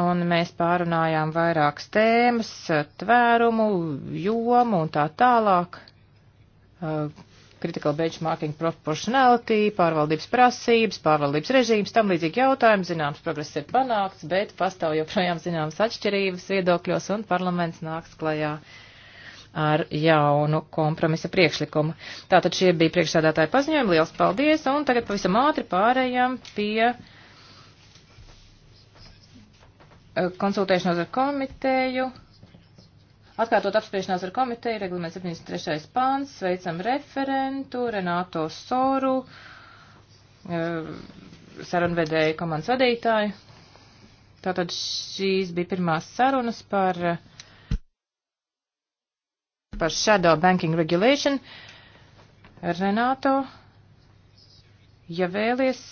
un mēs pārunājām vairākas tēmas, tvērumu, jomu un tā tālāk. Uh, critical benchmarking proportionality, pārvaldības prasības, pārvaldības režīms, tam līdzīgi jautājumi, zināms, progress ir panākts, bet pastāv joprojām zināmas atšķirības viedokļos un parlaments nāks klajā ar jaunu kompromisa priekšlikumu. Tātad šie bija priekšsēdētāji paziņojumi, liels paldies, un tagad pavisam ātri pārējām pie. Eh, konsultēšanos ar komiteju, atkārtot apspriešanās ar komiteju, reglaments 73. pāns, sveicam referentu, Renāto Soru, eh, sarunvedēju komandas vadītāju. Tātad šīs bija pirmās sarunas par, eh, par Shadow Banking Regulation. Renāto, ja vēlies,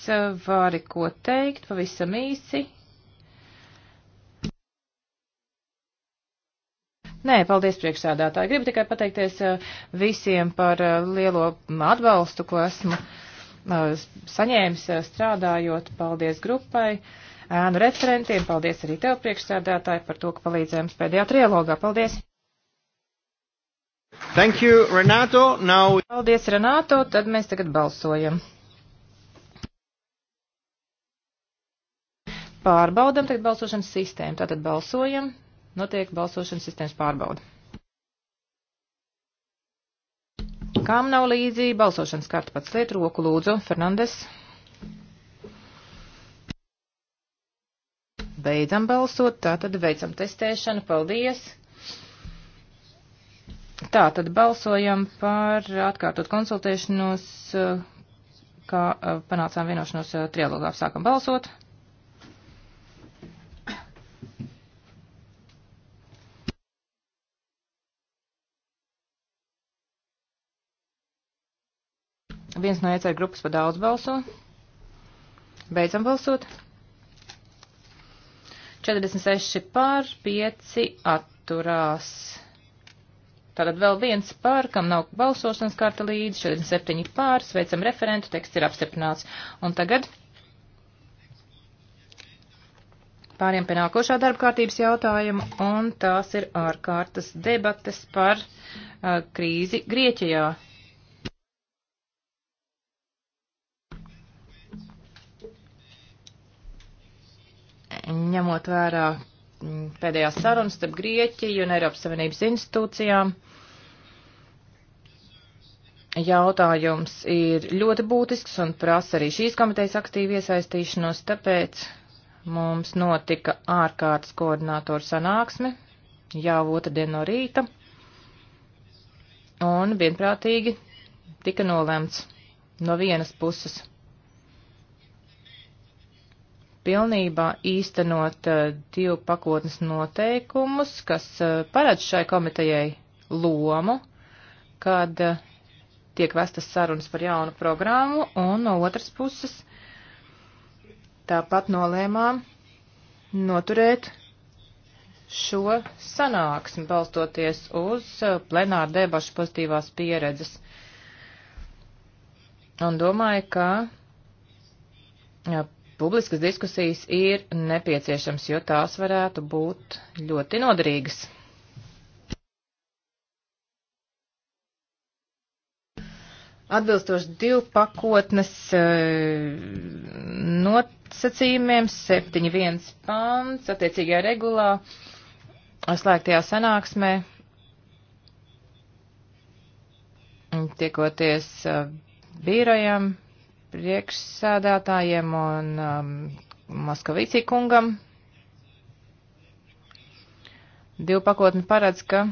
vari ko teikt pavisam īsi Nē, paldies priekšsādātāji. Gribu tikai pateikties eh, visiem par eh, lielo atbalstu, ko esmu eh, saņēmis strādājot. Paldies grupai, ēnu referentiem, paldies arī tev priekšsādātāji par to, ka palīdzējām pēdējā trialogā. Paldies! Thank you, Renato. Now... Paldies, Renato. Tad mēs tagad balsojam. Pārbaudam tagad balsošanas sistēmu. Tātad balsojam notiek balsošanas sistēmas pārbauda. Kam nav līdzi balsošanas karta pats liet roku lūdzu, Fernandes? Beidzam balsot, tā tad veicam testēšanu, paldies. Tā tad balsojam par atkārtot konsultēšanos, kā eh, panācām vienošanos eh, trialogā, sākam balsot. ka viens no ECR grupas pa daudz balso. Beidzam balsot. 46 pār, 5 atturās. Tātad vēl viens pār, kam nav balsošanas karta līdzi, 47 pār, sveicam referentu, teksts ir apstiprināts. Un tagad pāriem pie nākošā darba kārtības jautājuma, un tās ir ārkārtas debates par uh, krīzi Grieķijā. ņemot vērā mm, pēdējās sarunas starp Grieķiju un Eiropas Savienības institūcijām. Jautājums ir ļoti būtisks un prasa arī šīs komitejas aktīvu iesaistīšanos, tāpēc mums notika ārkārtas koordinātoru sanāksme jau otrdien no rīta, un vienprātīgi tika nolēmts no vienas puses pilnībā īstenot uh, divu pakotnes noteikumus, kas uh, paredz šai komitejai lomu, kad uh, tiek vestas sarunas par jaunu programmu, un no otras puses tāpat nolēmām noturēt šo sanāksmi, balstoties uz plenāru debašu pozitīvās pieredzes. Un domāju, ka publiskas diskusijas ir nepieciešams, jo tās varētu būt ļoti noderīgas. Atbilstoši divu pakotnes eh, nosacījumiem, 7.1 pants, attiecīgajā regulā, slēgtajā sanāksmē, tiekoties eh, birojam, priekšsēdētājiem un um, Moskavīcī kungam. Divu pakotni paredz, ka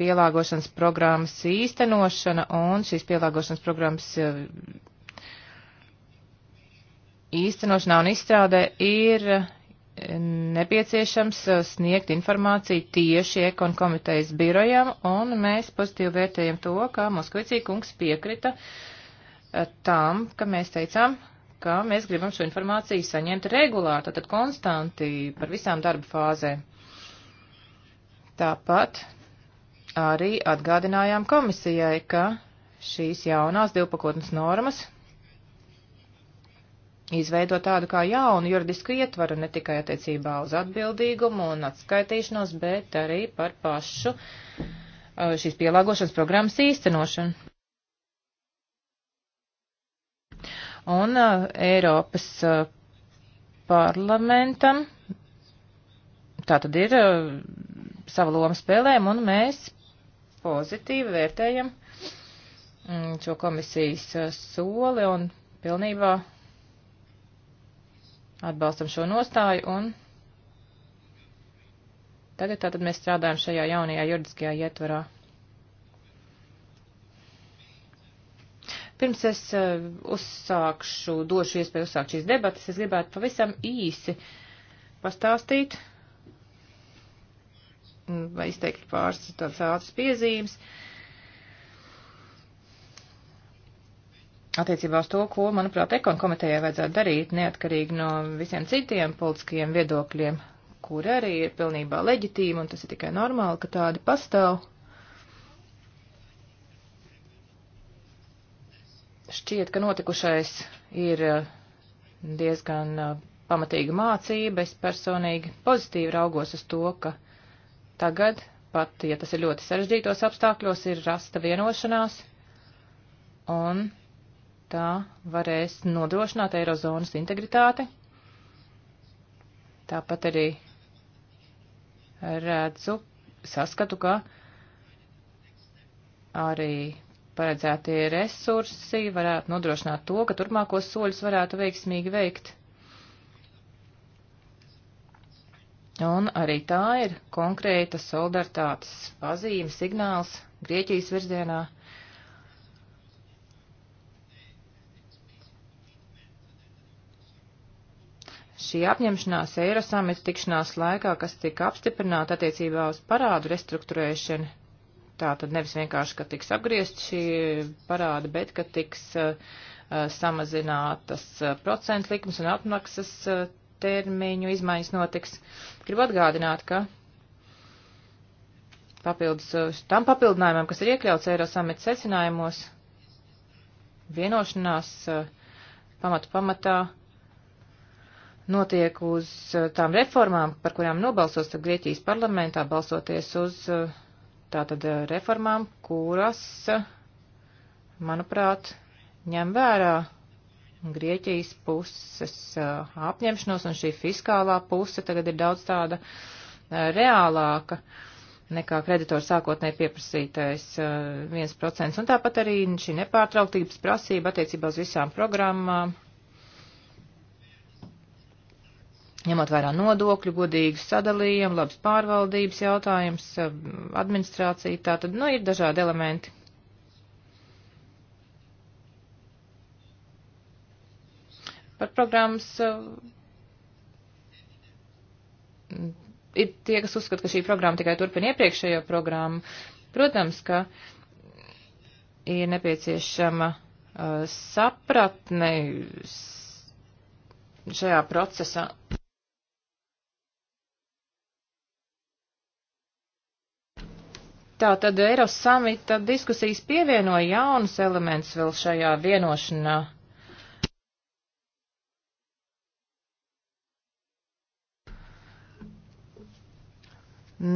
pielāgošanas programmas īstenošana un šīs pielāgošanas programmas uh, īstenošanā un izstrādē ir uh, nepieciešams uh, sniegt informāciju tieši ekon komitejas birojam, un mēs pozitīvi vērtējam to, ka Moskvicī kungs piekrita uh, Eh, tām, ka mēs teicām, ka mēs gribam šo informāciju saņemt regulāri, tātad konstanti par visām darba fāzēm. Tāpat arī atgādinājām komisijai, ka šīs jaunās divpakotnes normas izveido tādu kā jaunu juridisku ietvaru ne tikai attiecībā uz atbildīgumu un atskaitīšanos, bet arī par pašu eh, šīs pielāgošanas programmas īstenošanu. Un uh, Eiropas uh, parlamentam tā tad ir uh, sava loma spēlēm, un mēs pozitīvi vērtējam um, šo komisijas uh, soli un pilnībā atbalstam šo nostāju un tagad tātad mēs strādājam šajā jaunajā juridiskajā ietvarā. Pirms es eh, uzsākšu, došu iespēju uzsākt šīs debatas, es gribētu pavisam īsi pastāstīt mm, vai izteikt pāris tādas ātras piezīmes attiecībā uz to, ko, manuprāt, ekon komitejai vajadzētu darīt, neatkarīgi no visiem citiem politiskajiem viedokļiem, kur arī ir pilnībā leģitīma, un tas ir tikai normāli, ka tādi pastāv. Šķiet, ka notikušais ir eh, diezgan eh, pamatīga mācība. Es personīgi pozitīvi raugos uz to, ka tagad, pat ja tas ir ļoti sarežģītos apstākļos, ir rasta vienošanās un tā varēs nodrošināt Eirozonas integritāti. Tāpat arī redzu, saskatu, ka arī paredzētie resursi varētu nodrošināt to, ka turpmākos soļus varētu veiksmīgi veikt. Un arī tā ir konkrēta solidaritātes pazīme, signāls Grieķijas virzienā. Šī apņemšanās Eirosamitu tikšanās laikā, kas tika apstiprināta attiecībā uz parādu restruktūrēšanu, Tā tad nevis vienkārši, ka tiks apgriezt šī parāda, bet ka tiks uh, uh samazinātas uh, procentu likums un atmaksas uh, termiņu izmaiņas notiks. Gribu atgādināt, ka papildus uh, tam papildinājumam, kas ir iekļauts Eirosamita secinājumos, vienošanās pamatu pamatā notiek uz tām reformām, par kurām nobalsos Grieķijas parlamentā, balsoties uz uh, Tātad eh, reformām, kuras, manuprāt, ņem vērā Grieķijas puses eh, apņemšanos, un šī fiskālā puse tagad ir daudz tāda eh, reālāka nekā kreditors sākotnēji pieprasītais 1%, un tāpat arī šī nepārtrauktības prasība attiecībā uz visām programmām ņemot vērā nodokļu, godīgu sadalījumu, labas pārvaldības jautājums, administrācija, tā tad, nu, ir dažādi elementi. Par programmas eh, ir tie, kas uzskata, ka šī programma tikai turpina iepriekšējo programmu. Protams, ka ir nepieciešama uh, sapratne šajā procesā Tā tad Eiros samita diskusijas pievienoja jaunus elementus vēl šajā vienošanā.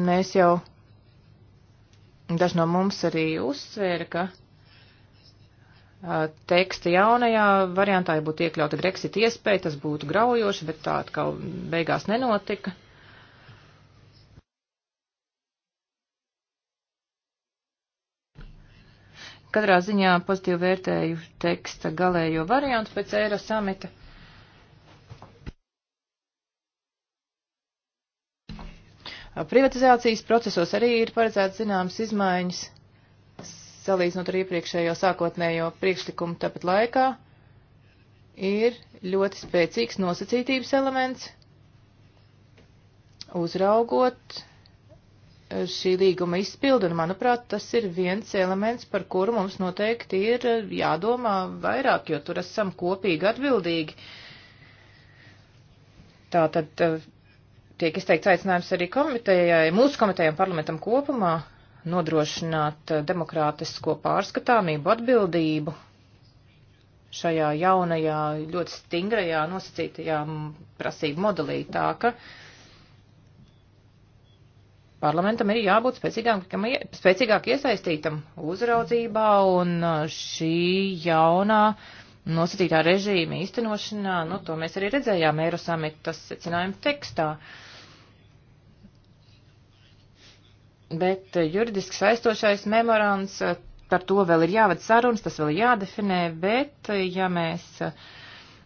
Mēs jau daži no mums arī uzsvēra, ka teksta jaunajā variantā, ja būtu iekļauta Brexit iespēja, tas būtu graujoši, bet tā atkal beigās nenotika. Katrā ziņā pozitīvi vērtēju teksta galējo variantu pēc Eiro samita. Privatizācijas procesos arī ir paredzēts zināmas izmaiņas, salīdzinot ar iepriekšējo sākotnējo priekšlikumu tāpat laikā, ir ļoti spēcīgs nosacītības elements, uzraugot šī līguma izpildu, un manuprāt, tas ir viens elements, par kuru mums noteikti ir jādomā vairāk, jo tur esam kopīgi atbildīgi. Tātad eh, tiek izteikts aicinājums arī komitejai, mūsu komitejam parlamentam kopumā nodrošināt eh, demokrātisko pārskatāmību atbildību šajā jaunajā, ļoti stingrajā nosacītajā prasību modelī tā, ka uh, parlamentam ir jābūt spēcīgāk iesaistītam uzraudzībā un uh, šī jaunā nosacītā režīma īstenošanā, nu, to mēs arī redzējām Eirosamitas secinājuma tekstā. Bet uh, juridiski saistošais memorands, uh, par to vēl ir jāved sarunas, tas vēl jādefinē, bet ja mēs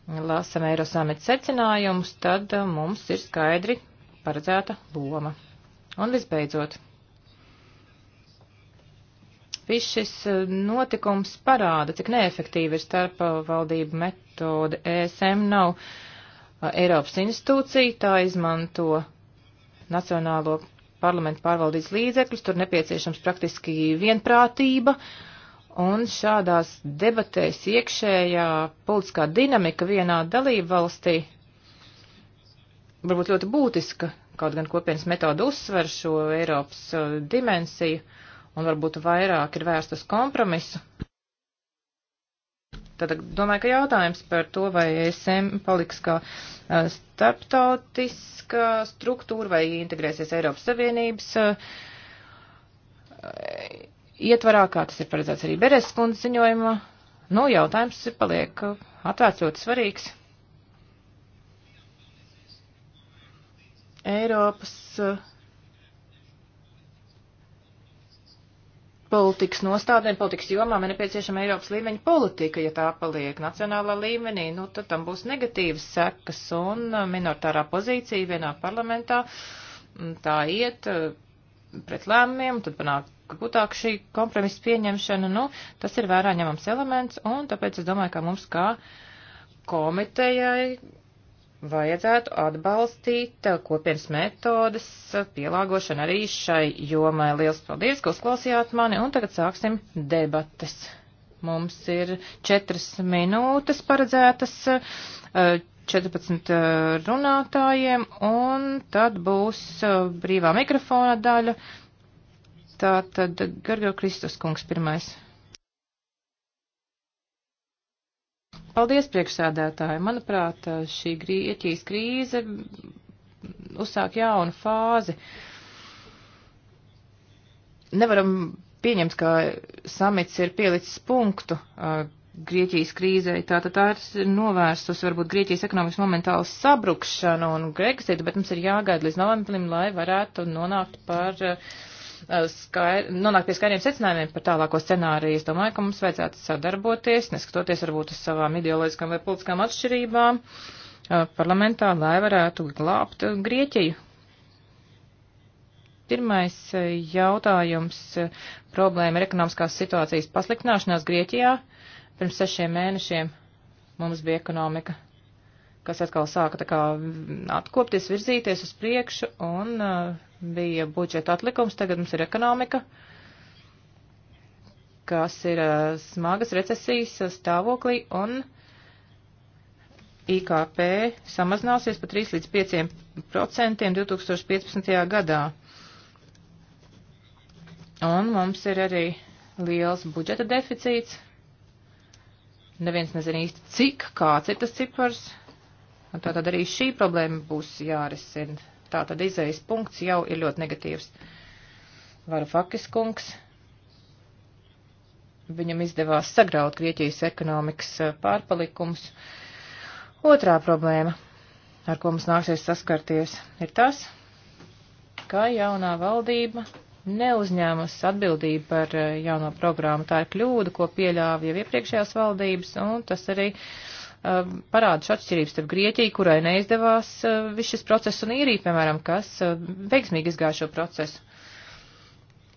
lasam Eirosamita secinājumus, tad mums ir skaidri paredzēta loma. Un visbeidzot, viss šis eh, notikums parāda, cik neefektīva ir starpvaldību eh, metode. ESM nav eh, Eiropas institūcija, tā izmanto Nacionālo parlamentu pārvaldīs līdzekļus, tur nepieciešams praktiski vienprātība, un šādās debatēs iekšējā politiskā dinamika vienā dalību valstī varbūt ļoti būtiska Kaut gan kopienas metoda uzsver šo Eiropas uh, dimensiju un varbūt vairāk ir vērst uz kompromisu. Tad domāju, ka jautājums par to, vai ESM paliks kā uh, starptautiska struktūra vai integrēsies Eiropas Savienības uh, ietvarā, kā tas ir paredzēts arī Beres kundzes ziņojumā. Nu, jautājums paliek atvērts ļoti svarīgs. Eiropas eh, politikas nostādēm, politikas jomām ir nepieciešama Eiropas līmeņa politika. Ja tā paliek nacionālā līmenī, nu, tad tam būs negatīvas sekas un eh, minoritārā pozīcija vienā parlamentā. Mm, tā iet eh, pret lēmumiem, tad panāk gudāk šī kompromisa pieņemšana. Nu, tas ir vērā ņemams elements un tāpēc es domāju, ka mums kā komitejai vajadzētu atbalstīt kopienas metodas pielāgošanu arī šai jomai. Liels paldies, ka uzklausījāt mani, un tagad sāksim debates. Mums ir četras minūtes paredzētas 14 runātājiem, un tad būs brīvā mikrofona daļa. Tātad Gargo Kristus kungs pirmais. Paldies, priekšsēdētāji. Manuprāt, šī Grieķijas krīze uzsāk jaunu fāzi. Nevaram pieņemt, ka samits ir pielicis punktu uh, Grieķijas krīzei. Tātad tā ir novērsus varbūt Grieķijas ekonomikas momentālu sabrukšanu un Grexitu, bet mums ir jāgaida līdz novembrim, lai varētu nonākt par uh, Eh, skair, nonākt pie skaidriem secinājumiem par tālāko scenāriju. Es domāju, ka mums vajadzētu sadarboties, neskatoties varbūt uz savām ideoloģiskām vai politiskām atšķirībām eh, parlamentā, lai varētu glābt eh, Grieķiju. Pirmais jautājums - problēma ir ekonomiskās situācijas pasliktināšanās Grieķijā. Pirms sešiem mēnešiem mums bija ekonomika kas atkal sāka tā kā atkopties, virzīties uz priekšu, un uh, bija budžeta atlikums, tagad mums ir ekonomika, kas ir uh, smagas recesijas uh, stāvoklī, un IKP samazināsies pa 3 līdz 5 procentiem 2015. gadā. Un mums ir arī liels budžeta deficīts. Neviens nezina īsti, cik, kāds ir tas cipars, Un tātad arī šī problēma būs jārisina. Tātad izējas punkts jau ir ļoti negatīvs. Varfakis kungs. Viņam izdevās sagraut Grieķijas ekonomikas eh, pārpalikums. Otrā problēma, ar ko mums nāksies saskarties, ir tas, ka jaunā valdība neuzņēmas atbildību par eh, jauno programmu. Tā ir kļūda, ko pieļāva jau iepriekšējās valdības, un tas arī uh, Um, parāda šo atšķirības starp Grieķiju, kurai neizdevās uh, viss šis process, un īriju, piemēram, kas uh, veiksmīgi izgāja šo procesu.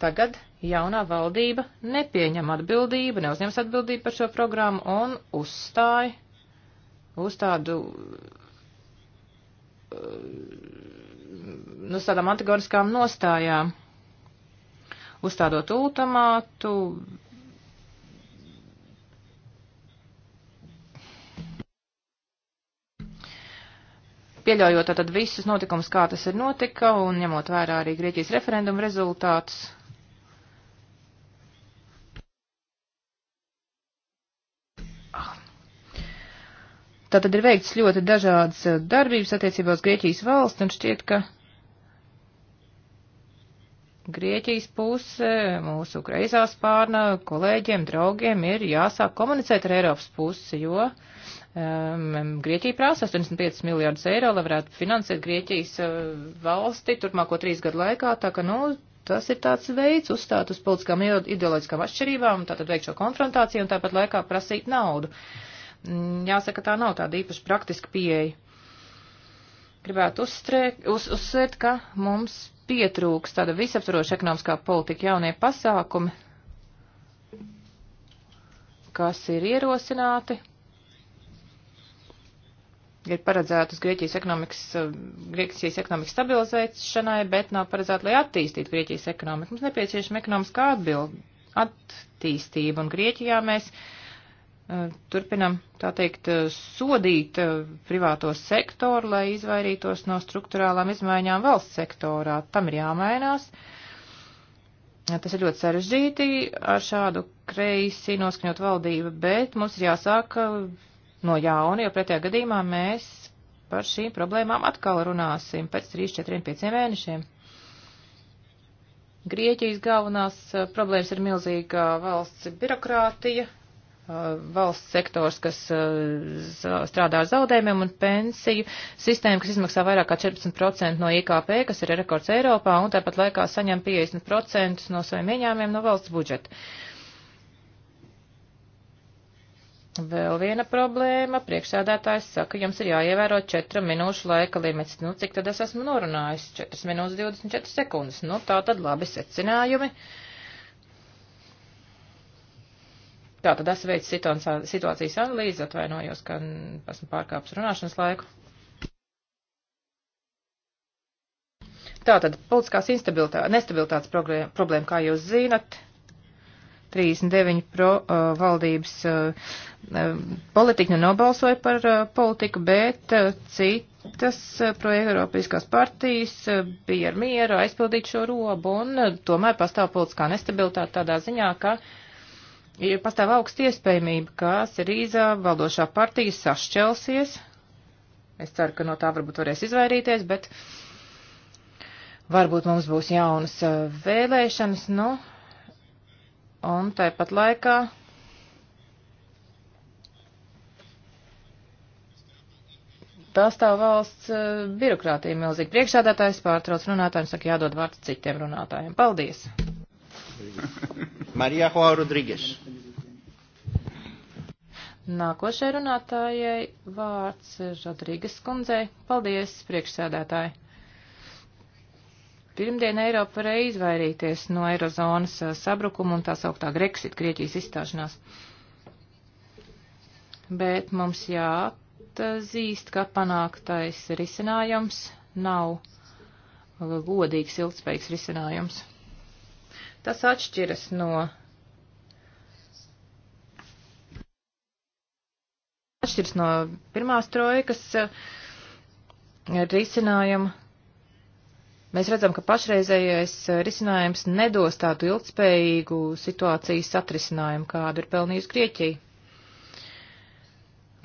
Tagad jaunā valdība nepieņem atbildību, neuzņems atbildību par šo programmu un uzstāja uh, nu, uz tādu nu, tādām antagoniskām nostājām, uzstādot ultimātu, pieļaujot tad visus notikumus, kā tas ir notika, un ņemot vērā arī Grieķijas referendumu rezultātus. Tātad ir veikts ļoti dažādas eh, darbības attiecībā uz Grieķijas valsts, un šķiet, ka Grieķijas puse, mūsu kreisā spārna kolēģiem, draugiem ir jāsāk komunicēt ar Eiropas pusi, jo uh, um, Grieķija prasa 85 miljardus eiro, lai varētu finansēt Grieķijas uh, valsti turpmāko trīs gadu laikā, tā ka, nu, tas ir tāds veids uzstāt uz politiskām ideoloģiskām atšķirībām, tātad veikt šo konfrontāciju un tāpat laikā prasīt naudu. Mm, jāsaka, tā nav tāda īpaši praktiska pieeja. Gribētu uzstrēk, uz, uzsvērt, ka mums pietrūks tāda visaptvaroša ekonomiskā politika jaunie pasākumi, kas ir ierosināti ir paredzētas Grieķijas ekonomikas, eh, Grieķijas ekonomikas stabilizēšanai, bet nav paredzēta, lai attīstītu Grieķijas ekonomiku. Mums nepieciešama ekonomiskā atbild, attīstība, un Grieķijā mēs uh, turpinam, tā teikt, eh, sodīt uh, privāto sektoru, lai izvairītos no struktūrālām izmaiņām valsts sektorā. Tam ir jāmainās. Tas ir ļoti sarežģīti ar šādu kreisi noskaņot valdību, bet mums ir jāsāk uh, no jauna, jo pretējā gadījumā mēs par šīm problēmām atkal runāsim pēc 3, 4, 5 mēnešiem. Grieķijas galvenās problēmas ir milzīga valsts birokrātija, valsts sektors, kas strādā ar zaudējumiem un pensiju sistēma, kas izmaksā vairāk kā 14% no IKP, kas ir rekords Eiropā, un tāpat laikā saņem 50% no saviem ieņēmumiem no valsts budžeta. Uh, Vēl viena problēma. Priekšsēdētājs saka, jums ir jāievēro 4 minūšu laika limits. Nu, cik tad es esmu norunājis? 4 minūtes 24 sekundes. Nu, tā tad labi secinājumi. Tā tad es veicu situācijas analīzi, atvainojos, ka esmu pārkāpis runāšanas laiku. Tātad politiskās nestabilitātes problēma, kā jūs zinat, 39 pro uh, valdības uh, um, politiķi nu nobalsoja par uh, politiku, bet uh, citas uh, proeiropiskās partijas uh, bija ar mieru aizpildīt šo robu, un uh, tomēr pastāv politiskā nestabilitāte tādā ziņā, ka ir pastāv augsta iespējamība, ka Sirīzā valdošā partija sašķelsies. Es ceru, ka no tā varbūt varēs izvairīties, bet varbūt mums būs jaunas uh, vēlēšanas, nu. No Un tāpat laikā pastāv valsts eh, birokrātija milzīgi. Priekšsādātājs pārtrauc runātājiem, saka jādod vārds citiem runātājiem. Paldies! [LAUGHS] Marija Hoa Rodrīgas. Nākošai runātājai vārds Rodrīgas kundzei. Paldies, priekšsēdētāji! Pirmdien Eiropa varēja izvairīties no Eirozonas eh, sabrukuma un tā sauktā Grexit, Grieķijas izstāšanās. Bet mums jāatzīst, ka panāktais risinājums nav godīgs, ilgspējīgs risinājums. Tas atšķiras no atšķirs no pirmās trojkas eh, risinājuma, Mēs redzam, ka pašreizējais eh, risinājums nedos tādu ilgspējīgu situācijas atrisinājumu, kādu ir pelnījusi Grieķija.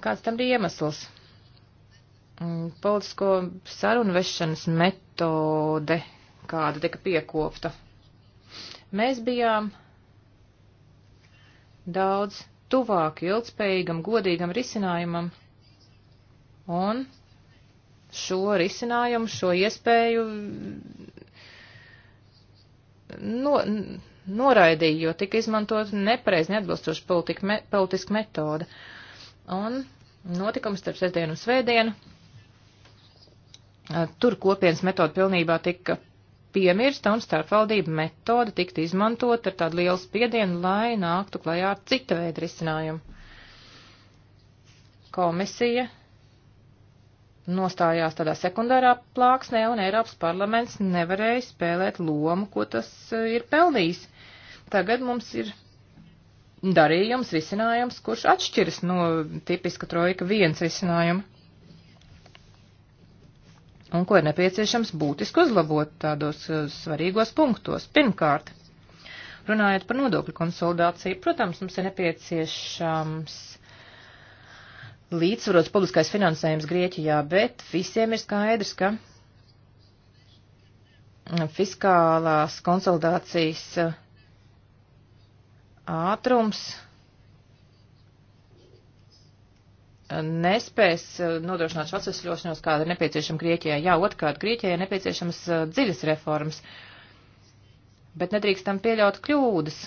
Kāds tam bija iemesls? Mm, politisko sarunu vešanas metode, kāda tika piekopta. Mēs bijām daudz tuvāk ilgspējīgam, godīgam risinājumam, un šo risinājumu, šo iespēju no, noraidīja, jo tika izmantot nepareizi neatbilstoši me, politiska metode. Un notikums starp sestdienu un svētdienu, eh, tur kopienas metoda pilnībā tika piemirsta un starpvaldība metode tika izmantot ar tādu lielu spiedienu, lai nāktu klajā ar cita veida risinājumu. Komisija nostājās tādā sekundārā plāksnē, un Eiropas parlaments nevarēja spēlēt lomu, ko tas eh, ir pelnījis. Tagad mums ir darījums, risinājums, kurš atšķiras no tipiska trojka viens risinājuma. Un ko ir nepieciešams būtiski uzlabot tādos eh, svarīgos punktos. Pirmkārt, runājot par nodokļu konsolidāciju, protams, mums ir nepieciešams līdzsvarots publiskais finansējums Grieķijā, bet visiem ir skaidrs, ka fiskālās konsolidācijas eh, ātrums eh, nespēs eh, nodrošināt šo atsvesļošanos, kāda ir nepieciešama Grieķijai. Jā, otrkārt, Grieķijai ir nepieciešamas dziļas reformas, bet nedrīkstam pieļaut kļūdas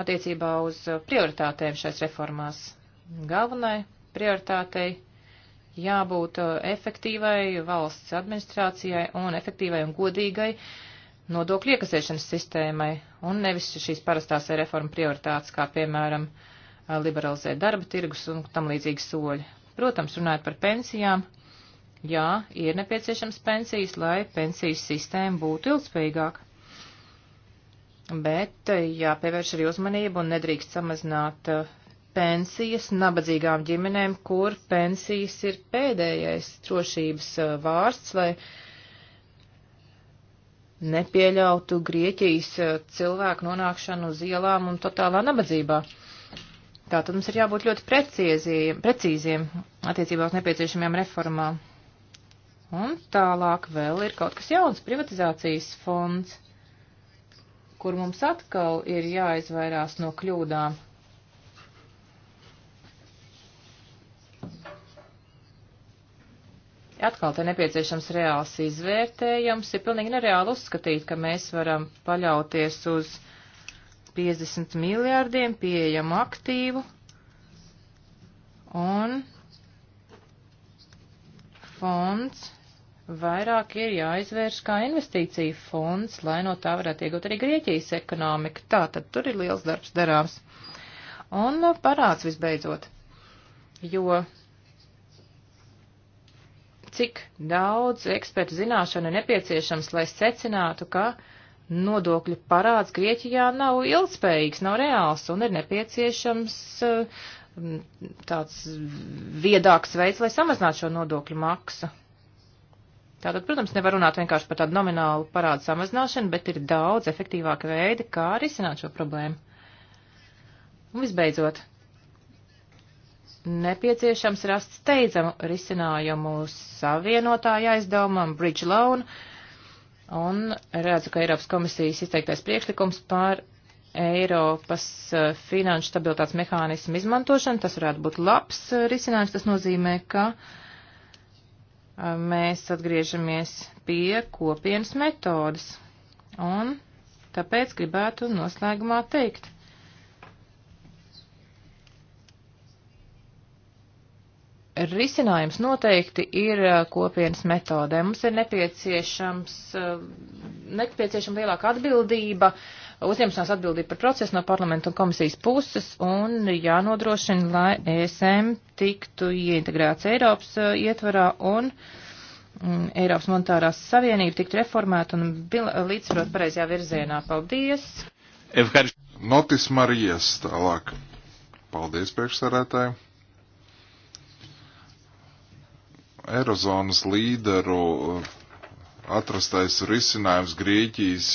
attiecībā uz prioritātēm šais reformās galvenai prioritātei jābūt uh, efektīvai valsts administrācijai un efektīvai un godīgai nodokļu iekasēšanas sistēmai un nevis šīs parastās reforma prioritātes, kā piemēram uh, liberalizēt darba tirgus un tam līdzīgi soļi. Protams, runājot par pensijām, jā, ir nepieciešams pensijas, lai pensijas sistēma būtu ilgspējīgāka. Bet uh, jāpievērš arī uzmanību un nedrīkst samazināt uh, pensijas nabadzīgām ģimenēm, kur pensijas ir pēdējais drošības eh, vārsts, lai nepieļautu Grieķijas eh, cilvēku nonākšanu uz ielām un totālā nabadzībā. Tātad mums ir jābūt ļoti precīziem, precīziem attiecībā uz nepieciešamajām reformām. Un tālāk vēl ir kaut kas jauns - privatizācijas fonds, kur mums atkal ir jāizvairās no kļūdām Atkal te nepieciešams reāls izvērtējums. Ir pilnīgi nereāli uzskatīt, ka mēs varam paļauties uz 50 miljārdiem pieejamu aktīvu un fonds vairāk ir jāizvērš kā investīcija fonds, lai no tā varētu iegūt arī Grieķijas ekonomika. Tā tad tur ir liels darbs darāms. Un nu, parāds visbeidzot, jo cik daudz ekspertu zināšanu nepieciešams, lai secinātu, ka nodokļu parāds Grieķijā nav ilgspējīgs, nav reāls un ir nepieciešams eh, tāds viedāks veids, lai samazinātu šo nodokļu maksu. Tātad, protams, nevar runāt vienkārši par tādu nominālu parādu samazināšanu, bet ir daudz efektīvāka veida, kā risināt šo problēmu. Un visbeidzot, nepieciešams rast steidzamu risinājumu savienotāju aizdevumam Bridge Loan, un redzu, ka Eiropas komisijas izteiktais priekšlikums par Eiropas eh, finanšu stabilitātes mehānismu izmantošanu, tas varētu būt labs eh, risinājums, tas nozīmē, ka eh, mēs atgriežamies pie kopienas metodas, un tāpēc gribētu noslēgumā teikt risinājums noteikti ir eh, kopienas metodē. Mums ir nepieciešams, eh, nepieciešama lielāka atbildība, uzņemšanās atbildība par procesu no parlamentu un komisijas puses un jānodrošina, lai ESM tiktu ieintegrēts Eiropas eh, ietvarā un mm, Eiropas monetārās savienība tiktu reformēta un līdzsvarot pareizajā virzienā. Paldies! Notis Marijas tālāk. Paldies priekšsarētāji! Eirozonas līderu eh, atrastais risinājums Grieķijas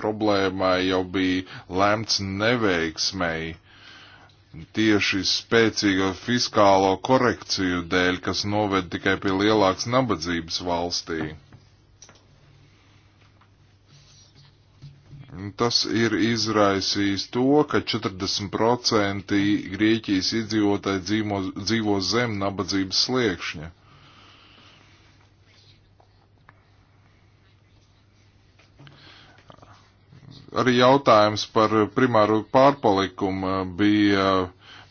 problēmai jau bija lemts neveiksmēji tieši spēcīgo fiskālo korekciju dēļ, kas noved tikai pie lielākas nabadzības valstī. Tas ir izraisījis to, ka 40% Grieķijas iedzīvotāji dzīvo, dzīvo zem nabadzības sliekšņa. Arī jautājums par primāru pārpalikumu bija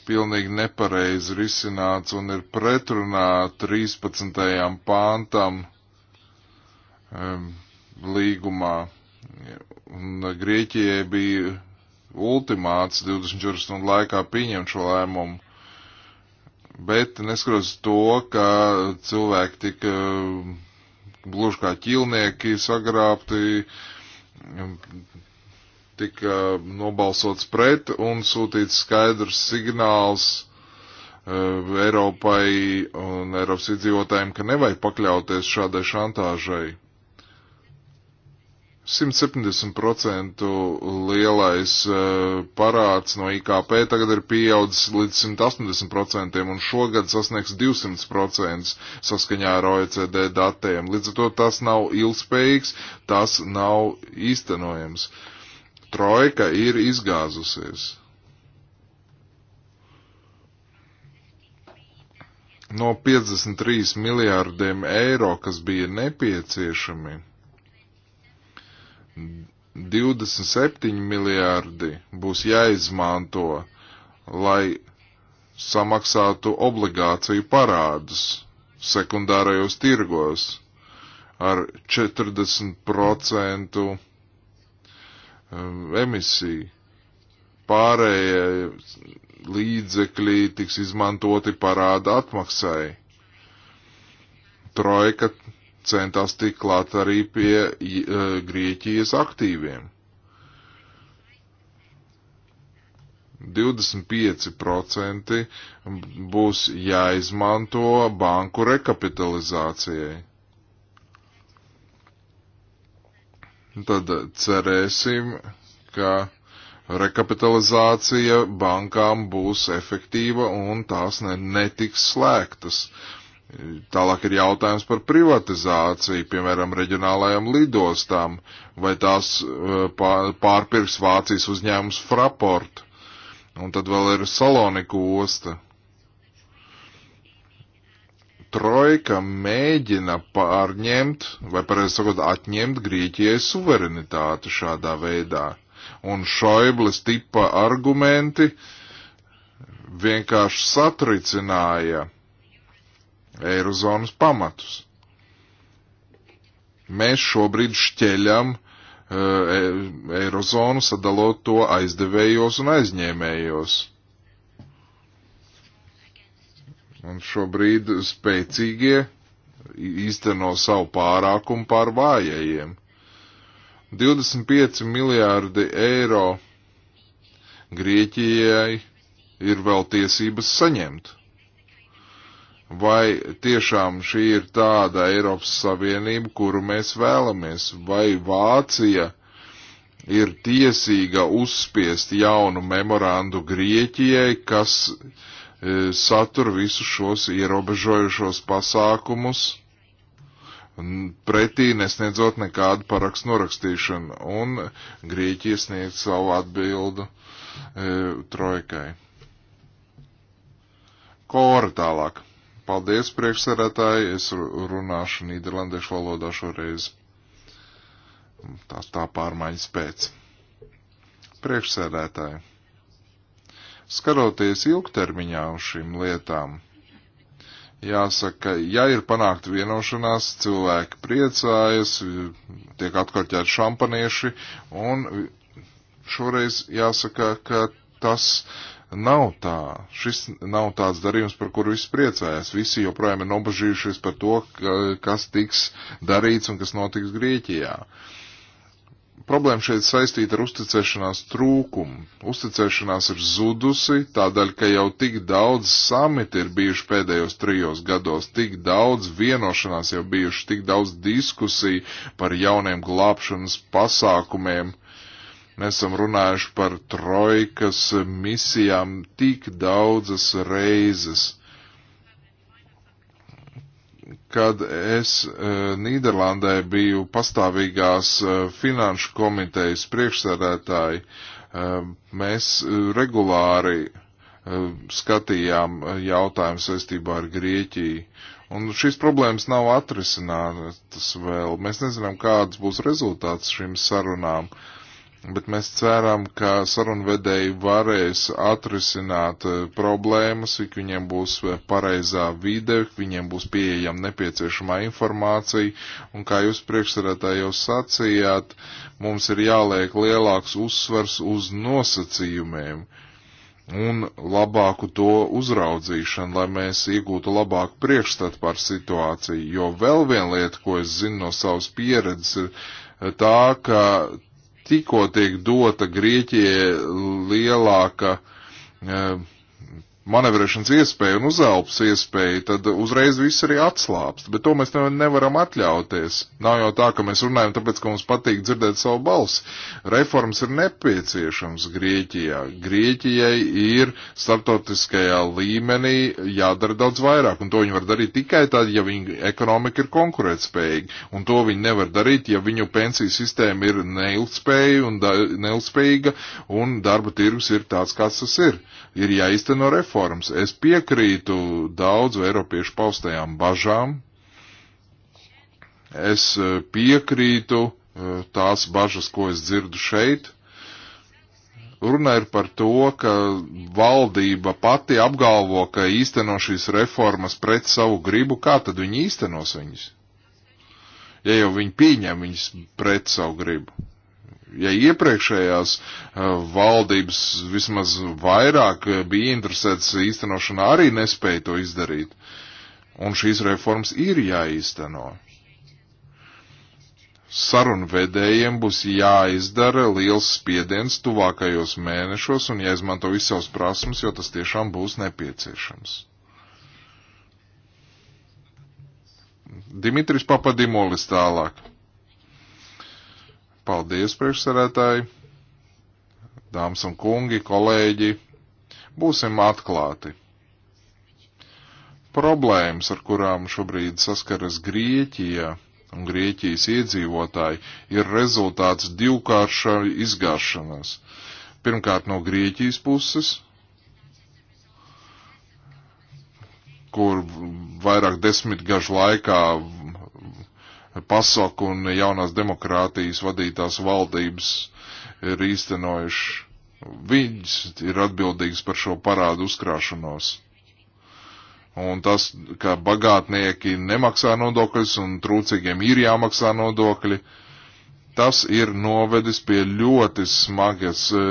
pilnīgi nepareizi risināts un ir pretrunā 13. pāntam um, līgumā. Un Grieķijai bija ultimāts 24 stundu laikā pieņemt šo lēmumu. Bet neskatoties to, ka cilvēki tika gluži kā ķilnieki sagrābti, tika nobalsots pret un sūtīts skaidrs signāls uh, Eiropai un Eiropas iedzīvotājiem, ka nevajag pakļauties šādai šantāžai. 170% lielais uh, parāds no IKP tagad ir pieaudzis līdz 180% un šogad sasniegs 200% saskaņā ar OECD datiem. Līdz ar to tas nav ilgspējīgs, tas nav īstenojams. Uh, trojka ir izgāzusies. No 53 miljārdiem eiro, kas bija nepieciešami, 27 miljārdi būs jāizmanto, lai samaksātu obligāciju parādus sekundārajos tirgos ar 40% emisiju. Pārējie līdzekļi tiks izmantoti parāda atmaksai. Trojka centās tikt klāt arī pie uh, Grieķijas aktīviem. 25% būs jāizmanto banku rekapitalizācijai. Tad cerēsim, ka rekapitalizācija bankām būs efektīva un tās ne, netiks slēgtas. Tālāk ir jautājums par privatizāciju, piemēram, reģionālajām lidostām, vai tās eh, pārpirks Vācijas uzņēmums Fraport, un tad vēl ir Saloniku osta trojka mēģina pārņemt, vai pareizi sakot, atņemt Grieķijai suverenitāti šādā veidā. Un Šoibles tipa argumenti vienkārši satricināja Eirozonas pamatus. Mēs šobrīd šķeļam uh, Eirozonu, sadalot to aizdevējos un aizņēmējos Un šobrīd spēcīgie īsteno savu pārākumu pār vājajiem. 25 miljārdi eiro Grieķijai ir vēl tiesības saņemt. Vai tiešām šī ir tāda Eiropas Savienība, kuru mēs vēlamies, vai Vācija ir tiesīga uzspiest jaunu memorandu Grieķijai, kas E, satura visus šos ierobežojušos pasākumus pretī nesniedzot nekādu parakstu norakstīšanu, un Grieķija sniedz savu atbildu e, trojkai. Kora tālāk. Paldies, priekšsarētāji, es runāšu nīderlandiešu valodā šoreiz. Tās tā pārmaiņas pēc. Priekšsarētāji. Skaroties ilgtermiņā uz šīm lietām, jāsaka, ja ir panākta vienošanās, cilvēki priecājas, tiek atkarķēti šampanieši, un šoreiz jāsaka, ka tas nav tā. Šis nav tāds darījums, par kuru visi priecājas. Visi joprojām ir nobažījušies par to, kas tiks darīts un kas notiks Grieķijā. Uh, problēma šeit saistīta ar uzticēšanās trūkumu. Uzticēšanās ir zudusi, tādēļ, ka jau tik daudz samiti ir bijuši pēdējos trijos gados, tik daudz vienošanās jau bijuši, tik daudz diskusiju par jauniem glābšanas pasākumiem. Mēs esam runājuši par trojkas misijām tik daudzas reizes kad es e, Nīderlandē biju pastāvīgās e, finanšu komitejas priekšsēdētāji, e, mēs regulāri skatījām jautājumu saistībā ar Grieķiju. Un šīs problēmas nav atrisinātas vēl. Mēs nezinām, kāds būs rezultāts šīm sarunām. Uh, bet mēs ceram, ka sarunvedēji varēs atrisināt e, problēmas, ik viņiem būs e, pareizā vide, viņiem būs pieejama nepieciešamā informācija, un kā jūs priekšsarētāji jau sacījāt, mums ir jāliek lielāks uzsvars uz nosacījumiem un labāku to uzraudzīšanu, lai mēs iegūtu labāku priekšstatu par situāciju, jo vēl viena lieta, ko es zinu no savas pieredzes, ir e, tā, ka tikko tiek dota Grieķijai lielāka uh, manevrēšanas iespēju un uzelpas iespēju, tad uzreiz viss arī atslābst. Bet to mēs nevaram atļauties. Nav jau tā, ka mēs runājam tāpēc, ka mums patīk dzirdēt savu balsi. Reformas ir nepieciešams Grieķijā. Grieķijai ir starptautiskajā līmenī jādara daudz vairāk, un to viņi var darīt tikai tad, ja viņu ekonomika ir konkurētspējīga. Un to viņi nevar darīt, ja viņu pensiju sistēma ir neilgspējīga un, da neilgspējīga, un darba tirgus ir tāds, kāds tas ir. Ir jāizteno reformas reformas. Es piekrītu daudzu Eiropiešu paustajām bažām. Es eh, piekrītu eh, tās bažas, ko es dzirdu šeit. Runa ir par to, ka valdība pati apgalvo, ka īsteno šīs reformas pret savu gribu, kā tad viņi īstenos viņas? Ja jau viņi pieņem viņas pret savu gribu ja iepriekšējās eh, valdības vismaz vairāk eh, bija interesētas īstenošanā, arī nespēja to izdarīt. Un šīs reformas ir jāīsteno. Sarunvedējiem būs jāizdara liels spiediens tuvākajos mēnešos un jāizmanto visus savus prasmes, jo tas tiešām būs nepieciešams. Dimitris Papadimolis tālāk. Paldies, priekšsarētāji, dāmas un kungi, kolēģi. Būsim atklāti. Problēmas, ar kurām šobrīd saskaras Grieķija un Grieķijas iedzīvotāji, ir rezultāts divkārša izgāšanās. Pirmkārt no Grieķijas puses, kur vairāk desmitgažu laikā PASOK un jaunās demokrātijas vadītās valdības ir īstenojuši. Viņas ir atbildīgas par šo parādu uzkrāšanos. Un tas, ka bagātnieki nemaksā nodokļus un trūcīgiem ir jāmaksā nodokļi, tas ir novedis pie ļoti smagas e,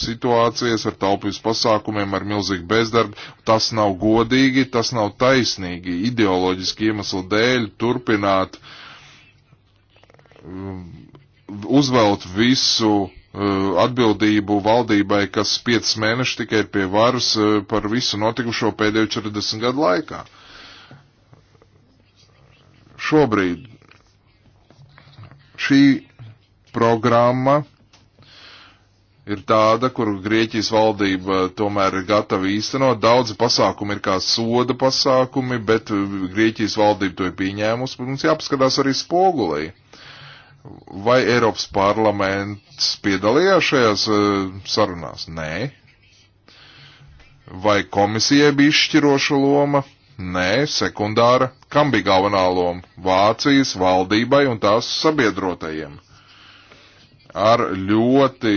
situācijas ar taupības pasākumiem, ar milzīgu bezdarbu. Tas nav godīgi, tas nav taisnīgi ideoloģiski iemeslu dēļ turpināt uh, uzvelt visu uh, atbildību valdībai, kas 5 mēneši tikai ir pie varas uh, par visu notikušo pēdējo 40 gadu laikā. Šobrīd šī programma ir tāda, kuru Grieķijas valdība tomēr ir gatava īstenot. Daudzi pasākumi ir kā soda pasākumi, bet uh, Grieķijas valdība to ir pieņēmusi. Mums jāpaskatās arī spogulī. Uh, Vai Eiropas parlaments piedalījās šajās eh, sarunās? Nē. Vai komisijai bija izšķiroša loma? Nē, sekundāra. Kam bija galvenā loma? Vācijas valdībai un tās sabiedrotajiem. Ar ļoti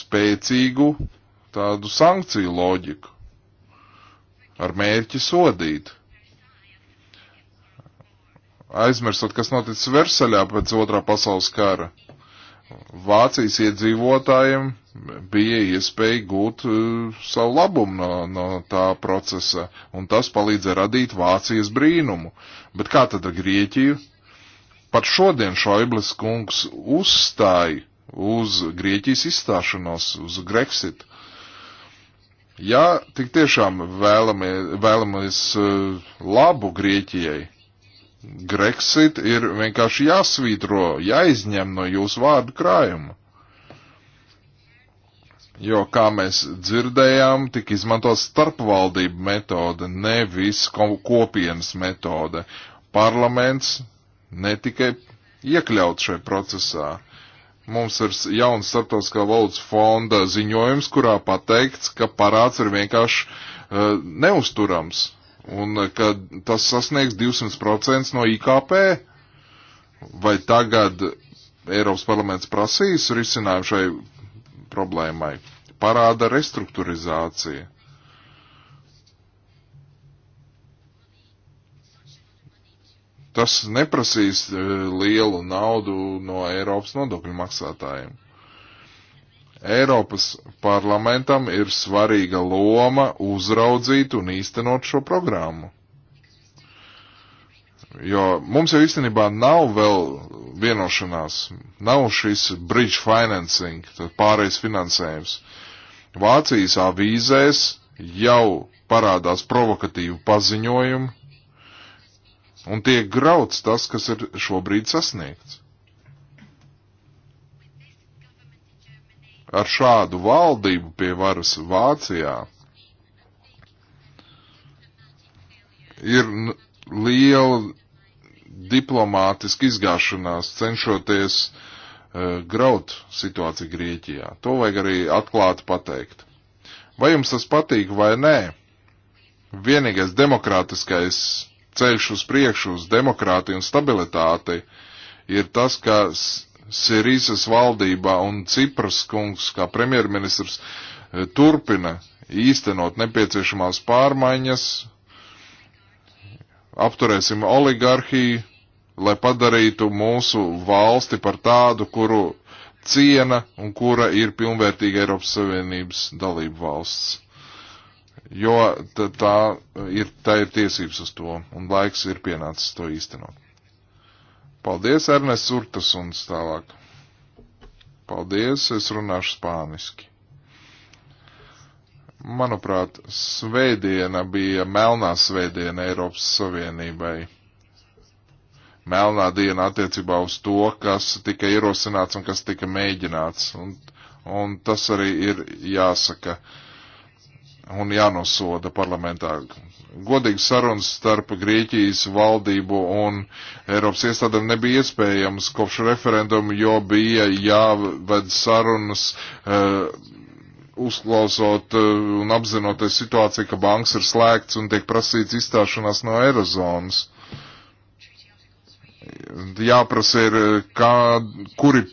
spēcīgu tādu sankciju loģiku. Ar mērķi sodīt aizmirstot, kas noticis Versaļā pēc otrā pasaules kara. Vācijas iedzīvotājiem bija iespēja gūt uh, savu labumu no, no tā procesa, un tas palīdzēja radīt Vācijas brīnumu. Bet kā tad ar Grieķiju? Pat šodien Šoiblis kungs uzstāja uz Grieķijas izstāšanos, uz Greksitu. Ja tik tiešām vēlamie, vēlamies uh, labu Grieķijai, Grexit ir vienkārši jāsvītro, jāizņem no jūsu vārdu krājuma. Jo, kā mēs dzirdējām, tika izmantot starpvaldību metode, nevis kopienas metode. Parlaments netika iekļauts šajā procesā. Mums ir jauns starptautiskā valodas fonda ziņojums, kurā pateikts, ka parāds ir vienkārši uh, neusturams un eh, ka tas sasniegs 200% no IKP. Vai tagad Eiropas parlaments prasīs risinājumu šai problēmai? Parāda restruktūrizācija. Tas neprasīs eh, lielu naudu no Eiropas nodokļu maksātājiem. Eiropas parlamentam ir svarīga loma uzraudzīt un īstenot šo programmu. Jo mums jau īstenībā nav vēl vienošanās, nav šis bridge financing, pārējais finansējums. Vācijas avīzēs jau parādās provokatīvu paziņojumu un tiek grauts tas, kas ir šobrīd sasniegts. ar šādu valdību pie varas Vācijā ir liela diplomātiska izgāšanās, cenšoties uh, graut situāciju Grieķijā. To vajag arī atklāti pateikt. Vai jums tas patīk vai nē? Vienīgais demokrātiskais ceļš uz priekšu, uz demokrātiju un stabilitāti ir tas, ka Sirīsas valdībā un Cipras kungs kā premjerministrs e, turpina īstenot nepieciešamās pārmaiņas, apturēsim oligarhiju, lai padarītu mūsu valsti par tādu, kuru ciena un kura ir pilnvērtīga Eiropas Savienības dalība valsts. Jo tā ir, tā ir tiesības uz to, un laiks ir pienācis to īstenot. Paldies, Ernests Urtas un tālāk. Paldies, es runāšu spāniski. Manuprāt, svētdiena bija melnā svētdiena Eiropas Savienībai. Melnā diena attiecībā uz to, kas tika ierosināts un kas tika mēģināts. Un, un tas arī ir jāsaka un jānosoda parlamentā godīgas sarunas starp Grieķijas valdību un Eiropas iestādēm nebija iespējams kopš referendumu, jo bija jāved sarunas uh, uzklausot uh, un apzinoties situāciju, ka banks ir slēgts un tiek prasīts izstāšanās no Eirozonas. Jāprasa ir, eh, kā, kuri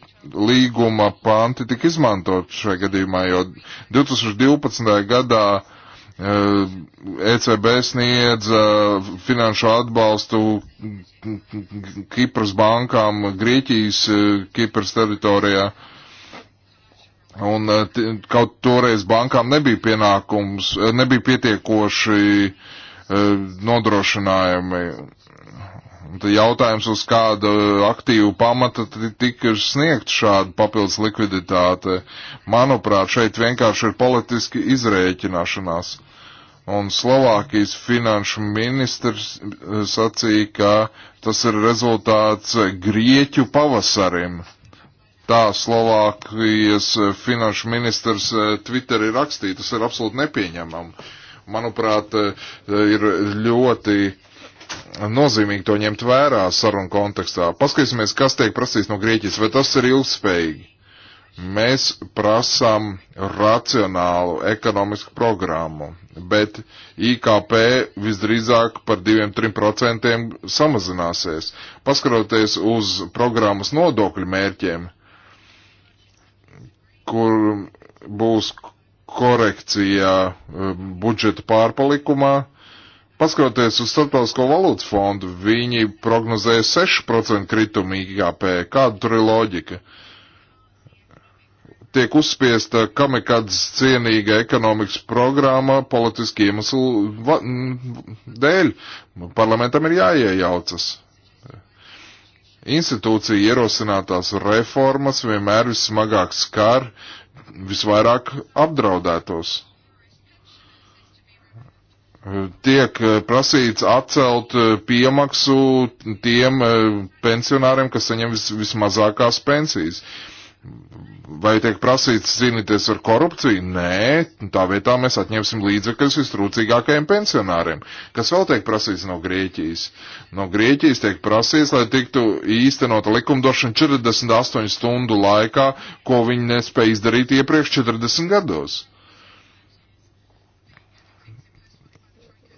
līguma panti tika izmantot šajā gadījumā, jo 2012. gadā uh, ECB eh, e sniedz eh, finanšu atbalstu Kipras bankām Grieķijas eh, Kipras teritorijā. Un kaut toreiz bankām nebija pienākums, nebija pietiekoši nodrošinājumi. Jautājums, uz kāda aktīvu pamata tika sniegt šāda papildus likviditāte. Manuprāt, šeit vienkārši ir politiski izrēķināšanās un Slovākijas finanšu ministrs eh, sacīja, ka tas ir rezultāts Grieķu pavasarim. Tā Slovākijas eh, finanšu ministrs eh, Twitterī rakstīja, tas ir absolūti nepieņemam. Manuprāt, ir ļoti nozīmīgi to ņemt vērā sarunu kontekstā. Paskatīsimies, kas tiek prasīts no Grieķijas, vai tas ir ilgspējīgi. Mēs prasām racionālu ekonomisku programmu bet IKP visdrīzāk par 2-3% samazināsies. Paskaroties uz programmas nodokļu mērķiem, kur būs korekcija um, budžeta pārpalikumā, Paskatoties uz Startautisko valūtas fondu, viņi prognozēja 6% kritumu IKP. Kāda tur ir loģika? Uh, tiek uzspiesta kamikādas cienīga ekonomikas programma politiski iemeslu dēļ. Parlamentam ir jāiejaucas. Institūcija ierosinātās reformas vienmēr vismagāk skar visvairāk apdraudētos. Tiek prasīts atcelt piemaksu tiem e, pensionāriem, kas saņem vis, vismazākās pensijas. Uh, Vai tiek prasīts cīnīties ar korupciju? Nē, tā vietā mēs atņemsim līdzekļus vistrūcīgākajiem pensionāriem. Kas vēl tiek prasīts no Grieķijas? No Grieķijas tiek prasīts, lai tiktu īstenota likumdošana 48 stundu laikā, ko viņi nespēja izdarīt iepriekš 40 gados.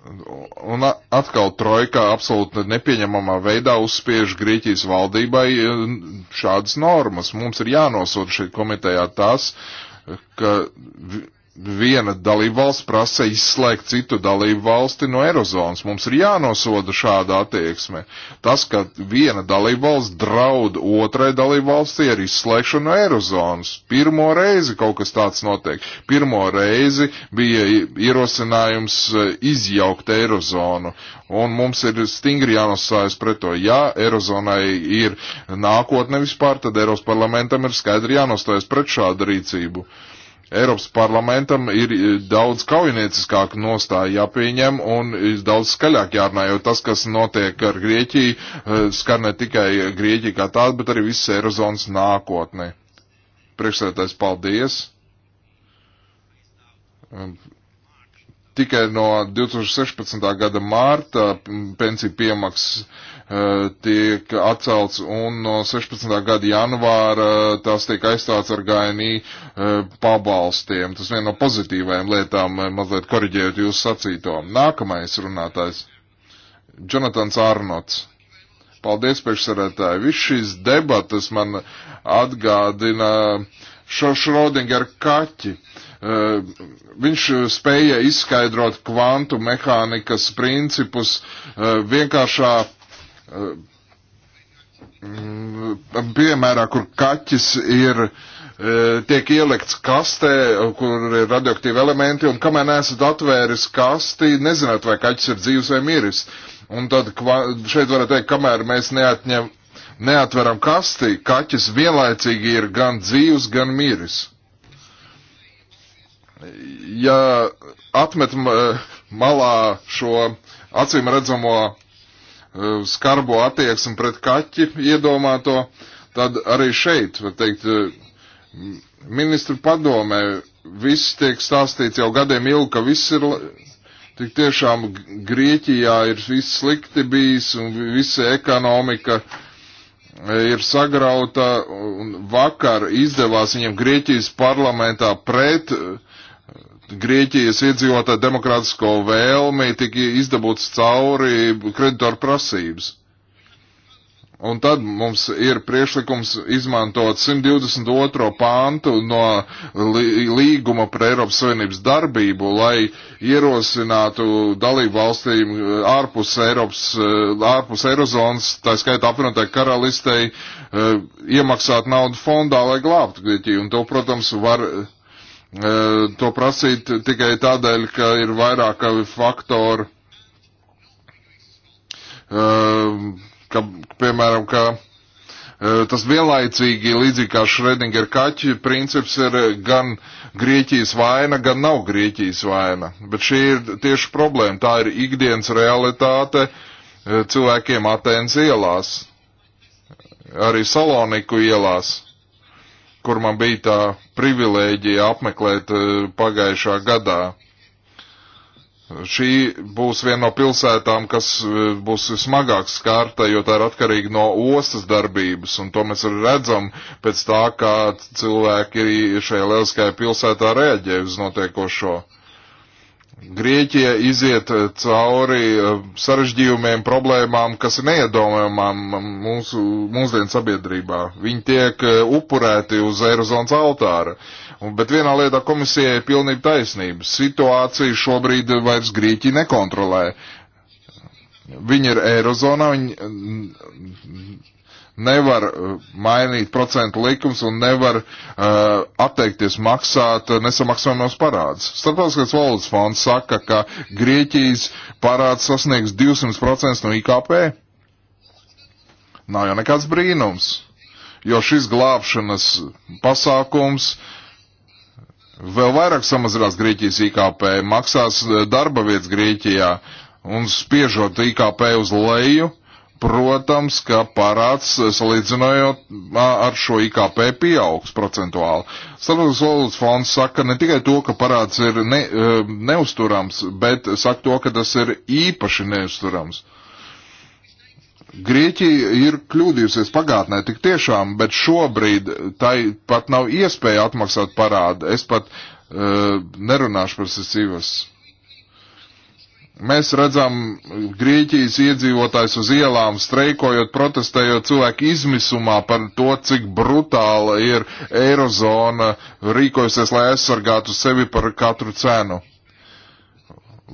Un atkal trojka absolūti nepieņemamā veidā uzspiež Grieķijas valdībai e, šādas normas. Mums ir jānosūta šeit komitejā tas, ka viena dalībvalsts prasa izslēgt citu dalībvalsti no Eirozonas. Mums ir jānosoda šāda attieksme. Tas, ka viena dalībvalsts draud otrai dalībvalstī ar izslēgšanu no Eirozonas. Pirmo reizi kaut kas tāds notiek. Pirmo reizi bija ierosinājums eh, izjaukt Eirozonu. Un mums ir stingri jānosājas pret to. Ja Eirozonai ir nākotne vispār, tad Eiropas parlamentam ir skaidri jānostājas pret šādu rīcību. Uh, Eiropas parlamentam ir e, daudz kaujinieciskāk nostāja jāpieņem un e, daudz skaļāk jārunā, jo tas, kas notiek ar Grieķiju, e, skar ne tikai Grieķiju kā tādu, bet arī visas Eirozonas nākotni. Priekšsēdētājs, paldies! Um, tikai no 2016. gada mārta pensiju piemaksas Eh, tiek atcelts un no 16. gada janvāra eh, tās tiek aizstāts ar gainī eh, pabalstiem. Tas viena no pozitīvajām lietām, mazliet koriģējot jūsu sacīto. Nākamais runātājs - Jonatans Arnots. Paldies, priekšsarētāji. Viss šīs debatas man atgādina šo Šrodingeru kaķi. Viņš spēja izskaidrot kvantu mehānikas principus vienkāršā piemērā, kur kaķis ir, tiek ielikts kastē, kur ir radioaktīvi elementi, un kamēr neesat atvēris kasti, nezināt, vai kaķis ir dzīvs vai miris. Un tad šeit varētu teikt, kamēr mēs neatņem, neatveram kasti, kaķis vienlaicīgi ir gan dzīvs, gan miris. Ja atmetam malā šo acīm redzamo Eh, skarbo attieksmi pret kaķi iedomāto, tad arī šeit, var teikt, eh, ministru padomē viss tiek stāstīts jau gadiem ilgi, ka viss ir, tik tiešām Grieķijā ir viss slikti bijis un visa ekonomika eh, ir sagrauta un vakar izdevās viņam Grieķijas parlamentā pret uh, Grieķijas iedzīvotāju demokrātisko vēlmi tika izdabūts cauri kreditoru prasības. Un tad mums ir priešlikums izmantot 122. pāntu no līguma par Eiropas Savienības darbību, lai ierosinātu dalību valstīm eh, ārpus Eiropas, eh, ārpus Eirozonas, tā skaitā apvienotai karalistei, eh, iemaksāt naudu fondā, lai glābtu Grieķiju. Un to, protams, var to prasīt tikai tādēļ, ka ir vairāki faktori, ka, piemēram, ka tas vienlaicīgi, līdzīgi kā Šredinger kaķi, princips ir gan Grieķijas vaina, gan nav Grieķijas vaina. Bet šī ir tieši problēma, tā ir ikdienas realitāte cilvēkiem Atēnas ielās, arī Saloniku ielās kur man bija tā privilēģija apmeklēt eh, pagājušā gadā. Šī būs viena no pilsētām, kas eh, būs smagāk skārta, jo tā ir atkarīga no ostas darbības, un to mēs arī redzam pēc tā, kā cilvēki šajā lieliskajā pilsētā reaģē uz notiekošo. Uh, Grieķija iziet eh, cauri eh, sarežģījumiem, problēmām, kas ir neiedomājamām mm, mūsu mūsdienu sabiedrībā. Viņi tiek eh, upurēti uz Eirozonas altāra. Bet vienā lietā komisijai ir pilnība taisnība. Situācija šobrīd vairs Grieķija nekontrolē. Viņi ir Eirozonā, viņi mm, Nevar uh, mainīt procentu likums un nevar uh, atteikties maksāt uh, nesamaksājumos parādus. Starptautiskais valodas fonds saka, ka Grieķijas parāds sasniegs 200% no IKP. Nav jau nekāds brīnums, jo šis glābšanas pasākums uh, vēl vairāk samazinās Grieķijas IKP, maksās uh, darba vietas Grieķijā un spiežot IKP uz leju, Protams, ka parāds eh, salīdzinājot ar šo IKP pieaugs procentuāli. Starptautiskās valodas fonds saka ne tikai to, ka parāds ir ne, neusturams, bet saka to, ka tas ir īpaši neusturams. Grieķija ir kļūdījusies pagātnē tik tiešām, bet šobrīd tai pat nav iespēja atmaksāt parādu. Es pat uh, nerunāšu par sesīvas Mēs redzam Grieķijas iedzīvotājs uz ielām, streikojot, protestējot cilvēku izmisumā par to, cik brutāla ir Eirozona rīkojusies, lai aizsargātu sevi par katru cenu.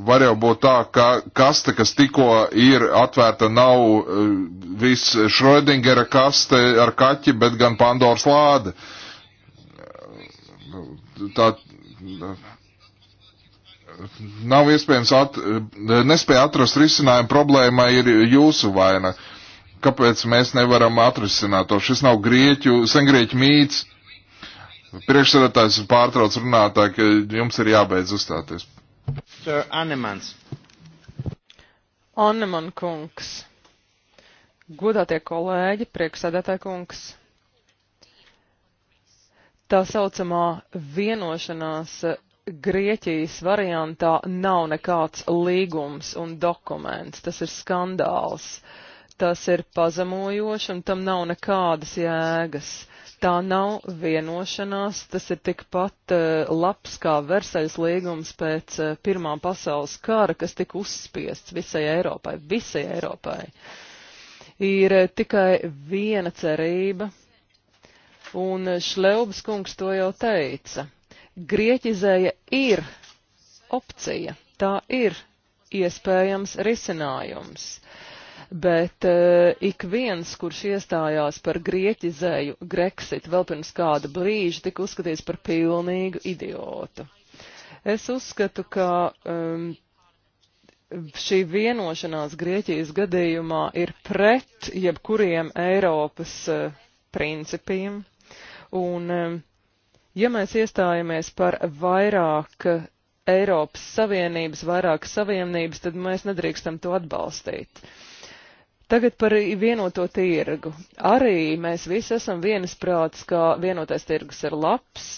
Var jau būt tā, ka kaste, kas tikko ir atvērta, nav eh, viss Šrodingera kaste ar kaķi, bet gan Pandoras lāde. Tā, tā nav iespējams, at, eh, nespēja atrast risinājumu problēmai ir jūsu vaina. Kāpēc mēs nevaram atrisināt to? Šis nav grieķu, sengrieķu mīts. Priekšsēdētājs pārtrauc runātāju, ka jums ir jābeidz uzstāties. Sir Anemans. Aneman kungs. Godātie kolēģi, priekšsēdētāji kungs tā saucamā vienošanās Grieķijas variantā nav nekāds līgums un dokuments. Tas ir skandāls. Tas ir pazemojoši un tam nav nekādas jēgas. Tā nav vienošanās, tas ir tikpat uh, labs kā Versaļas līgums pēc uh, Pirmā pasaules kara, kas tika uzspiests visai Eiropai, visai Eiropai. Ir uh, tikai viena cerība, un Šleubas kungs to jau teica Grieķizēja ir opcija, tā ir iespējams risinājums. Bet uh, ik viens, kurš iestājās par grieķizēju Grexit vēl pirms kāda brīža, tika uzskatīts par pilnīgu idiotu. Es uzskatu, ka um, šī vienošanās Grieķijas gadījumā ir pret jebkuriem Eiropas uh, principiem. Un, um, Ja mēs iestājamies par vairāk Eiropas Savienības, vairāk Savienības, tad mēs nedrīkstam to atbalstīt. Tagad par vienoto tirgu. Arī mēs visi esam vienisprātis, ka vienotais tirgus ir labs,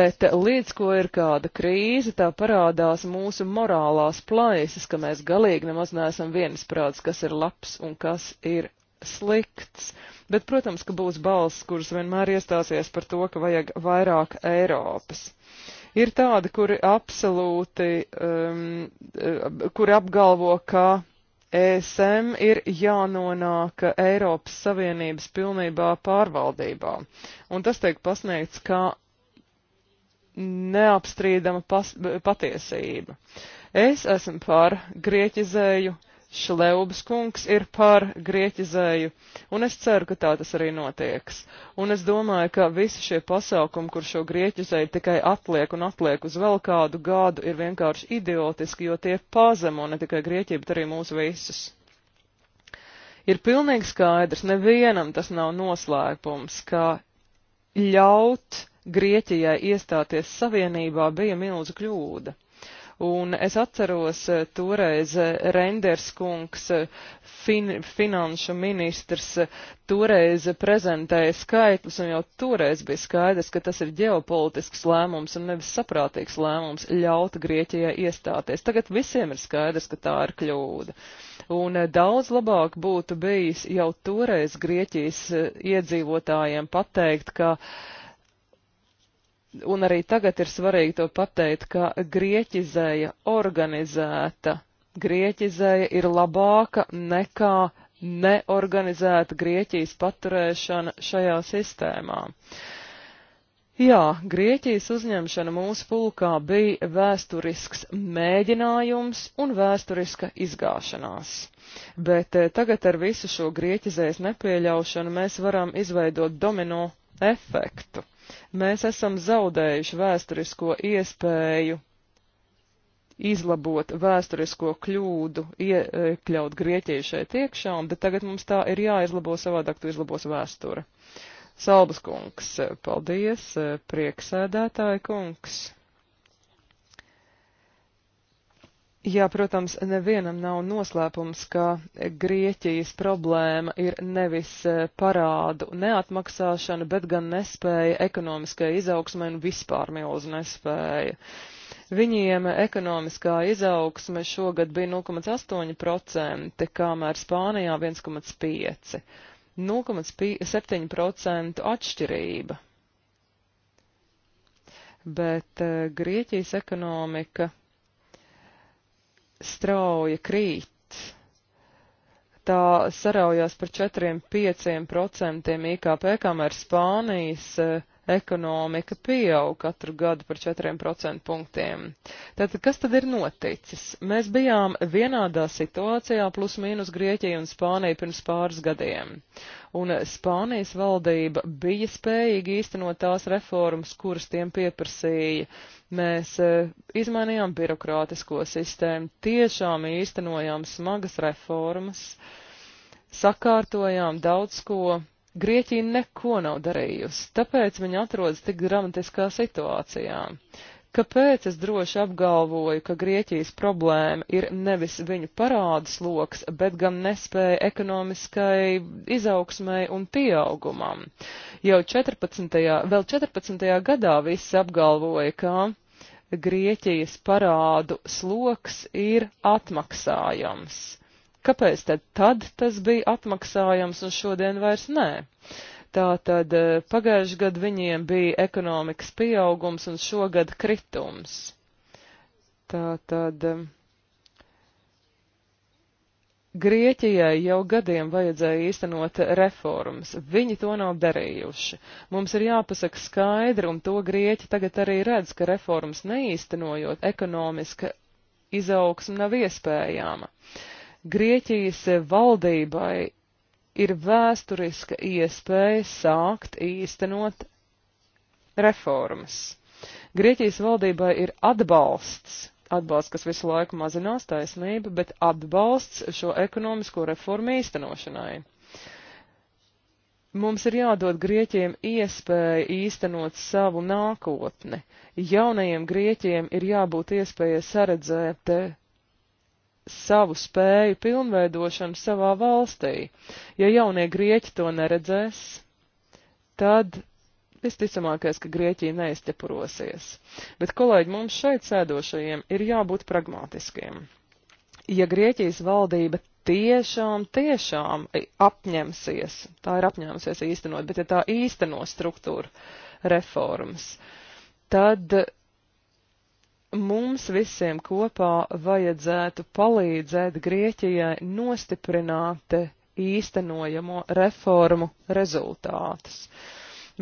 bet līdz ko ir kāda krīze, tā parādās mūsu morālās plaisas, ka mēs galīgi nemaz neesam vienisprātis, kas ir labs un kas ir slikts, bet, protams, ka būs balss, kuras vienmēr iestāsies par to, ka vajag vairāk Eiropas. Ir tādi, kuri absolūti, um, eh, kuri apgalvo, ka ESM ir jānonāk Eiropas Savienības pilnībā pārvaldībā, un tas tiek pasniegts kā neapstrīdama pas, patiesība. Es esmu par grieķizēju Šleubas kungs ir par grieķizēju, un es ceru, ka tā tas arī notieks. Un es domāju, ka visi šie pasākumi, kur šo grieķizēju tikai atliek un atliek uz vēl kādu gadu, ir vienkārši idiotiski, jo tie pazemo ne tikai Grieķiju, bet arī mūs visus. Ir pilnīgi skaidrs, nevienam tas nav noslēpums, ka ļaut Grieķijai iestāties savienībā bija milzu kļūda. Un es atceros eh, toreiz eh, Renders kungs, eh, fin, finanšu ministrs, toreiz prezentēja skaitļus, un jau toreiz bija skaidrs, ka tas ir ģeopolitisks lēmums un nevis saprātīgs lēmums ļaut Grieķijai iestāties. Tagad visiem ir skaidrs, ka tā ir kļūda. Un daudz labāk būtu bijis jau toreiz Grieķijas iedzīvotājiem pateikt, ka uh, un arī tagad ir svarīgi to pateikt, ka grieķizēja organizēta grieķizēja ir labāka nekā neorganizēta Grieķijas paturēšana šajā sistēmā. Jā, Grieķijas uzņemšana mūsu pulkā bija vēsturisks mēģinājums un vēsturiska izgāšanās. Bet eh, tagad ar visu šo grieķizējas nepieļaušanu mēs varam izveidot domino efektu. Mēs esam zaudējuši vēsturisko iespēju izlabot vēsturisko kļūdu, iekļaut e, Grieķiju šeit iekšā, un tagad mums tā ir jāizlabo, savādāk tu izlabos vēsture. Salbas kungs, paldies, e, prieksēdētāji kungs. Jā, protams, nevienam nav noslēpums, ka Grieķijas problēma ir nevis e, parādu neatmaksāšana, bet gan nespēja ekonomiskai izaugsmai un vispār milzu nespēja. Viņiem ekonomiskā izaugsme šogad bija 0,8%, kamēr Spānijā 1,5%. 0,7% atšķirība. Bet e, Grieķijas ekonomika strauji krīt. Tā saraujās par 4-5% IKP, kamēr Spānijas uh, ekonomika pieaug katru gadu par 4% punktiem. Tātad, kas tad ir noticis? Mēs bijām vienādā situācijā plus mīnus Grieķija un Spānija pirms pāris gadiem. Un Spānijas valdība bija spējīga īstenot tās reformas, kuras tiem pieprasīja. Mēs e, izmainījām birokrātisko sistēmu, tiešām īstenojām smagas reformas, sakārtojām daudz ko, Grieķija neko nav darījusi, tāpēc viņa atrodas tik dramatiskā situācijā. Kāpēc es droši apgalvoju, ka Grieķijas problēma ir nevis viņu parādas loks, bet gan nespēja ekonomiskai izaugsmai un pieaugumam? Jau 14. vēl 14. gadā visi apgalvoja, ka Grieķijas parādu sloks ir atmaksājams Kāpēc tad, tad tas bija atmaksājams un šodien vairs nē? Tātad eh, pagājuši gadu viņiem bija ekonomikas pieaugums un šogad kritums. Tātad eh, Grieķijai jau gadiem vajadzēja īstenot reformas. Viņi to nav darījuši. Mums ir jāpasaka skaidri, un to Grieķi tagad arī redz, ka reformas neīstenojot ekonomiska izaugsme nav iespējama. Uh, Grieķijas valdībai ir vēsturiska iespēja sākt īstenot reformas. Grieķijas valdībai ir atbalsts, atbalsts, kas visu laiku mazinās taisnība, bet atbalsts šo ekonomisko reformu īstenošanai. Mums ir jādod Grieķiem iespēja īstenot savu nākotni. Jaunajiem Grieķiem ir jābūt iespēja saredzēt savu spēju pilnveidošanu savā valstī. Ja jaunie grieķi to neredzēs, tad visticamākais, ka Grieķija neizķepurosies. Bet, kolēģi, mums šeit sēdošajiem ir jābūt pragmatiskiem. Ja Grieķijas valdība tiešām, tiešām apņemsies, tā ir apņēmusies īstenot, bet ja tā īsteno struktūru reformas, tad mums visiem kopā vajadzētu palīdzēt Grieķijai nostiprināt īstenojamo reformu rezultātus.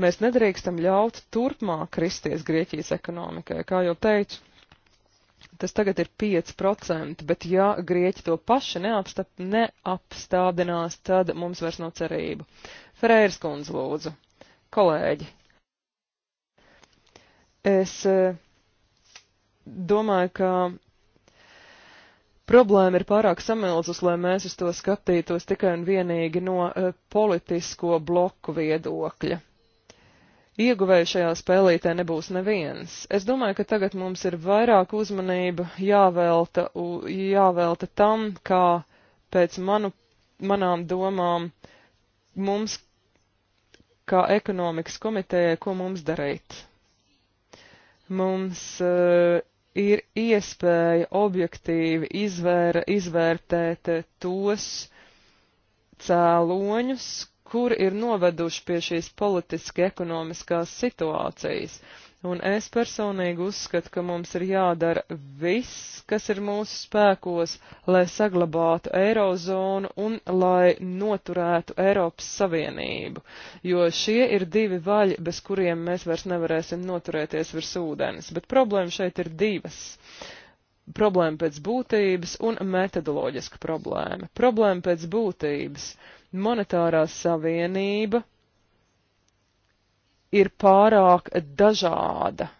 Mēs nedrīkstam ļaut turpmāk kristies Grieķijas ekonomikai. Kā jau teicu, tas tagad ir 5%, bet ja Grieķi to paši neapstap, neapstādinās, tad mums vairs nav cerību. Ferēras kundze lūdzu. Kolēģi. Es eh, domāju, ka problēma ir pārāk samilzus, lai mēs uz to skatītos tikai un vienīgi no uh, politisko bloku viedokļa. Ieguvēju šajā spēlītē nebūs neviens. Es domāju, ka tagad mums ir vairāk uzmanība jāvelta, u, jāvelta tam, kā pēc manu, manām domām mums, kā ekonomikas komitejai, ko mums darīt. Mums uh, ir iespēja objektīvi izvēra, izvērtēt tos cēloņus, kur ir noveduši pie šīs politiski ekonomiskās situācijas. Un es personīgi uzskatu, ka mums ir jādara viss, kas ir mūsu spēkos, lai saglabātu eirozonu un lai noturētu Eiropas Savienību, jo šie ir divi vaļi, bez kuriem mēs vairs nevarēsim noturēties virs ūdens. Bet problēma šeit ir divas. Problēma pēc būtības un metodoloģiska problēma. Problēma pēc būtības. Monetārā savienība ir pārāk dažāda.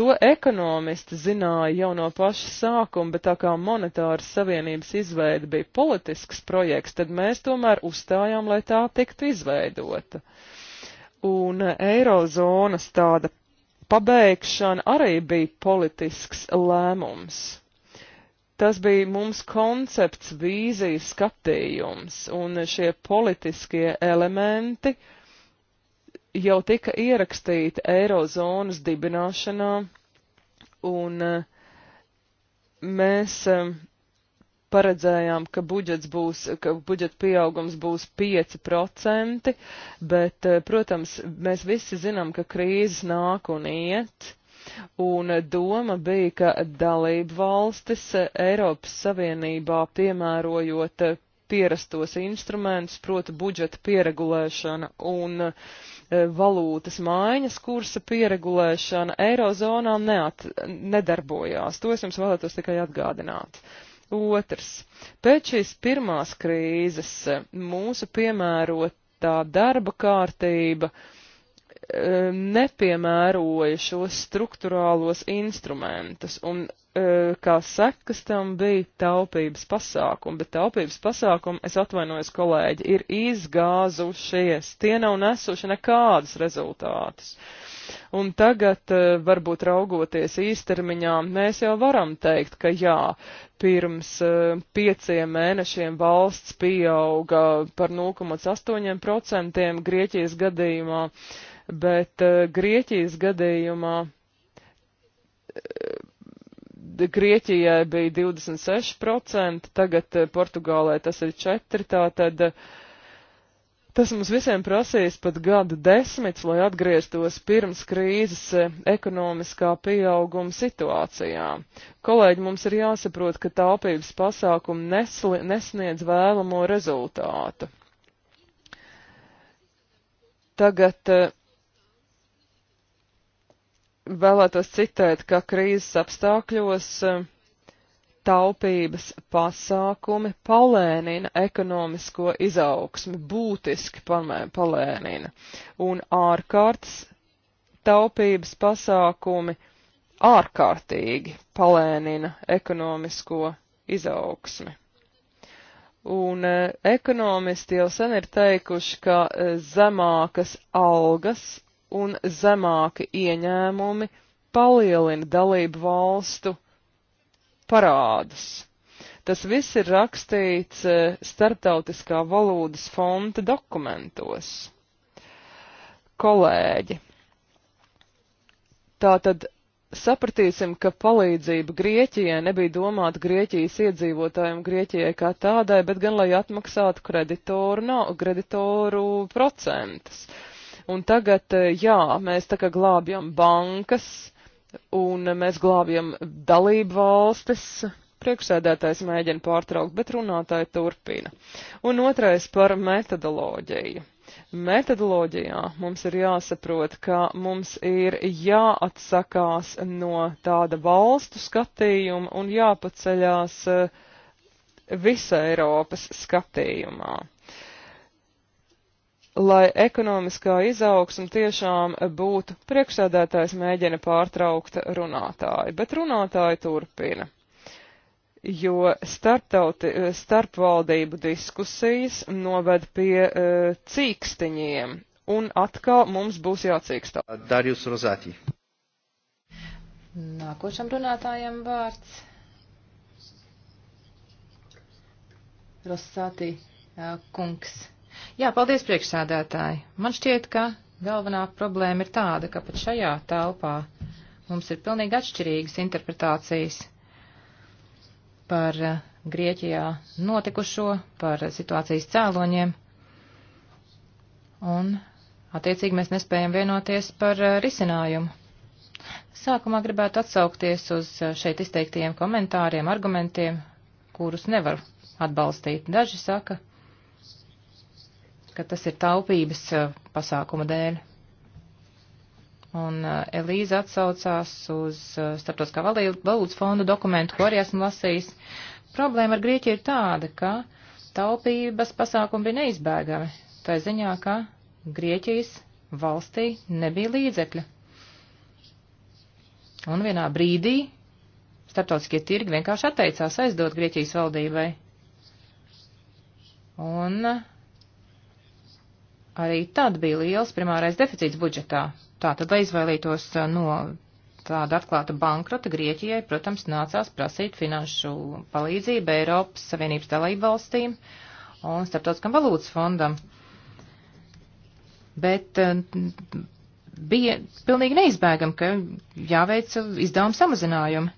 To ekonomisti zināja jau no paša sākuma, bet tā kā monetāras savienības izveida bija politisks projekts, tad mēs tomēr uzstājām, lai tā tiktu izveidota. Un eirozonas tāda pabeigšana arī bija politisks lēmums. Tas bija mums koncepts, vīzijas skatījums, un šie politiskie elementi uh, jau tika ierakstīta Eirozonas dibināšanā, un eh, mēs eh, paredzējām, ka budžets būs, ka budžeta pieaugums būs 5%, bet, eh, protams, mēs visi zinām, ka krīzes nāk un iet. Un doma bija, ka dalību valstis Eiropas Savienībā piemērojot pierastos instrumentus, proti budžeta pieregulēšana un uh, E, valūtas maiņas kursa pieregulēšana eirozonā neat, nedarbojās. To es jums vēlētos tikai atgādināt. Otrs. Pēc šīs pirmās krīzes e, mūsu piemērotā darba kārtība e, nepiemēroja šos struktūrālos instrumentus, un kā sekas tam bija taupības pasākumi, bet taupības pasākumi, es atvainojos, kolēģi, ir izgāzušies. Tie nav nesuši nekādus rezultātus. Un tagad, varbūt raugoties īstermiņā, mēs jau varam teikt, ka jā, pirms pieciem mēnešiem valsts pieauga par 0,8% Grieķijas gadījumā, bet Grieķijas gadījumā Grieķijai bija 26%, tagad eh, Portugālē tas ir 4%, tātad eh, tas mums visiem prasīs pat gadu desmits, lai atgrieztos pirms krīzes eh, ekonomiskā pieauguma situācijā. Kolēģi, mums ir jāsaprot, ka taupības pasākumi nesli, nesniedz vēlamo rezultātu. Tagad vēlētos citēt, ka krīzes apstākļos e, taupības pasākumi palēnina ekonomisko izaugsmi, būtiski palēnina, un ārkārtas taupības pasākumi ārkārtīgi palēnina ekonomisko izaugsmi. Un e, ekonomisti jau sen ir teikuši, ka e, zemākas algas un zemāki ieņēmumi palielina dalību valstu parādus. Tas viss ir rakstīts e, Startautiskā valūtas fonda dokumentos. Kolēģi, tātad sapratīsim, ka palīdzība Grieķijai nebija domāta Grieķijas iedzīvotājiem Grieķijai kā tādai, bet gan lai atmaksātu kreditoru, no, kreditoru procentus. Un tagad, eh, jā, mēs tā kā glābjam bankas un mēs glābjam dalību valstis. Priekšsēdētājs mēģina pārtraukt, bet runātāji turpina. Un otrais par metodoloģiju. Metodoloģijā mums ir jāsaprot, ka mums ir jāatsakās no tāda valstu skatījuma un jāpaceļās eh, visa Eiropas skatījumā lai ekonomiskā izaugsme tiešām būtu priekšsēdētājs mēģina pārtraukt runātāju, bet runātāji turpina. Jo starptauti, starpvaldību diskusijas noved pie uh, cīkstiņiem, un atkal mums būs jācīkstā. Darjus Rozāti. Nākošam runātājam vārds. Rosāti e, kungs. Jā, paldies priekšsādātāji. Man šķiet, ka galvenā problēma ir tāda, ka pat šajā telpā mums ir pilnīgi atšķirīgas interpretācijas par eh, Grieķijā notikušo, par situācijas cēloņiem, un attiecīgi mēs nespējam vienoties par eh, risinājumu. Sākumā gribētu atsaukties uz eh, šeit izteiktajiem komentāriem, argumentiem, kurus nevar atbalstīt. Daži saka, ka tas ir taupības eh, pasākuma dēļ. Un eh, Elīza atsaucās uz eh, Startautiskā valūtas fonda dokumentu, ko arī esmu lasījis. Problēma ar Grieķiju ir tāda, ka taupības pasākumi bija neizbēgami. Tā ziņā, ka Grieķijas valstī nebija līdzekļu. Un vienā brīdī starptautiskie tirgi vienkārši atteicās aizdot Grieķijas valdībai. Un arī tad bija liels primārais deficīts budžetā. Tātad, lai izvairītos uh, no tāda atklāta bankrota, Grieķijai, protams, nācās prasīt finanšu palīdzību Eiropas Savienības dalību valstīm un Starptautiskam valūtas fondam. Bet uh, bija pilnīgi neizbēgam, ka jāveic izdevuma samazinājumi.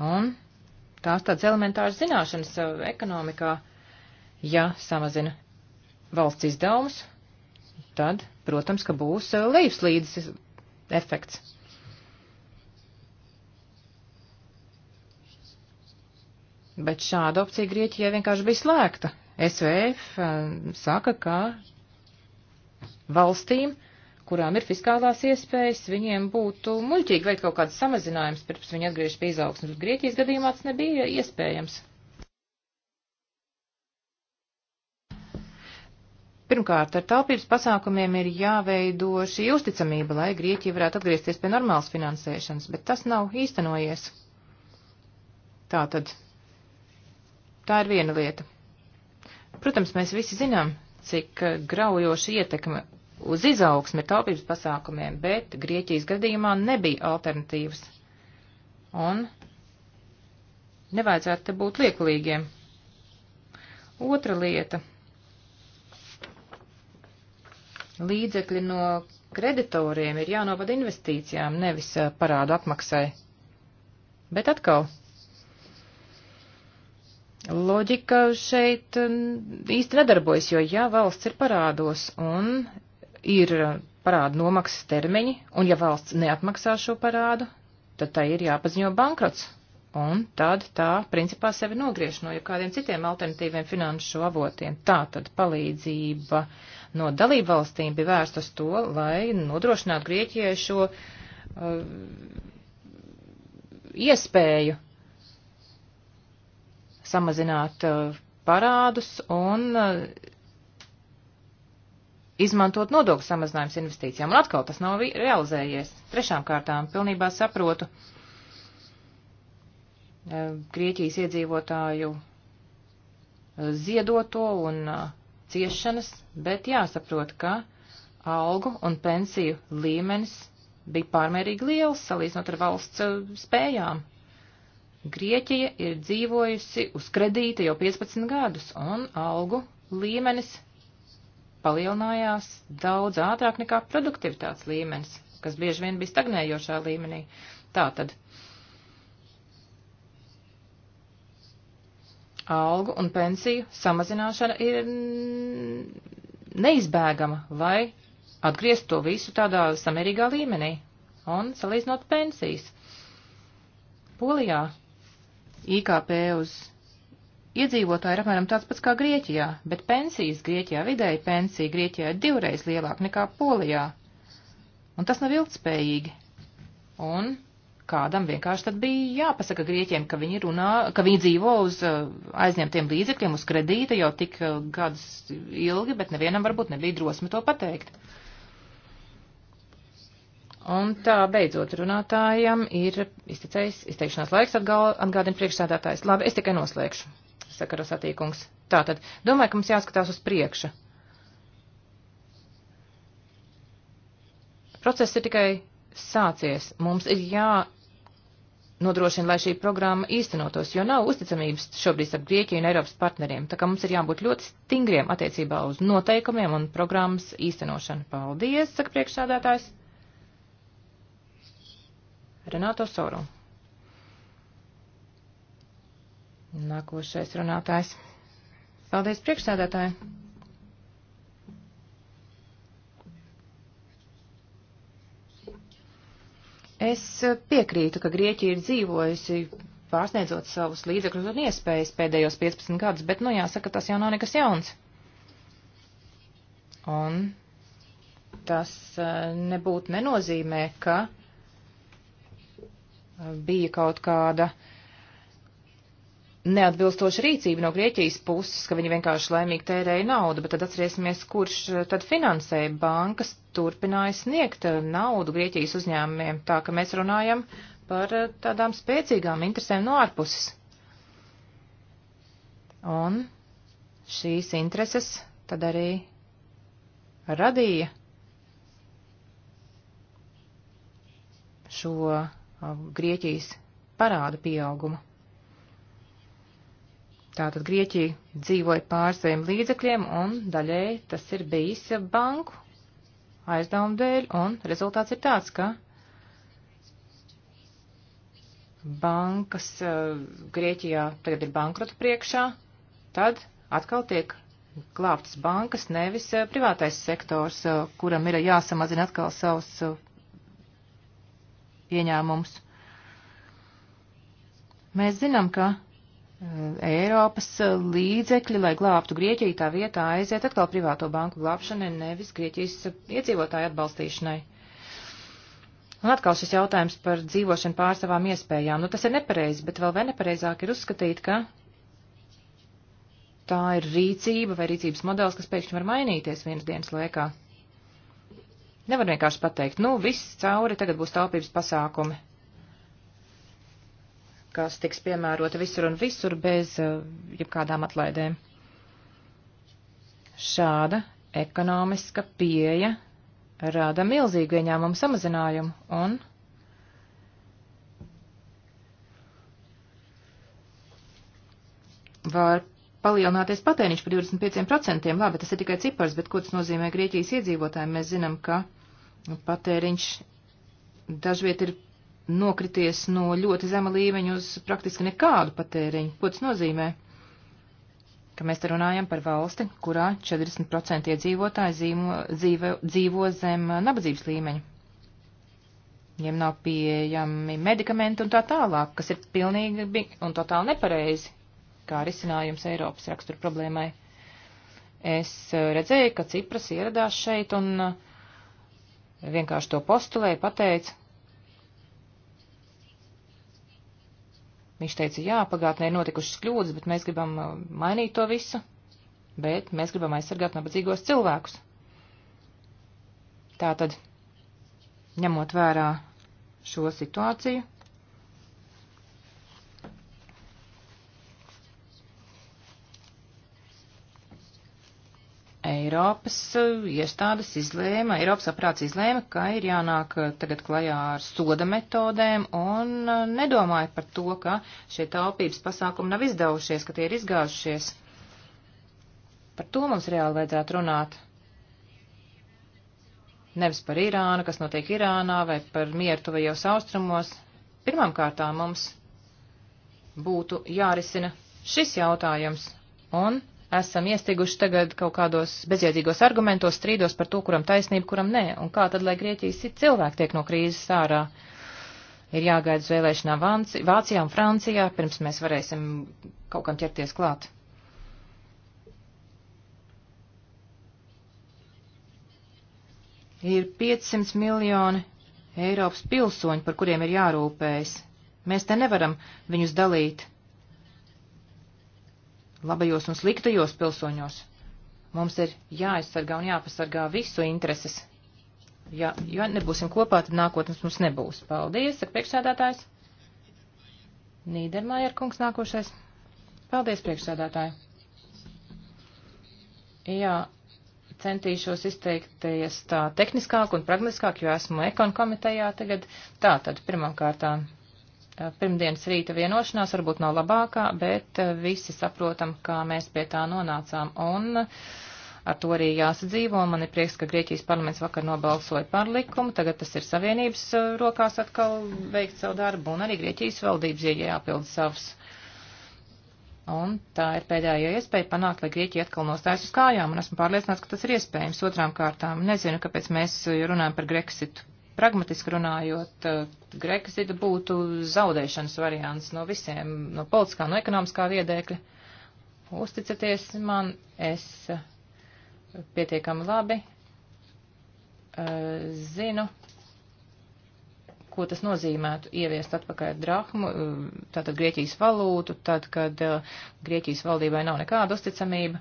Un tās tāds elementārs zināšanas uh, ekonomikā, ja samazina valsts izdevumus, tad, protams, ka būs eh, lejupslīdes efekts. Bet šāda opcija Grieķijai vienkārši bija slēgta. SVF eh, saka, ka valstīm, kurām ir fiskālās iespējas, viņiem būtu muļķīgi veikt kaut kādas samazinājumas, pirms viņi atgriežas pie izaugsmes. Grieķijas gadījumā tas nebija iespējams. Pirmkārt, ar taupības pasākumiem ir jāveido šī uzticamība, lai Grieķija varētu atgriezties pie normālas finansēšanas, bet tas nav īstenojies. Tā tad. Tā ir viena lieta. Protams, mēs visi zinām, cik graujoša ietekme uz izaugsmi ir taupības pasākumiem, bet Grieķijas gadījumā nebija alternatīvas. Un nevajadzētu te būt liekulīgiem. Otra lieta Līdzekļi no kreditoriem ir jānovada investīcijām, nevis parādu apmaksai. Bet atkal, loģika šeit īsti nedarbojas, jo ja valsts ir parādos un ir parādu nomaksas termiņi, un ja valsts neatmaksā šo parādu, tad tai ir jāpaziņo bankrots. Un tad tā principā sevi nogriež no jau kādiem citiem alternatīviem finanšu avotiem. Tā tad palīdzība uh, no dalību valstīm bija vērst uz to, lai nodrošinātu Grieķijai šo uh, iespēju samazināt uh, parādus un uh, izmantot nodokļu samazinājums investīcijām. Un atkal tas nav realizējies. Trešām kārtām pilnībā saprotu uh, Grieķijas iedzīvotāju uh, ziedoto un uh, ciešanas, bet jāsaprot, ka algu un pensiju līmenis bija pārmērīgi liels salīdzinot ar valsts eh, spējām. Grieķija ir dzīvojusi uz kredīta jau 15 gadus, un algu līmenis palielinājās daudz ātrāk nekā produktivitātes līmenis, kas bieži vien bija stagnējošā līmenī. Tātad algu un pensiju samazināšana ir neizbēgama, lai atgriezt to visu tādā samērīgā līmenī un salīdzinot pensijas. Polijā IKP uz iedzīvotāju ir apmēram tāds pats kā Grieķijā, bet pensijas Grieķijā vidēji pensija Grieķijā ir divreiz lielāka nekā Polijā. Un tas nav ilgtspējīgi. Un kādam vienkārši tad bija jāpasaka grieķiem, ka viņi, runā, ka viņi dzīvo uz eh, aizņemtiem līdzekļiem, uz kredīta jau tik eh, gadus ilgi, bet nevienam varbūt nebija drosme to pateikt. Un tā beidzot runātājam ir izteicējis, izteikšanās laiks atgādina priekšsēdētājs. Labi, es tikai noslēgšu, saka Rosatīkungs. Tātad, domāju, ka mums jāskatās uz priekšu. Process ir tikai sācies. Mums ir jā nodrošina, lai šī programma īstenotos, jo nav uzticamības šobrīd starp Grieķiju un Eiropas partneriem, tā kā mums ir jābūt ļoti stingriem attiecībā uz noteikumiem un programmas īstenošanu. Paldies, saka priekšsādātājs. Renato Soru. Nākošais runātājs. Paldies priekšsādātāji. Es eh, piekrītu, ka Grieķija ir dzīvojusi pārsniedzot savus līdzekļus un iespējas pēdējos 15 gadus, bet, nu, jāsaka, tas jau nav nekas jauns. Un tas eh, nebūtu nenozīmē, ka eh, bija kaut kāda uh, neatbilstoša rīcība no Grieķijas puses, ka viņi vienkārši laimīgi tērēja naudu, bet tad atcerēsimies, kurš eh, tad finansēja bankas, turpināja sniegt eh, naudu Grieķijas uzņēmumiem, tā ka mēs runājam par eh, tādām spēcīgām interesēm no ārpuses. Un šīs intereses tad arī radīja šo Grieķijas parādu pieaugumu. Tātad Grieķija dzīvoja pār saviem līdzekļiem un daļēji tas ir bijis banku aizdevumu dēļ un rezultāts ir tāds, ka bankas eh, Grieķijā tagad ir bankrota priekšā, tad atkal tiek glābtas bankas, nevis eh, privātais sektors, eh, kuram ir jāsamazina atkal savs ieņēmums. Mēs zinām, ka Eiropas eh, līdzekļi, lai glābtu Grieķiju, tā vietā aiziet atkal privāto banku glābšanai, nevis Grieķijas eh, iedzīvotāju atbalstīšanai. Un atkal šis jautājums par dzīvošanu pār savām iespējām. Nu, tas ir nepareizi, bet vēl nepareizāk ir uzskatīt, ka tā ir rīcība vai rīcības modelis, kas pēkšņi var mainīties vienas dienas laikā. Nevar vienkārši pateikt, nu, viss cauri tagad būs taupības pasākumi kas tiks piemērota visur un visur bez eh, jebkādām atlaidēm. Šāda ekonomiska pieeja rada milzīgu ieņēmumu samazinājumu un var palielināties patēriņš par 25%. Labi, tas ir tikai cipars, bet ko tas nozīmē Grieķijas iedzīvotājiem? Mēs zinām, ka patēriņš dažviet ir nokrities no ļoti zema līmeņa uz praktiski nekādu patēriņu. Ko tas nozīmē? Ka mēs te runājam par valsti, kurā 40% iedzīvotāji dzīvo, dzīvo, dzīvo zem uh, nabadzības līmeņa. Viņiem nav pieejami medikamenti un tā tālāk, kas ir pilnīgi un totāli nepareizi, kā risinājums Eiropas rakstura problēmai. Es uh, redzēju, ka Cipras ieradās šeit un uh, vienkārši to postulēja, pateica, Viņš teica, jā, pagātnē ir notikušas kļūdas, bet mēs gribam uh, mainīt to visu, bet mēs gribam aizsargāt nabadzīgos cilvēkus. Tātad, ņemot vērā šo situāciju, Eiropas uh, iestādes izlēma, Eiropas aprāts izlēma, ka ir jānāk uh, tagad klajā ar soda metodēm un uh, nedomāja par to, ka šie taupības pasākumi nav izdevušies, ka tie ir izgājušies. Par to mums reāli vajadzētu runāt. Nevis par Irānu, kas notiek Irānā, vai par mieru tuvajos austrumos. Pirmām kārtām mums būtu jārisina šis jautājums un esam iestriguši tagad kaut kādos bezjēdzīgos argumentos, strīdos par to, kuram taisnība, kuram nē, un kā tad, lai Grieķijas cilvēki tiek no krīzes ārā. Ir jāgaida uz vēlēšanām Vācijā un Francijā, pirms mēs varēsim kaut kam ķerties klāt. Ir 500 miljoni Eiropas pilsoņi, par kuriem ir jārūpējas. Mēs te nevaram viņus dalīt labajos un sliktajos pilsoņos. Mums ir jāaizsargā un jāpasargā visu intereses. Ja, ja nebūsim kopā, tad nākotnes mums nebūs. Paldies, saka priekšsēdētājs. Nīdermājer kungs nākošais. Paldies, priekšsēdētāji. Jā, centīšos izteikties tā tehniskāk un pragmatiskāk, jo esmu ekon komitejā tagad. Tā tad pirmām kārtām Eh, pirmdienas rīta vienošanās varbūt nav labākā, bet eh, visi saprotam, kā mēs pie tā nonācām. Un eh, ar to arī jāsadzīvo. Man ir prieks, ka Grieķijas parlaments vakar nobalsoja par likumu. Tagad tas ir savienības rokās atkal veikt savu darbu, un arī Grieķijas valdības ieeja jāpild savus. Un tā ir pēdējā iespēja panākt, lai Grieķija atkal nostājas uz kājām, un esmu pārliecināts, ka tas ir iespējams. Otrām kārtām, nezinu, kāpēc mēs runājam par Grexitu pragmatiski runājot, eh, Grexit būtu zaudēšanas variants no visiem, no politiskā, no ekonomiskā viedēkļa. Uzticaties man, es eh, pietiekami labi eh, zinu, ko tas nozīmētu ieviest atpakaļ drahmu, tātad Grieķijas valūtu, tad, kad Grieķijas valdībai nav nekāda uzticamība.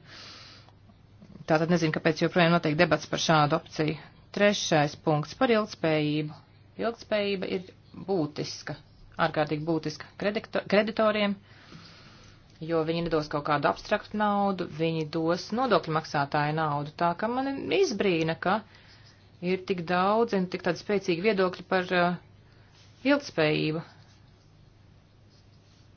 Tātad nezinu, kāpēc joprojām notiek debats par šādu opciju. Trešais punkts par ilgspējību. Ilgspējība ir būtiska, ārkārtīgi būtiska kredito, kreditoriem, jo viņi nedos kaut kādu abstraktu naudu, viņi dos nodokļu maksātāju naudu. Tā ka man izbrīna, ka ir tik daudz un tik tādi spēcīgi viedokļi par uh, ilgspējību.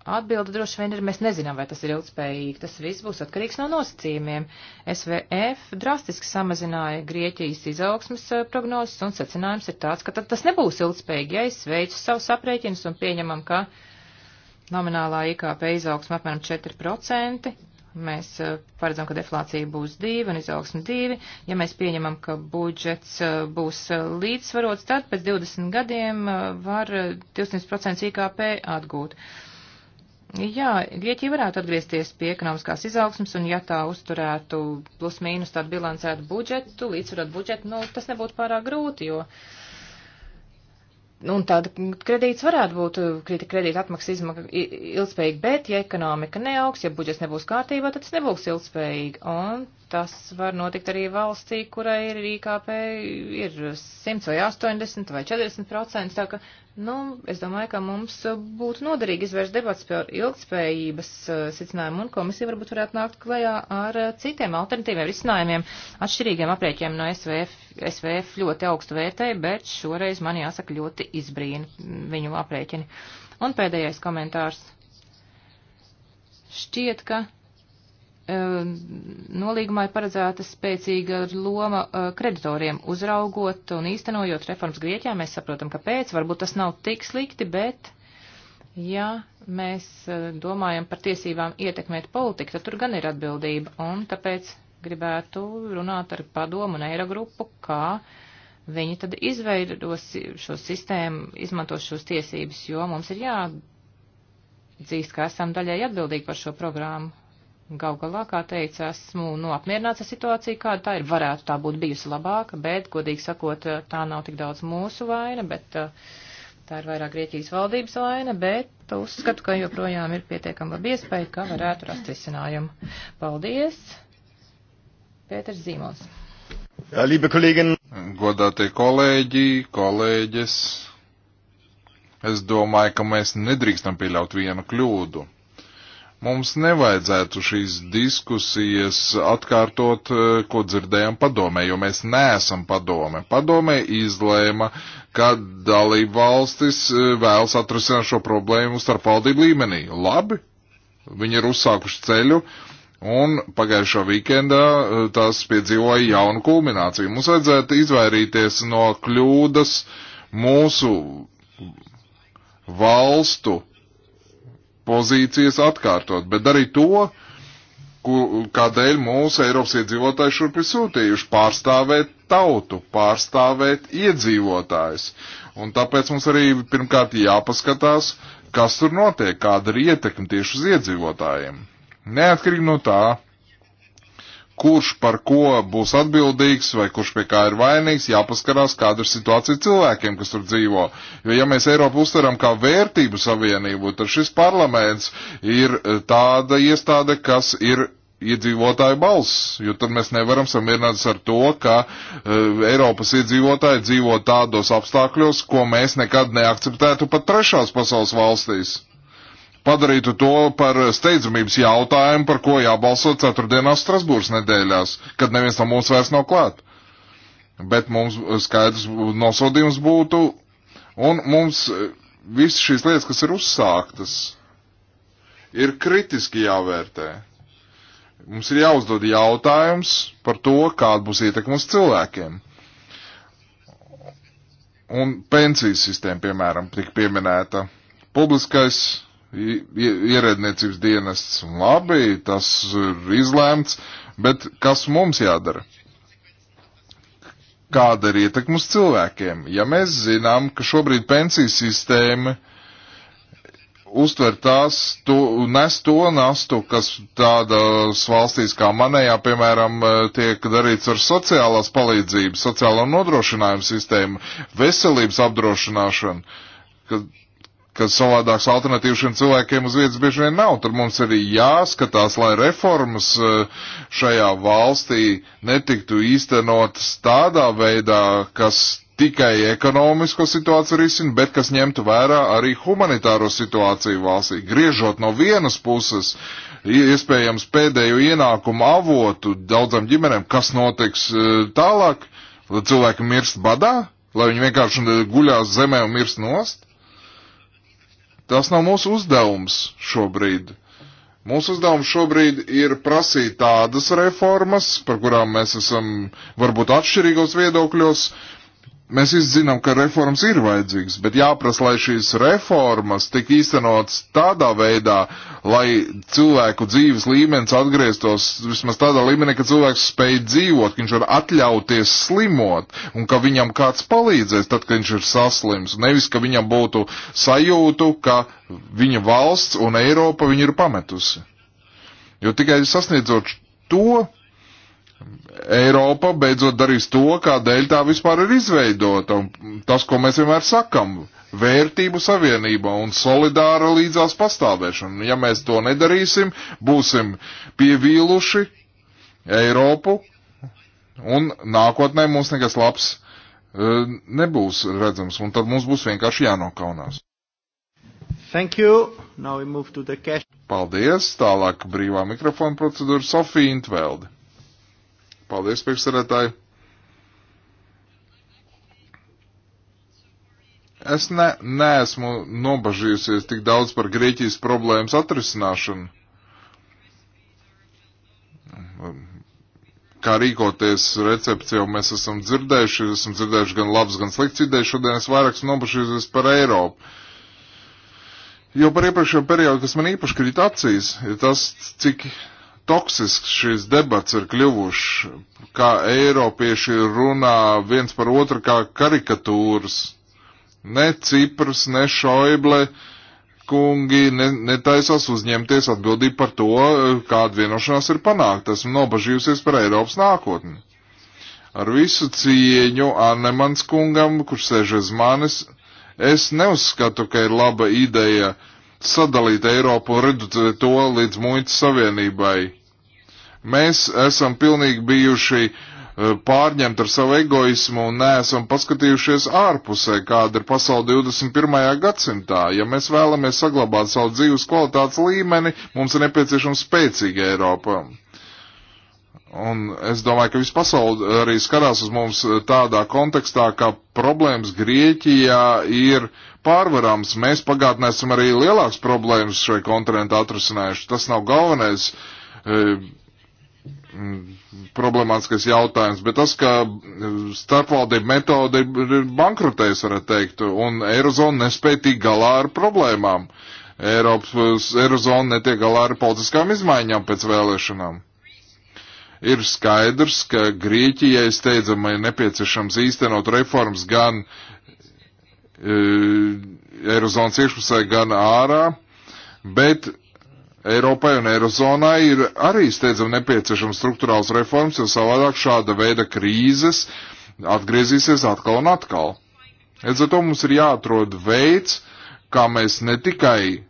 Atbilde droši vien ir, mēs nezinām, vai tas ir ilgspējīgi. Tas viss būs atkarīgs no nosacījumiem. SVF drastiski samazināja Grieķijas izaugsmas eh, prognozes, un secinājums ir tāds, ka tad tas nebūs ilgspējīgi, ja es veicu savus aprēķinus un pieņemam, ka nominālā IKP izaugsma apmēram 4%. Mēs eh, paredzam, ka deflācija būs 2 un izaugsme 2. Ja mēs pieņemam, ka budžets eh, būs līdzsvarots, tad pēc 20 gadiem var 200% IKP atgūt. Uh, Jā, Grieķija varētu atgriezties pie ekonomiskās izaugsmas, un ja tā uzturētu plus mīnus tādu bilancētu budžetu, līdzsvarot budžetu, nu, tas nebūtu pārāk grūti, jo. Nu, un tāda kredīts varētu būt, kredīta atmaksa izmaka ilgspējīga, bet ja ekonomika neaugs, ja budžets nebūs kārtībā, tad tas nebūs ilgspējīgi. Un tas var notikt arī valstī, kurai ir IKP ir 100 vai 80 vai 40 procents. Tā ka, nu, es domāju, ka mums būtu noderīgi izvērst debats par ilgspējības eh, secinājumu un komisija varbūt varētu nākt klajā ar eh, citiem alternatīviem risinājumiem. Atšķirīgiem aprēķiem no SVF, SVF ļoti augstu vērtēja, bet šoreiz man jāsaka ļoti izbrīna viņu aprēķini. Un pēdējais komentārs. Šķiet, ka Um, nolīgumā ir paredzēta spēcīga loma uh, kreditoriem uzraugot un īstenojot reformas Grieķijā. Mēs saprotam, kāpēc. Varbūt tas nav tik slikti, bet, ja mēs uh, domājam par tiesībām ietekmēt politiku, tad tur gan ir atbildība. Un tāpēc gribētu runāt ar padomu un eirogrupu, kā viņi tad izveidos šo sistēmu, izmantos šos tiesības, jo mums ir jāatdzīst, ka esam daļai atbildīgi par šo programmu Gau galā, kā teicu, esmu nu, apmierināts ar situāciju, kāda tā ir. Varētu tā būt bijusi labāka, bet, godīgi sakot, tā nav tik daudz mūsu vaina, bet eh, tā ir vairāk Grieķijas valdības vaina, bet uzskatu, ka joprojām ir pietiekami labi iespēja, ka varētu rast risinājumu. Paldies! Pēters Zīmons. Jā, liebe kolēģi! Godātie kolēģi, kolēģis! Es domāju, ka mēs nedrīkstam pieļaut vienu kļūdu Mums nevajadzētu šīs diskusijas atkārtot, eh, ko dzirdējām padomē, jo mēs neesam padome. Padomē izlēma, ka dalība valstis eh, vēlas atrisināt šo problēmu starp valdību līmenī. Labi, viņi ir uzsākuši ceļu, Un pagājušā vikendā eh, tas piedzīvoja jaunu kulmināciju. Mums vajadzētu izvairīties no kļūdas mūsu valstu pozīcijas atkārtot, bet darīt to, ku, kādēļ mūsu Eiropas iedzīvotāji šurp ir sūtījuši - pārstāvēt tautu, pārstāvēt iedzīvotājus. Un tāpēc mums arī pirmkārt jāpaskatās, kas tur notiek, kāda ir ietekme tieši uz iedzīvotājiem. Neatkarīgi no tā, kurš par ko būs atbildīgs vai kurš pie kā ir vainīgs, jāpaskarās, kāda ir situācija cilvēkiem, kas tur dzīvo. Jo ja mēs Eiropu uztveram kā vērtību savienību, tad šis parlaments ir eh, tāda iestāde, kas ir iedzīvotāju balss, jo tad mēs nevaram samierināties ar to, ka uh, Eiropas iedzīvotāji dzīvo tādos apstākļos, ko mēs nekad neakceptētu pat trešās pasaules valstīs padarītu to par steidzamības jautājumu, par ko jābalso ceturtdienās Strasbūras nedēļās, kad neviens no mums vairs nav klāt. Bet mums skaidrs nosodījums būtu, un mums e, visas šīs lietas, kas ir uzsāktas, ir kritiski jāvērtē. Mums ir jāuzdod jautājums par to, kāda būs ietekme uz cilvēkiem un pensijas sistēma, piemēram, tika pieminēta. Publiskais ierēdniecības dienests. Labi, tas ir izlēmts, bet kas mums jādara? Kāda ir ietekme uz cilvēkiem? Ja mēs zinām, ka šobrīd pensiju sistēma uztver tās, to, nes to nastu, kas tādas valstīs kā manējā, piemēram, tiek darīts ar sociālās palīdzības, sociālo nodrošinājumu sistēmu, veselības apdrošināšanu, kad ka savādāks alternatīvas šiem cilvēkiem uz vietas bieži vien nav. Tur mums arī jāskatās, lai reformas eh, šajā valstī netiktu īstenotas tādā veidā, kas tikai ekonomisko situāciju risina, bet kas ņemtu vērā arī humanitāro situāciju valstī. Griežot no vienas puses, iespējams pēdējo ienākumu avotu daudzam ģimenēm, kas notiks eh, tālāk, lai cilvēki mirst badā, lai viņi vienkārši guļās zemē un mirst nost? Tas nav mūsu uzdevums šobrīd. Mūsu uzdevums šobrīd ir prasīt tādas reformas, par kurām mēs esam varbūt atšķirīgos viedokļos, uh, Mēs visi zinām, ka reformas ir vajadzīgas, bet jāprasa, lai šīs reformas tik īstenotas tādā veidā, lai cilvēku dzīves līmenis atgrieztos vismaz tādā līmenī, ka cilvēks spēj dzīvot, ka viņš var atļauties slimot un ka viņam kāds palīdzēs tad, kad viņš ir saslims. Nevis, ka viņam būtu sajūtu, ka viņa valsts un Eiropa viņu ir pametusi. Jo tikai sasniedzot to, Eiropa beidzot darīs to, kādēļ tā vispār ir izveidota. Un tas, ko mēs vienmēr sakam, vērtību savienība un solidāra līdzās pastāvēšana. Ja mēs to nedarīsim, būsim pievīluši Eiropu un nākotnē mums nekas labs e, nebūs redzams, un tad mums būs vienkārši jānokaunās. Thank you. Now we move to the cash. Paldies. Tālāk brīvā mikrofona procedūra Sofija Intvelde. Paldies, priekšsarētāji! Es ne, neesmu nobažījusies tik daudz par Grieķijas problēmas atrisināšanu. Kā rīkoties recepts jau mēs esam dzirdējuši, esam dzirdējuši gan labs, gan slikts idejas, šodien es vairāk esmu nobažījusies par Eiropu. Jo par iepriekšējo periodu, kas man īpaši krīt acīs, ir tas, cik toksisks šis debats ir kļuvuši, kā eiropieši runā viens par otru kā karikatūras. Ne Cipras, ne Šoible kungi ne, netaisās uzņemties atbildību par to, kāda vienošanās ir panākta. Esmu nobažījusies par Eiropas nākotni. Ar visu cieņu Annemans kungam, kurš sēž aiz manis, es neuzskatu, ka ir laba ideja uh, sadalīt Eiropu un reducēt to līdz muitas savienībai. Mēs esam pilnīgi bijuši e, pārņemti ar savu egoismu un neesam paskatījušies ārpusē, kāda ir pasaule 21. gadsimtā. Ja mēs vēlamies saglabāt savu dzīves kvalitātes līmeni, mums ir nepieciešama spēcīga Eiropa. Un es domāju, ka viss pasauli arī skatās uz mums eh, tādā kontekstā, ka problēmas Grieķijā ir pārvarams. Mēs pagātnē esam arī lielāks problēmas šai kontinentā atrisinājuši. Tas nav galvenais e, problemātiskais jautājums, bet tas, ka eh, starpvaldību metode ir bankrotējis, varētu teikt, un Eirozona nespēja tik galā ar problēmām. Eiropas Eirozona netiek galā ar politiskām izmaiņām pēc vēlēšanām ir skaidrs, ka Grieķijai steidzamai nepieciešams īstenot reformas gan e, Eirozonas iekšpusē, gan ārā, bet Eiropai un Eirozonai ir arī steidzami nepieciešams struktūrāls reformas, jo savādāk šāda veida krīzes atgriezīsies atkal un atkal. Līdz ar to mums ir jāatrod veids, kā mēs ne tikai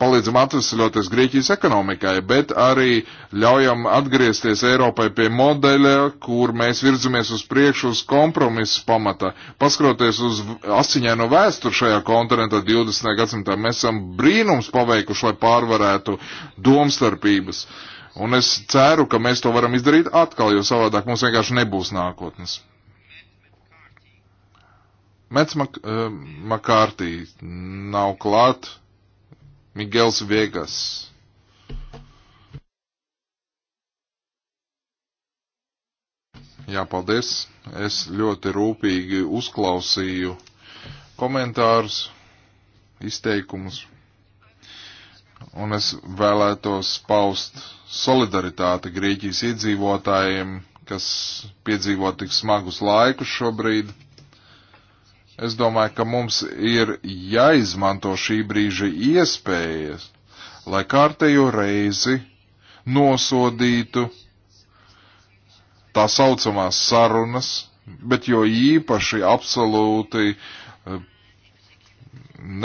palīdzam atvesļoties Grieķijas ekonomikai, bet arī ļaujam atgriezties Eiropai pie modeļa, kur mēs virzamies uz priekšu uz kompromisu pamata. Paskroties uz asiņaino vēsturi šajā kontinentā 20. gadsimtā, mēs esam brīnums paveikuši, lai pārvarētu domstarpības. Un es ceru, ka mēs to varam izdarīt atkal, jo savādāk mums vienkārši nebūs nākotnes. Mets Mak eh, Makārtī nav klāt. Migels Viegas. Jā, paldies. Es ļoti rūpīgi uzklausīju komentārus, izteikumus, un es vēlētos paust solidaritāti Grieķijas iedzīvotājiem, kas piedzīvo tik smagus laikus šobrīd. Es domāju, ka mums ir jāizmanto šī brīža iespējas, lai kārtējo reizi nosodītu tā saucamās sarunas, bet jo īpaši absolūti eh,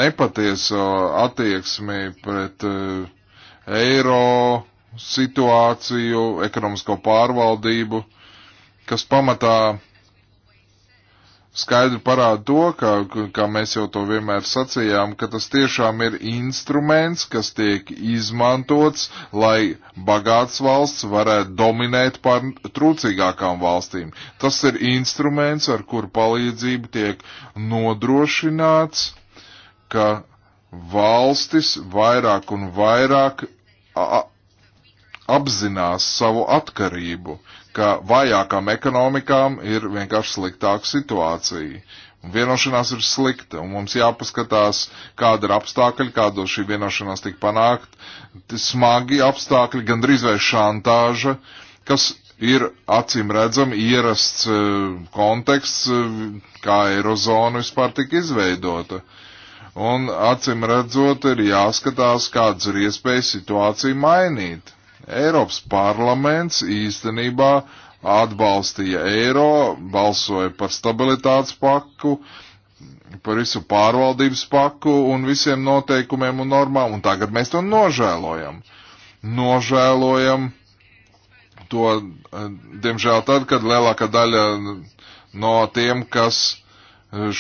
nepatieso attieksmi pret eh, eiro situāciju, ekonomisko pārvaldību, kas pamatā skaidri parāda to, ka, kā mēs jau to vienmēr sacījām, ka tas tiešām ir instruments, kas tiek izmantots, lai bagāts valsts varētu dominēt pār trūcīgākām valstīm. Tas ir instruments, ar kuru palīdzību tiek nodrošināts, ka valstis vairāk un vairāk apzinās savu atkarību ka vājākām ekonomikām ir vienkārši sliktāka situācija. Un vienošanās ir slikta, un mums jāpaskatās, kāda ir apstākļi, kādos šī vienošanās tika panākt. Smagi apstākļi, gandrīz vai šantāža, kas ir acīm redzami ierasts e, konteksts, e, kā Eirozona vispār tika izveidota. Un acīm redzot, ir jāskatās, kādas ir iespējas situāciju mainīt. Eiropas parlaments īstenībā atbalstīja eiro, balsoja par stabilitātes paku, par visu pārvaldības paku un visiem noteikumiem un normām, un tagad mēs to nožēlojam. Nožēlojam to, diemžēl, tad, kad lielākā daļa no tiem, kas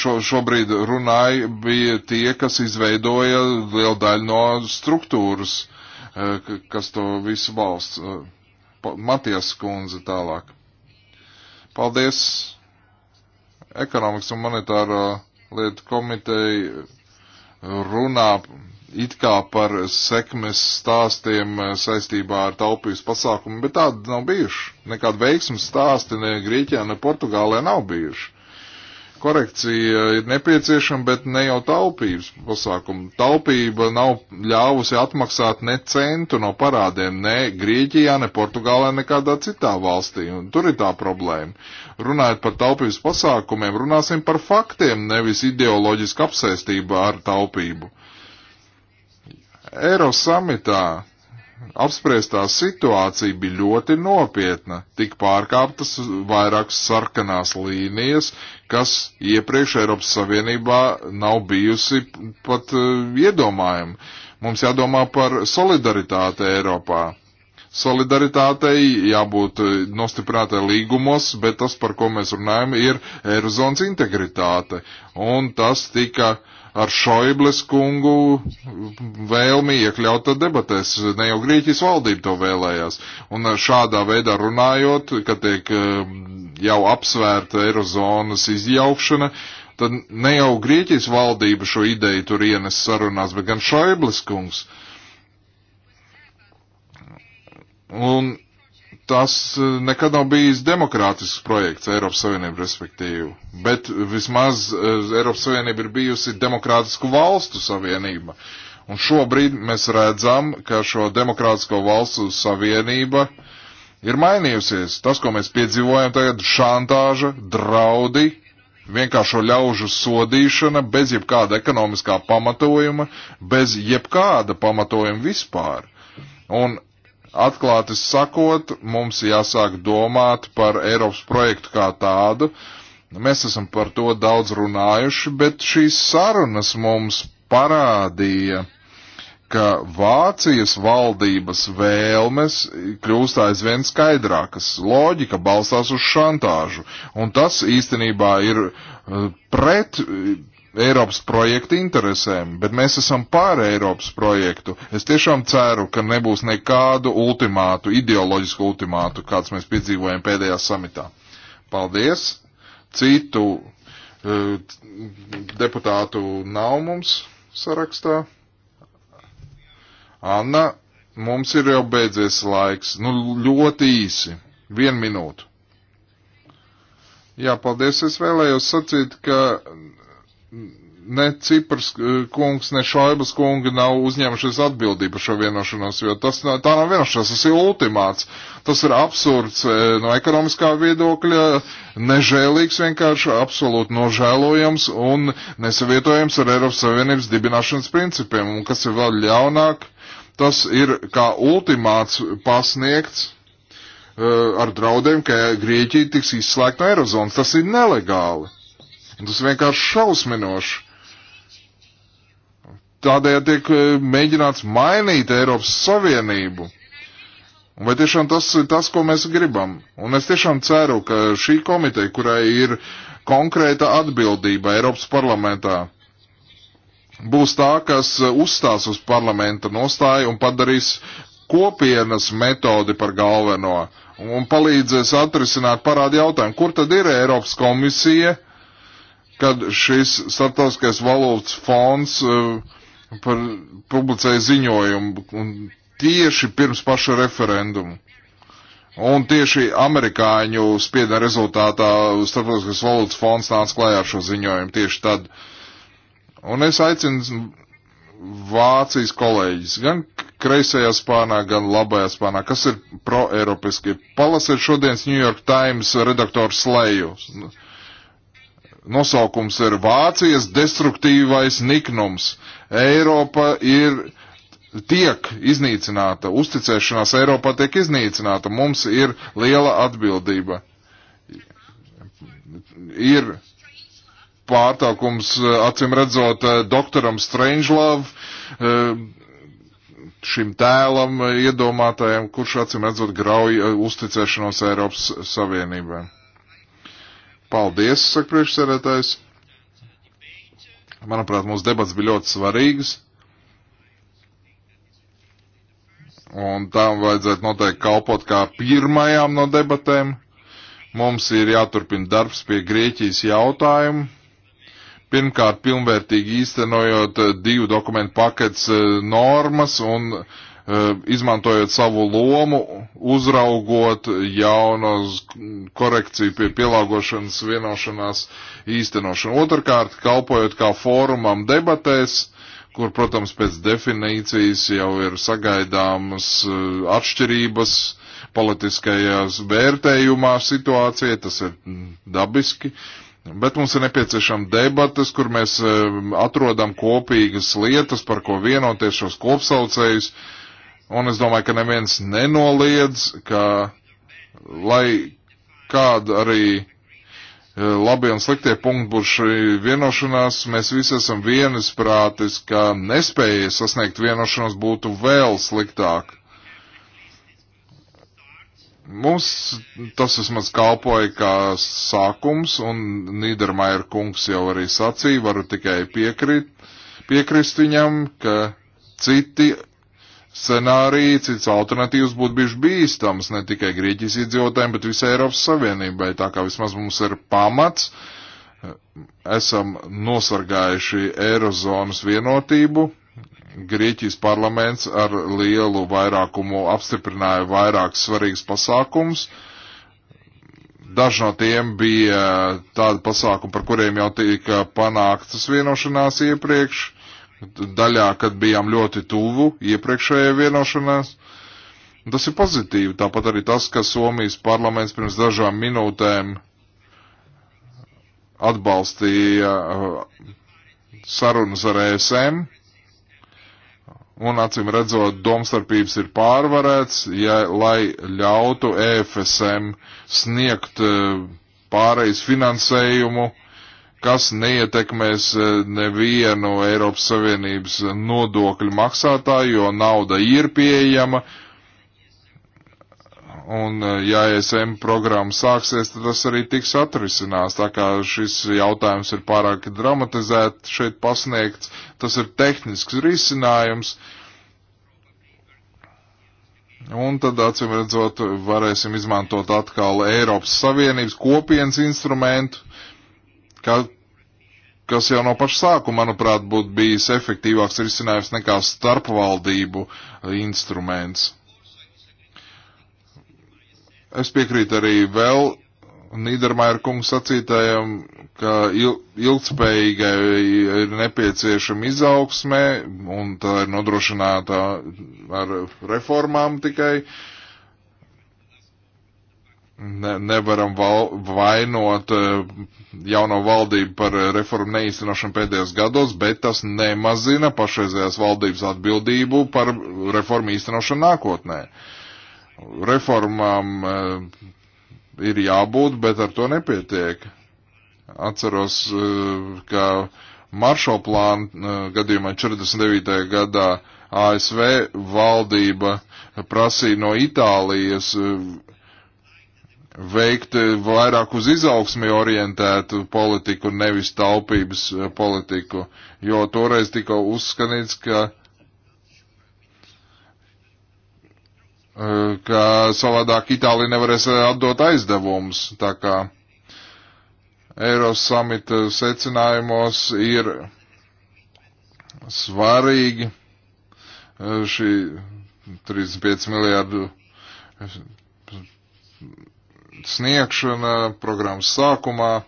šo, šobrīd runāja, bija tie, kas izveidoja lielu daļu no struktūras Eh, kas to visu balsts. Eh, Matijas kundze tālāk. Paldies ekonomikas un monetāro lietu komiteju runā it kā par sekmes stāstiem eh, saistībā ar taupības pasākumu, bet tāda nav bijuši. Nekāda veiksmes stāsti ne Grieķijā, ne Portugālē nav bijuši korekcija ir nepieciešama, bet ne jau taupības pasākuma. Taupība nav ļāvusi atmaksāt ne centu no parādiem, ne Grieķijā, ne Portugālē, nekādā citā valstī. Un tur ir tā problēma. Runājot par taupības pasākumiem, runāsim par faktiem, nevis ideoloģisku apsēstību ar taupību. Eiro samitā apspriestā situācija bija ļoti nopietna. Tik pārkāptas vairākas sarkanās līnijas, kas iepriekš Eiropas Savienībā nav bijusi pat e, iedomājama. Mums jādomā par solidaritāti Eiropā. Solidaritātei jābūt e, nostiprātai līgumos, bet tas, par ko mēs runājam, ir Eirozonas integritāte. Un tas tika uh, ar Šoibles kungu vēlmi iekļauta debatēs, ne jau Grieķijas valdība to vēlējās. Un e, šādā veidā runājot, ka tiek e, jau apsvērta Eirozonas izjaukšana, tad ne jau Grieķijas valdība šo ideju tur ienes sarunās, bet gan Šoibles kungs. Un tas eh, nekad nav bijis demokrātisks projekts Eiropas Savienību respektīvi, bet vismaz eh, Eiropas Savienība ir bijusi demokrātisku valstu savienība. Un šobrīd mēs redzam, ka šo demokrātisko valstu savienība ir mainījusies. Tas, ko mēs piedzīvojam tagad, šantāža, draudi, vienkāršo ļaužu sodīšana bez jebkāda ekonomiskā pamatojuma, bez jebkāda pamatojuma vispār. Un Atklāti sakot, mums jāsāk domāt par Eiropas projektu kā tādu. Mēs esam par to daudz runājuši, bet šīs sarunas mums parādīja, ka Vācijas valdības vēlmes kļūst aizvien skaidrākas. Loģika balstās uz šantāžu, un tas īstenībā ir eh, pret Eiropas projekta interesēm, bet mēs esam pār Eiropas projektu. Es tiešām ceru, ka nebūs nekādu ultimātu, ideoloģisku ultimātu, kāds mēs piedzīvojam pēdējā samitā. Paldies! Citu uh, deputātu nav mums sarakstā. Anna, mums ir jau beidzies laiks. Nu, ļoti īsi. Vienu minūtu. Jā, paldies. Es vēlējos sacīt, ka ne Cipras eh, kungs, ne Šaibas kunga nav uzņēmušies atbildību par šo vienošanos, jo tas, tā nav vienošanās, tas ir ultimāts. Tas ir absurds eh, no ekonomiskā viedokļa, nežēlīgs vienkārši, absolūti nožēlojams un nesavietojams ar Eiropas Savienības dibināšanas principiem. Un kas ir vēl ļaunāk, tas ir kā ultimāts pasniegts eh, ar draudiem, ka Grieķija tiks izslēgta no Eirozonas. Tas ir nelegāli. Tas vienkārši šausminoši. Tādējādi tiek eh, mēģināts mainīt Eiropas Savienību. Vai tiešām tas ir tas, ko mēs gribam? Un es tiešām ceru, ka šī komiteja, kurai ir konkrēta atbildība Eiropas parlamentā, būs tā, kas eh, uzstās uz parlamenta nostāju un padarīs kopienas metodi par galveno un palīdzēs atrisināt parādu jautājumu, kur tad ir Eiropas komisija, kad šis starptautiskais valūtas fonds eh, par publicēja ziņojumu un tieši pirms paša referendumu. Un tieši amerikāņu spiediena rezultātā starptautiskais valūtas fonds nāca klājā ar šo ziņojumu tieši tad. Un es aicinu Vācijas kolēģis, gan kreisajā spānā, gan labajā spānā, kas ir pro-eiropiski. Palasiet šodienas New York Times redaktoru slēju nosaukums ir Vācijas destruktīvais niknums. Eiropa ir tiek iznīcināta, uzticēšanās Eiropā tiek iznīcināta. Mums ir liela atbildība. Ir pārtraukums, acīm redzot, doktoram Strangelove, šim tēlam iedomātajam, kurš acīm redzot grauj uzticēšanos Eiropas Savienībai. Paldies, saka priekšsēdētājs. Manuprāt, mūsu debats bija ļoti svarīgas. Un tām vajadzētu noteikti kalpot kā pirmajām no debatēm. Mums ir jāturpina darbs pie Grieķijas jautājumu. Pirmkārt, pilnvērtīgi īstenojot divu dokumentu pakets eh, normas un uh, Ehm, izmantojot savu lomu, uzraugot jaunas korekciju pie pielāgošanas vienošanās īstenošanu. Otrkārt, kalpojot kā fórumam debatēs, kur, protams, pēc definīcijas jau ir sagaidāmas eh, atšķirības politiskajās vērtējumā situācija, tas ir mm, dabiski, Bet mums ir nepieciešama debatas, kur mēs ehm, atrodam kopīgas lietas, par ko vienoties šos kopsaucējus, Un es domāju, ka neviens nenoliedz, ka lai kāda arī e, labie un sliktie punkti būs šī vienošanās, mēs visi esam vienisprātis, ka nespēja sasniegt vienošanos būtu vēl sliktāk. Mums tas vismaz kalpoja kā sākums, un Nīdermajer kungs jau arī sacīja, varu tikai piekrīt, piekrist viņam, ka citi scenāriji, cits alternatīvs būtu bijuši bīstams ne tikai Grieķijas iedzīvotājiem, bet visai Eiropas Savienībai. Tā kā vismaz mums ir pamats, esam nosargājuši Eirozonas vienotību. Grieķijas parlaments ar lielu vairākumu apstiprināja vairākus svarīgus pasākumus. Daži no tiem bija tādi pasākumi, par kuriem jau tika panāktas vienošanās iepriekš daļā, kad bijām ļoti tuvu iepriekšējai vienošanās. Tas ir pozitīvi, tāpat arī tas, ka Somijas parlaments pirms dažām minūtēm atbalstīja uh, sarunas ar ESM, un acīm redzot, domstarpības ir pārvarēts, ja, lai ļautu EFSM sniegt uh, pārejas finansējumu kas neietekmēs eh, nevienu Eiropas Savienības nodokļu maksātāju, jo nauda ir pieejama. Un eh, ja ESM programma sāksies, tad tas arī tiks atrisinās. Tā kā šis jautājums ir pārāk dramatizēts, šeit pasniegts, tas ir tehnisks risinājums. Un tad, acīm redzot, varēsim izmantot atkal Eiropas Savienības kopienas instrumentu, ka kas jau no paša sākuma, manuprāt, būtu bijis efektīvāks risinājums nekā starpvaldību instruments. Es piekrītu arī vēl Nīdermaier kungu sacītājam, ka ilgspējīgai ir nepieciešama izaugsme, un tā ir nodrošināta ar reformām tikai. Uh, ne, nevaram val, vainot eh, jauno valdību par eh, reformu neīstenošanu pēdējos gados, bet tas nemazina pašreizējās valdības atbildību par reformu īstenošanu nākotnē. Reformām eh, ir jābūt, bet ar to nepietiek. Atceros, ka Maršala plāna gadījumā 49. gadā ASV valdība prasīja no Itālijas veikt eh, vairāk uz izaugsmi orientētu politiku, nevis taupības eh, politiku, jo toreiz tika uzskatīts, ka, eh, ka savādāk Itālija nevarēs atdot aizdevumus, tā kā Eiros samita secinājumos ir svarīgi šī 35 miljārdu sniegšana programmas sākumā.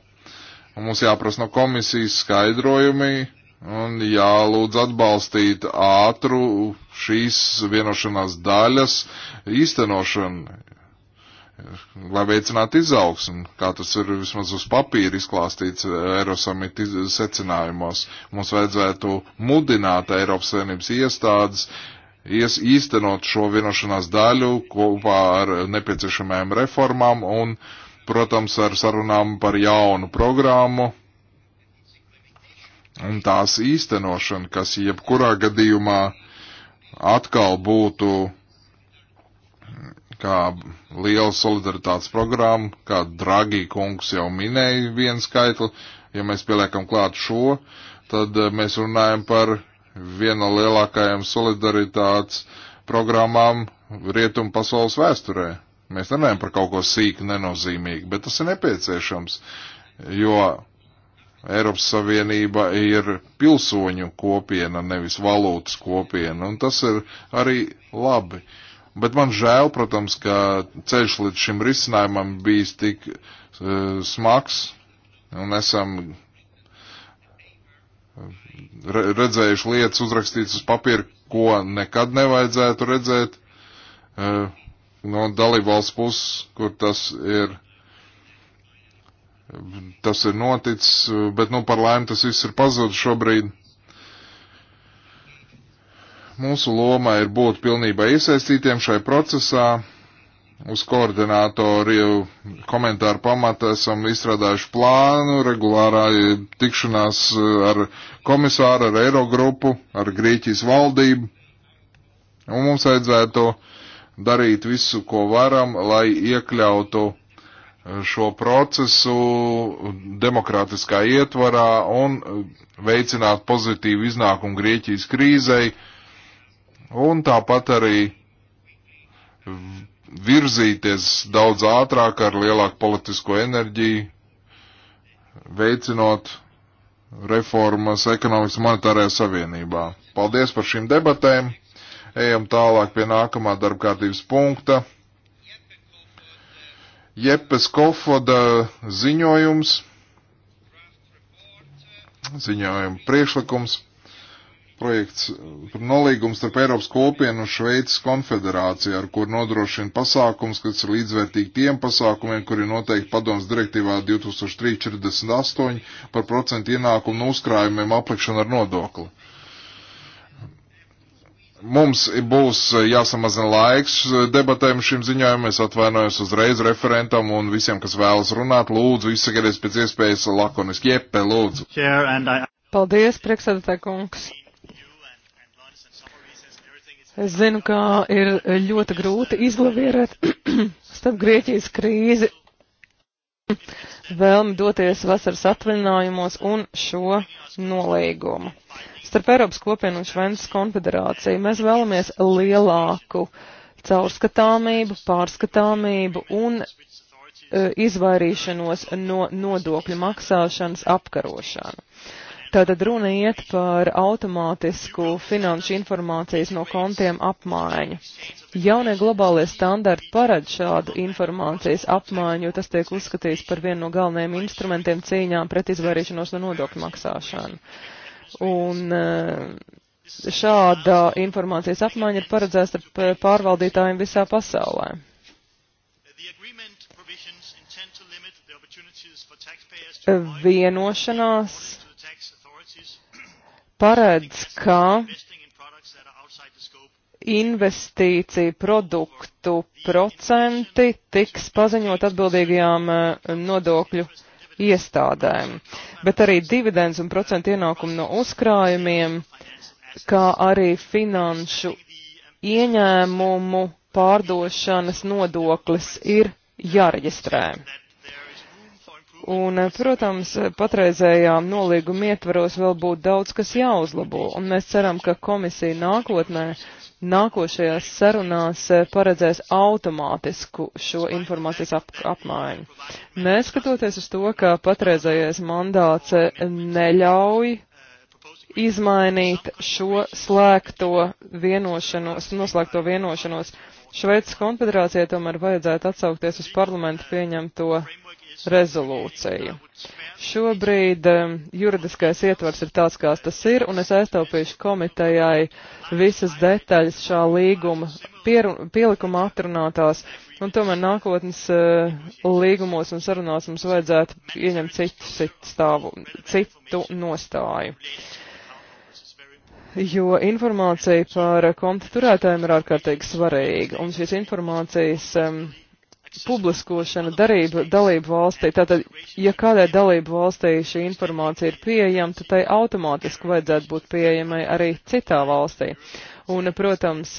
Mums jāprasa no komisijas skaidrojumi un jālūdz atbalstīt ātru šīs vienošanās daļas īstenošanu, lai veicinātu izaugsmu, kā tas ir vismaz uz papīra izklāstīts Eirosamita secinājumos. Mums vajadzētu mudināt Eiropas Savienības iestādes uh, ies, īstenot šo vienošanās daļu kopā ar nepieciešamajām reformām un, protams, ar sarunām par jaunu programmu un tās īstenošanu, kas jebkurā gadījumā atkal būtu kā liela solidaritātes programma, kā Dragi kungs jau minēja vienu skaitli, ja mēs pieliekam klāt šo, tad eh, mēs runājam par viena no lielākajām solidaritātes programmām rietumu pasaules vēsturē. Mēs nerunājam par kaut ko sīku, nenozīmīgu, bet tas ir nepieciešams, jo Eiropas Savienība ir pilsoņu kopiena, nevis valūtas kopiena, un tas ir arī labi. Bet man žēl, protams, ka ceļš līdz šim risinājumam bijis tik uh, smags, un esam redzējuši lietas uzrakstītas uz papīra, ko nekad nevajadzētu redzēt eh, no dalībvalsts puses, kur tas ir. Tas ir noticis, bet, nu, par laimi tas viss ir pazudis šobrīd mūsu loma ir būt pilnībā iesaistītiem šai procesā, uz koordinātoru komentāru pamata esam izstrādājuši plānu, regulārā tikšanās eh, ar komisāru, ar Eirogrupu, ar Grieķijas valdību. Un mums vajadzētu darīt visu, ko varam, lai iekļautu eh, šo procesu demokrātiskā ietvarā un eh, veicinātu pozitīvu iznākumu Grieķijas krīzei. Un tāpat arī virzīties daudz ātrāk ar lielāku politisko enerģiju, veicinot reformas ekonomikas monetārajā savienībā. Paldies par šīm debatēm. Ejam tālāk pie nākamā darbkārtības punkta. Jeppes Kofoda ziņojums, ziņojuma priekšlikums projekts par nolīgumu starp Eiropas kopienu un Šveicas konfederāciju, ar kur nodrošina pasākums, kas ir līdzvērtīgi tiem pasākumiem, kuri noteikti padoms direktīvā 2348 par procentu ienākumu no uzkrājumiem aplikšanu ar nodokli. Mums būs jāsamazina laiks debatēm šim ziņojumam. Es atvainojos uzreiz referentam un visiem, kas vēlas runāt. Lūdzu, izsakieties pēc iespējas lakoniski. Jeppe, lūdzu. Paldies, priekšsēdētāj kungs. Es zinu, ka ir ļoti grūti izlavierēt [CLEARS THROAT] starp Grieķijas krīzi, vēlmi doties vasaras atvaļinājumos un šo nolīgumu. Starp Eiropas kopienu un Švences konfederāciju mēs vēlamies lielāku caurskatāmību, pārskatāmību un e, izvairīšanos no nodokļu maksāšanas apkarošanu. Tātad runa iet par automātisku finanšu informācijas no kontiem apmaiņu. Jaunie globālie standarti paredz šādu informācijas apmaiņu, jo tas tiek uzskatīts par vienu no galvenajiem instrumentiem cīņā pret izvairīšanos no nodokļu maksāšanu. Un eh, šāda informācijas apmaiņa ir paredzēta ar eh, pārvaldītājiem visā pasaulē. Eh, vienošanās paredz, ka investīciju produktu procenti tiks paziņot atbildīgajām eh, nodokļu iestādēm, bet arī dividends un procentu ienākumu no uzkrājumiem, kā arī finanšu ieņēmumu pārdošanas nodoklis ir jāreģistrē. Un, protams, patreizējām nolīguma ietvaros vēl būtu daudz, kas jāuzlabo, un mēs ceram, ka komisija nākotnē, nākošajās sarunās eh, paredzēs automātisku šo informācijas ap apmaiņu. Neskatoties uz to, ka patreizējais mandāts eh, neļauj izmainīt šo slēgto vienošanos, noslēgto vienošanos, Šveicas konfederācijai tomēr vajadzētu atsaukties uz parlamentu pieņemto rezolūciju. Šobrīd juridiskais ietvars ir tāds, kāds tas ir, un es aiztaupīšu komitejai visas detaļas šā līguma pielikuma atrunātās, un tomēr nākotnes e, līgumos un sarunās mums vajadzētu ieņemt citu, citu, stāvu, citu nostāju jo informācija par konta turētājiem ir ārkārtīgi svarīga, un šīs informācijas um, publiskošana darību dalību valstī. Tātad, ja kādai dalību valstī šī informācija ir pieejama, tad tai automātiski vajadzētu būt pieejamai arī citā valstī. Un, protams,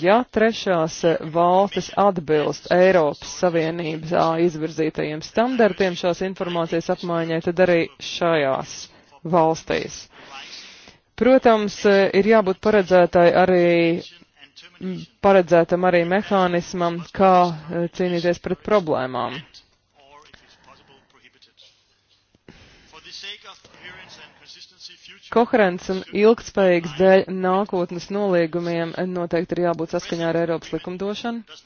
ja trešās valstis atbilst Eiropas Savienības A izvirzītajiem standartiem šās informācijas apmaiņai, tad arī šajās valstīs. Protams, ir jābūt paredzētai arī paredzētam arī mehānismam, kā eh, cīnīties pret problēmām. Koherents un ilgspējīgs dēļ nākotnes noliegumiem eh, noteikti ir jābūt saskaņā ar Eiropas likumdošanu.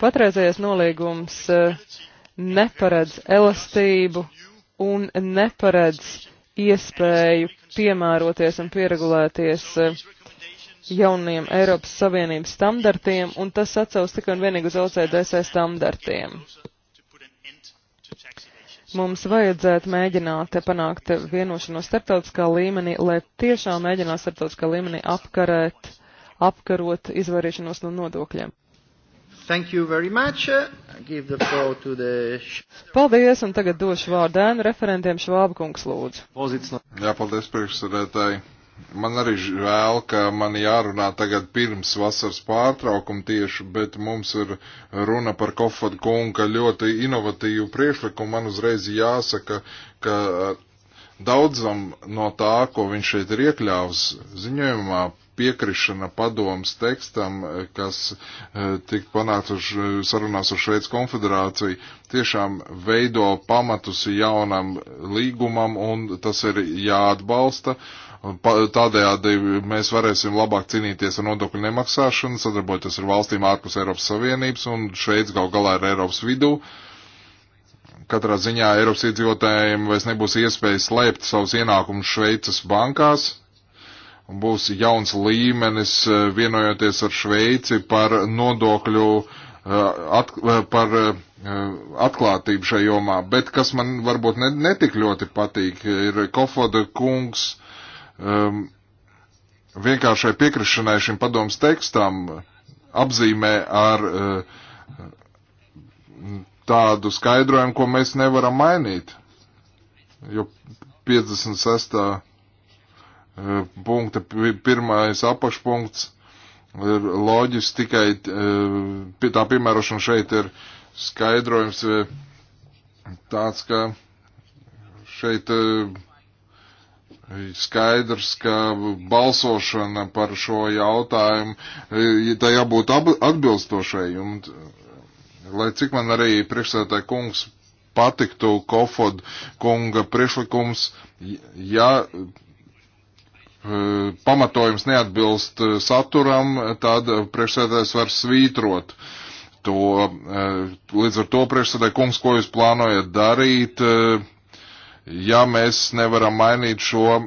Patreizējais noliegums eh, neparedz elastību un neparedz iespēju piemēroties un pieregulēties jauniem Eiropas Savienības standartiem, un tas atsaus tikai un vienīgi uz OCDC standartiem. Mums vajadzētu mēģināt panākt vienošanos starptautiskā līmenī, lai tiešām mēģinātu starptautiskā līmenī apkarēt, apkarot izvairīšanos no nodokļiem. Thank you very much. Give the floor to the... Paldies, un tagad došu vārdu ēnu referentiem Švāba kungs lūdzu. Pozīcina. Jā, paldies priekšsēdētāji. Man arī žēl, ka man jārunā tagad pirms vasaras pārtraukuma tieši, bet mums ir runa par Kofadu kunga ļoti inovatīvu priekšlikumu. Man uzreiz jāsaka, ka eh, daudzam no tā, ko viņš šeit ir iekļāvis ziņojumā, piekrišana padoms tekstam, kas eh, tika panākts uz sarunās ar Šveic konfederāciju, tiešām veido pamatus jaunam līgumam un tas ir jāatbalsta. Uh, Tādējādi mēs varēsim labāk cīnīties ar nodokļu nemaksāšanu, sadarboties ar valstīm ārpus Eiropas Savienības un Šveic gal galā ar Eiropas vidu. Katrā ziņā Eiropas iedzīvotājiem vairs nebūs iespēja slēpt savus ienākumus Šveicas bankās, būs jauns līmenis eh, vienojoties ar Šveici par nodokļu eh, at, eh, par atklātību šajā jomā. Bet kas man varbūt netik ļoti patīk, ir Kofoda kungs um, vienkāršai piekrišanai šim padomus tekstam apzīmē ar uh, tādu skaidrojumu, ko mēs nevaram mainīt. Jo 56. Uh, punkta pirmais apakšpunkts ir loģis tikai uh, tā piemērošana šeit ir skaidrojums uh, tāds, ka šeit uh, Skaidrs, ka balsošana par šo jautājumu, e, tā jābūt atbilstošai, un lai cik man arī priekšsētāji kungs patiktu Kofod kunga priekšlikums, ja e, pamatojums neatbilst saturam, tad priekšsēdētājs var svītrot to. E, līdz ar to priekšsēdētāji kungs, ko jūs plānojat darīt? ja mēs nevaram mainīt šo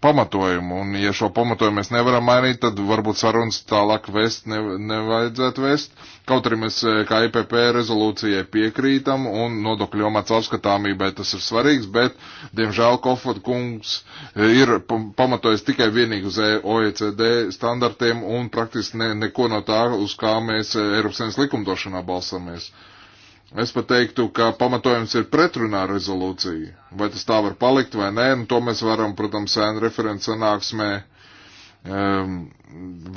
pamatojumu, un ja šo pamatojumu mēs nevaram mainīt, tad varbūt sarunas tālāk vest ne, nevajadzētu vest. Kaut arī mēs eh, kā IPP rezolūcijai piekrītam un nodokļu jomāts apskatāmībai tas ir svarīgs, bet, diemžēl, Kofod kungs eh, ir pamatojas tikai vienīgi uz e, OECD standartiem un praktiski ne, neko no tā, uz kā mēs eh, Eiropas Savienības likumdošanā balsamies. Uh, Es pat teiktu, ka pamatojums ir pretrunā rezolūcija. Vai tas tā var palikt vai nē, nu to mēs varam, protams, sēna referents sanāksmē um,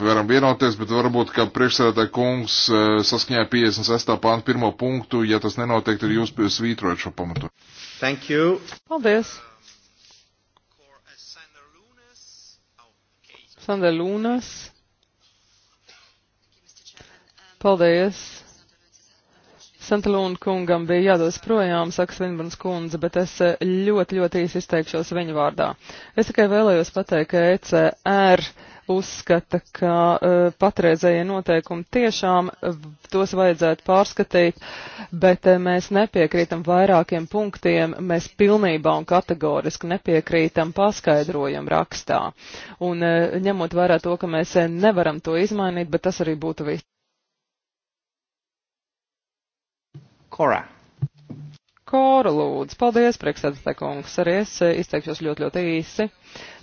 varam vienoties, bet varbūt, ka priekšsēdētāja kungs uh, saskaņā 56. pānta pirmo punktu, ja tas nenotiek, tad jūs svītrojat šo pamatojumu. Thank you. Paldies. Sandra Lūnas. Paldies. Santalūna kungam bija jādodas projām, saka Svinbrans kundze, bet es eh, ļoti, ļoti īsi izteikšos viņa vārdā. Es tikai vēlējos pateikt, ka ECR uzskata, ka uh, patreizējie noteikumi tiešām eh, tos vajadzētu pārskatīt, bet uh, mēs nepiekrītam vairākiem punktiem, mēs pilnībā un kategoriski nepiekrītam paskaidrojumu rakstā. Un uh, ņemot vērā to, ka mēs nevaram to izmainīt, bet tas arī būtu viss. Korā. Kora lūdzu, paldies, priekšsēdētā kungs, arī es eh, izteikšos ļoti, ļoti īsi.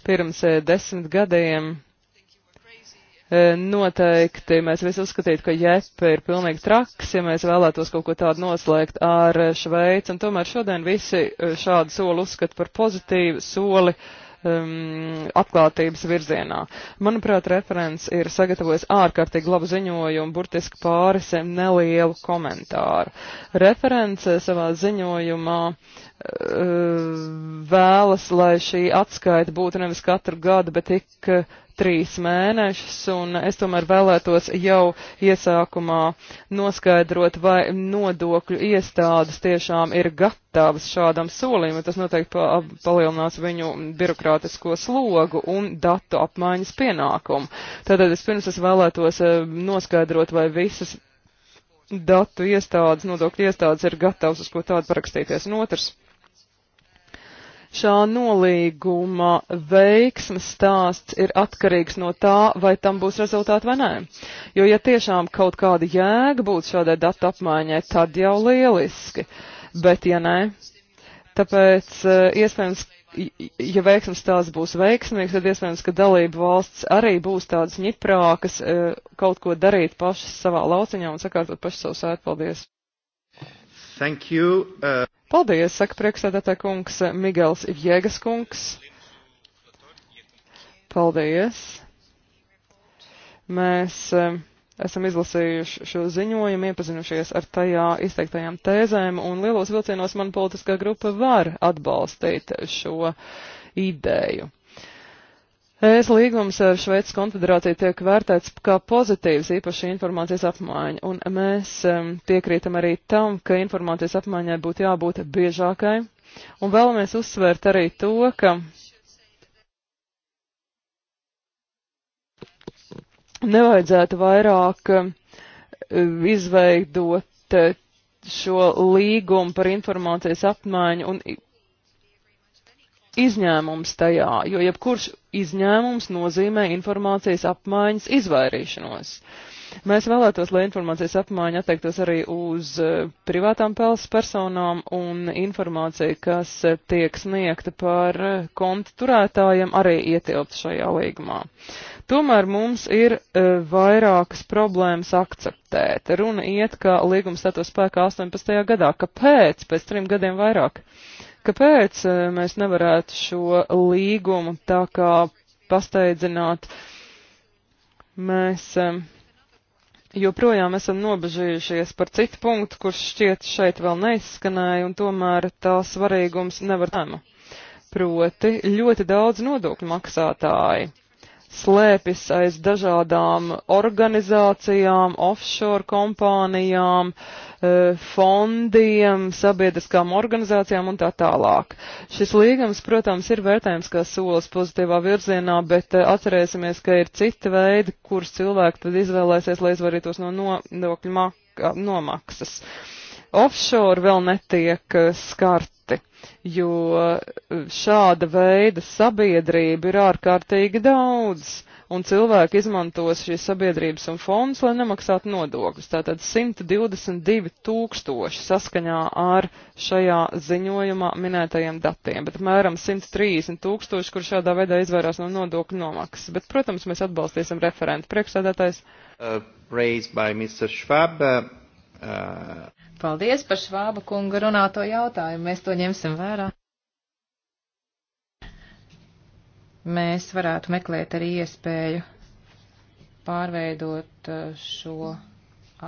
Pirms eh, desmit gadiem eh, noteikti mēs visi uzskatītu, ka Jeppe ir pilnīgi traks, ja mēs vēlētos kaut ko tādu noslēgt ar Šveici, un tomēr šodien visi šādu soli uzskata par pozitīvu soli um, atklātības virzienā. Manuprāt, referents ir sagatavojis ārkārtīgi labu ziņojumu, burtiski pāris nelielu komentāru. Referents savā ziņojumā uh, vēlas, lai šī atskaita būtu nevis katru gadu, bet ik trīs mēnešus, un es tomēr vēlētos jau iesākumā noskaidrot, vai nodokļu iestādes tiešām ir gatavas šādam solim, un tas noteikti pa palielinās viņu birokrātisko slogu un datu apmaiņas pienākumu. Tātad vispirms es vēlētos eh, noskaidrot, vai visas datu iestādes, nodokļu iestādes ir gatavas uz ko tādu parakstīties. Un otrs Šā nolīguma veiksmes stāsts ir atkarīgs no tā, vai tam būs rezultāti vai nē. Jo, ja tiešām kaut kāda jēga būtu šādai datu apmaiņai, tad jau lieliski. Bet, ja nē, tāpēc e, iespējams, ja veiksmes tās būs veiksmīgs, tad iespējams, ka dalība valsts arī būs tādas ņiprākas e, kaut ko darīt pašas savā lauciņā un sakārtot pašas savu sēt. Paldies! Thank you. Uh... Paldies, saka priekšsēdētā kungs Migels Jēgas kungs. Paldies. Mēs eh, esam izlasījuši šo ziņojumu, iepazinušies ar tajā izteiktajām tēzēm, un lielos vilcienos man politiskā grupa var atbalstīt šo ideju. ES līgums ar Šveicas konfederāciju tiek vērtēts kā pozitīvs īpaši informācijas apmaiņa, un mēs um, piekrītam arī tam, ka informācijas apmaiņai būtu jābūt biežākai, un vēlamies uzsvērt arī to, ka nevajadzētu vairāk uh, izveidot uh, šo līgumu par informācijas apmaiņu un izņēmums tajā, jo jebkurš izņēmums nozīmē informācijas apmaiņas izvairīšanos. Mēs vēlētos, lai informācijas apmaiņa attiektos arī uz e, privātām personām un informācija, kas tiek sniegta par e, kontu turētājiem, arī ietilpt šajā līgumā. Tomēr mums ir e, vairākas problēmas akceptēt. Runa iet, ka līgums status spēkā 18. gadā. Kāpēc? Pēc trim gadiem vairāk. Uh, Kāpēc e, mēs nevarētu šo līgumu tā kā pasteidzināt? Mēs e, joprojām esam nobežījušies par citu punktu, kurš šķiet šeit vēl neizskanēja, un tomēr tā svarīgums nevar tēma. Proti, ļoti daudz nodokļu maksātāji slēpjas aiz dažādām organizācijām, offshore kompānijām, eh, fondiem, sabiedriskām organizācijām un tā tālāk. Šis līgums, protams, ir vērtējums kā solis pozitīvā virzienā, bet eh, atcerēsimies, ka ir citi veidi, kurus cilvēki tad izvēlēsies, lai izvairītos no nodokļu nomaksas. Offshore vēl netiek eh, skart ļoti, jo šāda veida sabiedrība ir ārkārtīgi daudz, un cilvēki izmantos šīs sabiedrības un fondus, lai nemaksātu nodokļus. Tātad 122 tūkstoši saskaņā ar šajā ziņojumā minētajiem datiem, bet apmēram 130 tūkstoši, kur šādā veidā izvairās no nodokļu nomaksas. Bet, protams, mēs atbalstīsim referentu priekšsēdētājs. Uh, raised by Mr. Schwab. Uh, uh... Paldies par Švāba kunga runāto jautājumu. Mēs to ņemsim vērā. Mēs varētu meklēt arī iespēju pārveidot uh, šo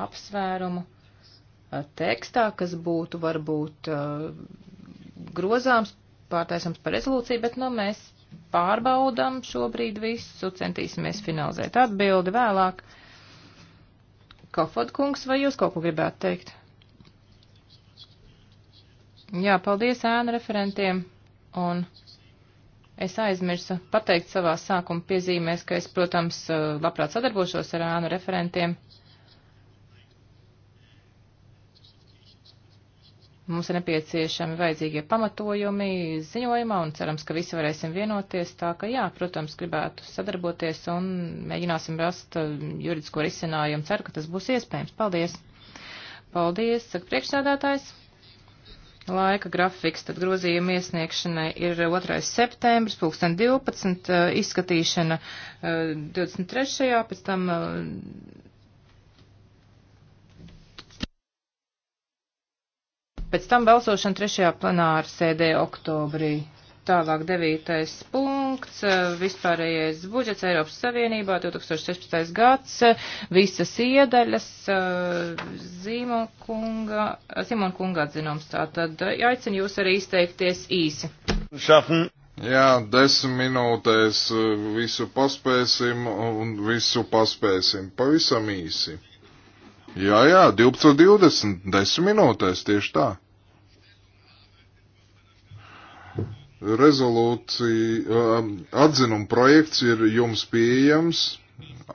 apsvērumu uh, tekstā, kas būtu varbūt uh, grozāms, pārtaisams par rezolūciju, bet nu mēs pārbaudam šobrīd visu, centīsimies finalizēt atbildi vēlāk. Kofod kungs, vai jūs kaut ko gribētu teikt? Jā, paldies ēnu referentiem, un es aizmirsu pateikt savā sākuma piezīmēs, ka es, protams, labprāt sadarbošos ar ēnu referentiem. Mums ir nepieciešami vajadzīgie pamatojumi ziņojumā un cerams, ka visi varēsim vienoties. Tā ka jā, protams, gribētu sadarboties un mēģināsim rast uh, juridisko risinājumu. Ceru, ka tas būs iespējams. Paldies! Paldies, saka priekšsēdētājs. Laika grafiks tad grozījuma iesniegšanai ir 2. septembris, 2012, izskatīšana 23. pēc tam. Pēc tam balsošana 3. plenāra sēdē oktobrī. Tālāk devītais punkts, eh, vispārējais budžets Eiropas Savienībā 2016. gads, eh, visas iedaļas, eh, Zimonkunga, Zimonkunga atzinums. Tātad aicinu jūs arī izteikties īsi. Šafn. Jā, desmit minūtēs visu paspēsim un visu paspēsim. Pavisam īsi. Jā, jā, 12.20, desmit minūtēs tieši tā. rezolūcija, um, atzinuma projekts ir jums pieejams,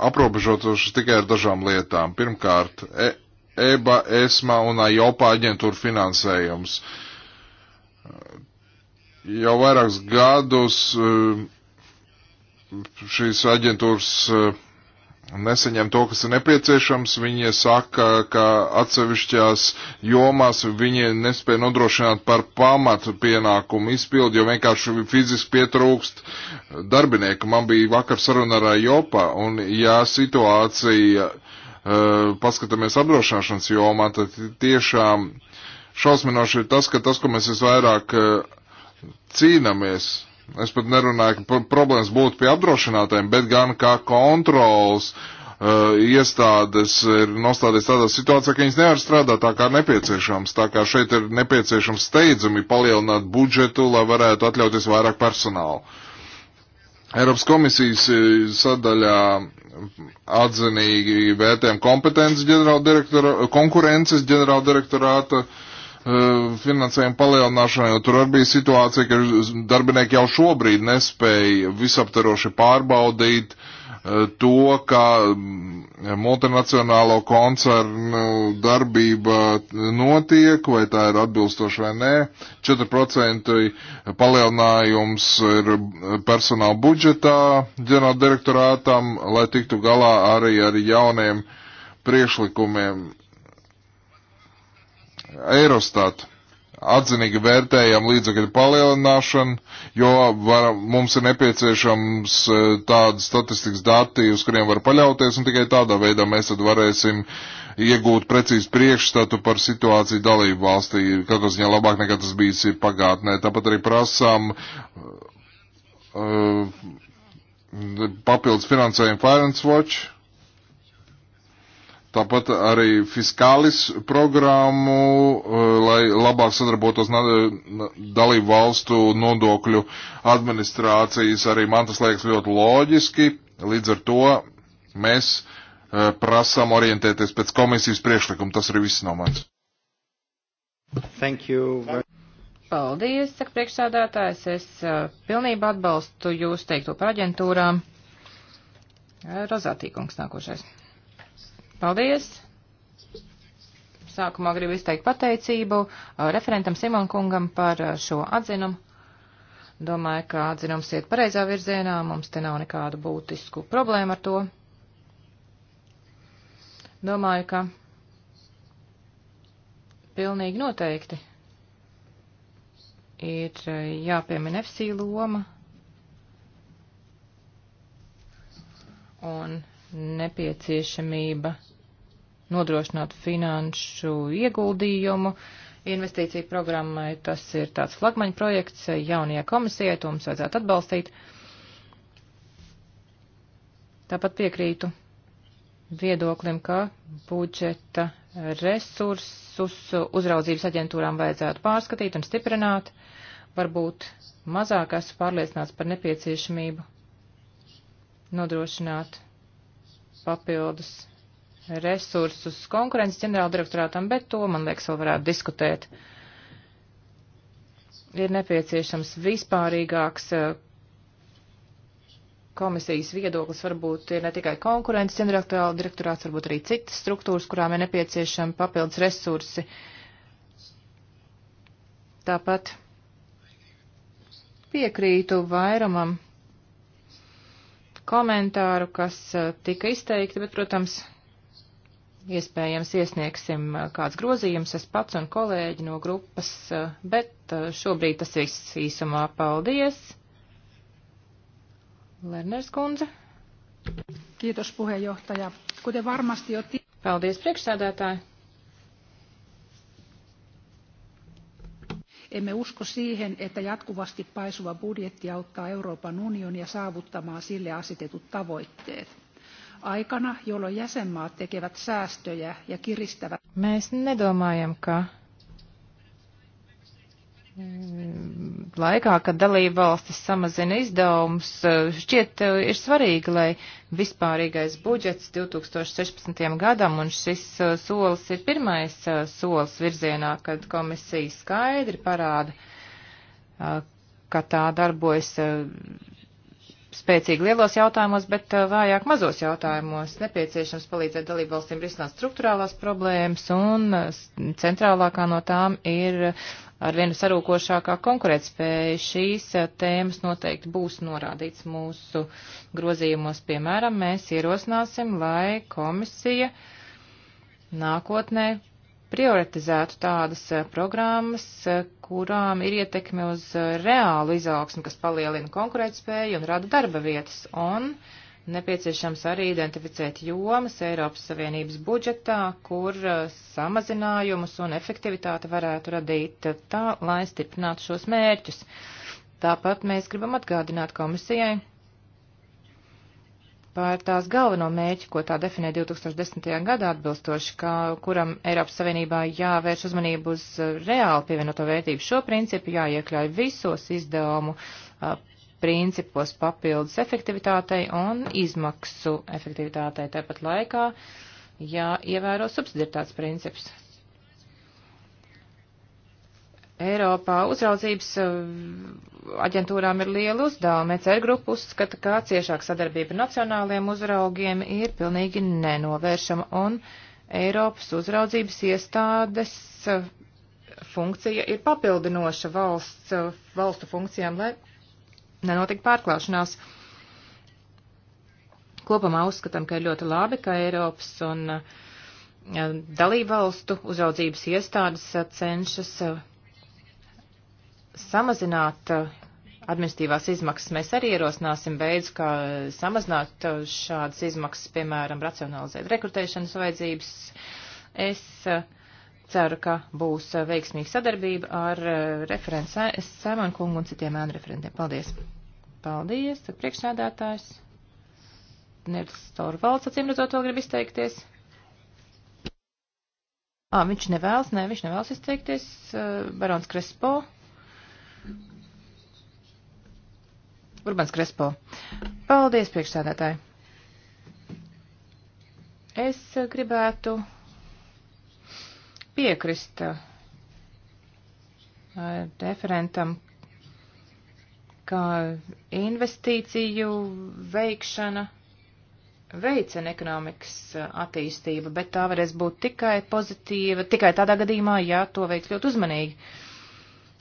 aprobežotoši tikai ar dažām lietām. Pirmkārt, e EBA, ESMA un AJOPA aģentūra finansējums. Jau vairākus gadus um, šīs aģentūras uh, nesaņem to, kas ir nepieciešams, viņi saka, ka atsevišķās jomās viņi nespēja nodrošināt par pamatu pienākumu izpildi, jo vienkārši fiziski pietrūkst darbinieku. Man bija vakar saruna ar Jopa, un ja situācija, eh, paskatāmies apdrošināšanas jomā, tad tiešām šausminoši ir tas, ka tas, ko mēs visvairāk eh, cīnāmies, Es pat nerunāju, ka problēmas būtu pie apdrošinātājiem, bet gan kā kontrols uh, iestādes ir nostādies tādā situācijā, ka viņas nevar strādāt tā kā nepieciešams. Tā kā šeit ir nepieciešams steidzami palielināt budžetu, lai varētu atļauties vairāk personālu. Eiropas komisijas eh, sadaļā atzinīgi vērtējam kompetences ģenerāldirektora, konkurences ģenerāldirektorāta uh, finansējuma palielināšanai, jo tur arī bija situācija, ka darbinieki jau šobrīd nespēja visaptaroši pārbaudīt to, ka multinacionālo koncernu darbība notiek, vai tā ir atbilstoša vai nē. 4% palielinājums ir personāla budžetā ģenerāldirektorātam, lai tiktu galā arī ar jauniem priekšlikumiem Eirostat atzinīgi vērtējam līdzekļu palielināšanu, jo var, mums ir nepieciešams e, tādi statistikas dati, uz kuriem var paļauties, un tikai tādā veidā mēs tad varēsim iegūt precīzu priekšstatu par situāciju dalību valstī, katrā ziņā labāk nekā tas bijis ir pagātnē. Tāpat arī prasām uh, papildus finansējumu Finance Watch Tāpat arī fiskālis programmu, eh, lai labāk sadarbotos dalību valstu nodokļu administrācijas, arī man tas liekas ļoti loģiski. Līdz ar to mēs eh, prasām orientēties pēc komisijas priekšlikuma. Tas arī viss no manis. Thank you. Paldies, saka priekšsādātājs. Es uh, pilnībā atbalstu jūs teikto par aģentūrām. Rozātīkungs nākošais. Paldies! Sākumā gribu izteikt pateicību uh, referentam Simonkungam par uh, šo atzinumu. Domāju, ka atzinums iet pareizā virzienā, mums te nav nekādu būtisku problēmu ar to. Domāju, ka pilnīgi noteikti ir uh, jāpiemina FC loma un nepieciešamība nodrošināt finanšu ieguldījumu investīciju programmai. Tas ir tāds flagmaņa projekts jaunajai komisijai, to mums vajadzētu atbalstīt. Tāpat piekrītu viedoklim, ka budžeta resursus uzraudzības aģentūrām vajadzētu pārskatīt un stiprināt. Varbūt mazāk esmu pārliecināts par nepieciešamību nodrošināt papildus resursus konkurences ģenerāldirektorātam, bet to, man liekas, vēl varētu diskutēt. Ir nepieciešams vispārīgāks eh, komisijas viedoklis, varbūt ir ne tikai konkurences ģenerāldirektorāts, varbūt arī citas struktūras, kurām ir nepieciešami papildus resursi. Tāpat piekrītu vairumam komentāru, kas eh, tika izteikti, bet, protams, iespējams iesniegsim uh, kāds grozījums, es pats un kolēģi no grupas, uh, bet uh, šobrīd tas viss īsumā paldies. Lerners kundze. Kiitos puheenjohtaja. Kuten varmasti jo... Paldies priekšsēdētāji. Emme usko siihen, että jatkuvasti paisuva budjetti auttaa Euroopan unionia saavuttamaan sille asetetut tavoitteet aikana, jolloin jäsenmaat tekevät säästöjä ja kiristävät. Mēs nedomājam, ka mm, laikā, kad dalība valstis samazina izdevumus, šķiet eh, ir svarīgi, lai vispārīgais budžets 2016. gadam, un šis eh, solis ir pirmais eh, solis virzienā, kad komisija skaidri parāda, ka tā darbojas spēcīgi lielos jautājumos, bet uh, vājāk mazos jautājumos. Nepieciešams palīdzēt dalībvalstīm risināt struktūrālās problēmas, un uh, centrālākā no tām ir ar vienu sarūkošākā konkurētspēja. Šīs uh, tēmas noteikti būs norādīts mūsu grozījumos. Piemēram, mēs ierosināsim, lai komisija nākotnē prioritizētu tādas eh, programmas, eh, kurām ir ietekme uz eh, reālu izaugsmu, kas palielina konkurētspēju un rada darba vietas. Un nepieciešams arī identificēt jomas Eiropas Savienības budžetā, kur samazinājumus un efektivitāti varētu radīt tā, lai stiprinātu šos mērķus. Tāpat mēs gribam atgādināt komisijai, par tās galveno mērķi, ko tā definē 2010. gadā atbilstoši, kā, kuram Eiropas Savienībā jāvērš uzmanību uz uh, reāli pievienoto vērtību. Šo principu jāiekļauj visos izdevumu uh, principos papildus efektivitātei un izmaksu efektivitātei. Tāpat laikā jāievēro subsidiaritātes princips. Eiropā uzraudzības eh, aģentūrām ir liela uzdevuma. ECR grupa uzskata, ka ciešāka sadarbība ar nacionāliem uzraugiem ir pilnīgi nenovēršama, un Eiropas uzraudzības iestādes eh, funkcija ir papildinoša valsts, eh, valstu funkcijām, lai nenotika pārklāšanās. Kopumā uzskatām, ka ir ļoti labi, ka Eiropas un dalībvalstu uzraudzības iestādes cenšas samazināt uh, administratīvās izmaksas. Mēs arī ierosināsim veidus, kā uh, samazināt uh, šādas izmaksas, piemēram, racionalizēt rekrutēšanas vajadzības. Es ceru, ka būs veiksmīga sadarbība ar referents Sēmanu kungu un citiem ēnu referentiem. Paldies! Paldies, priekšsēdētājs. Nils Torvalds, acīm redzot, vēl grib izteikties. Ā, viņš nevēlas, nē, ne, viņš nevēlas izteikties. Barons Krespo. Urbans Krespo. Paldies, priekšsādātāji. Es gribētu piekrist eh, referentam, ka investīciju veikšana veicina ekonomikas eh, attīstību, bet tā varēs būt tikai pozitīva, tikai tādā gadījumā, ja to veic ļoti uzmanīgi. Uh,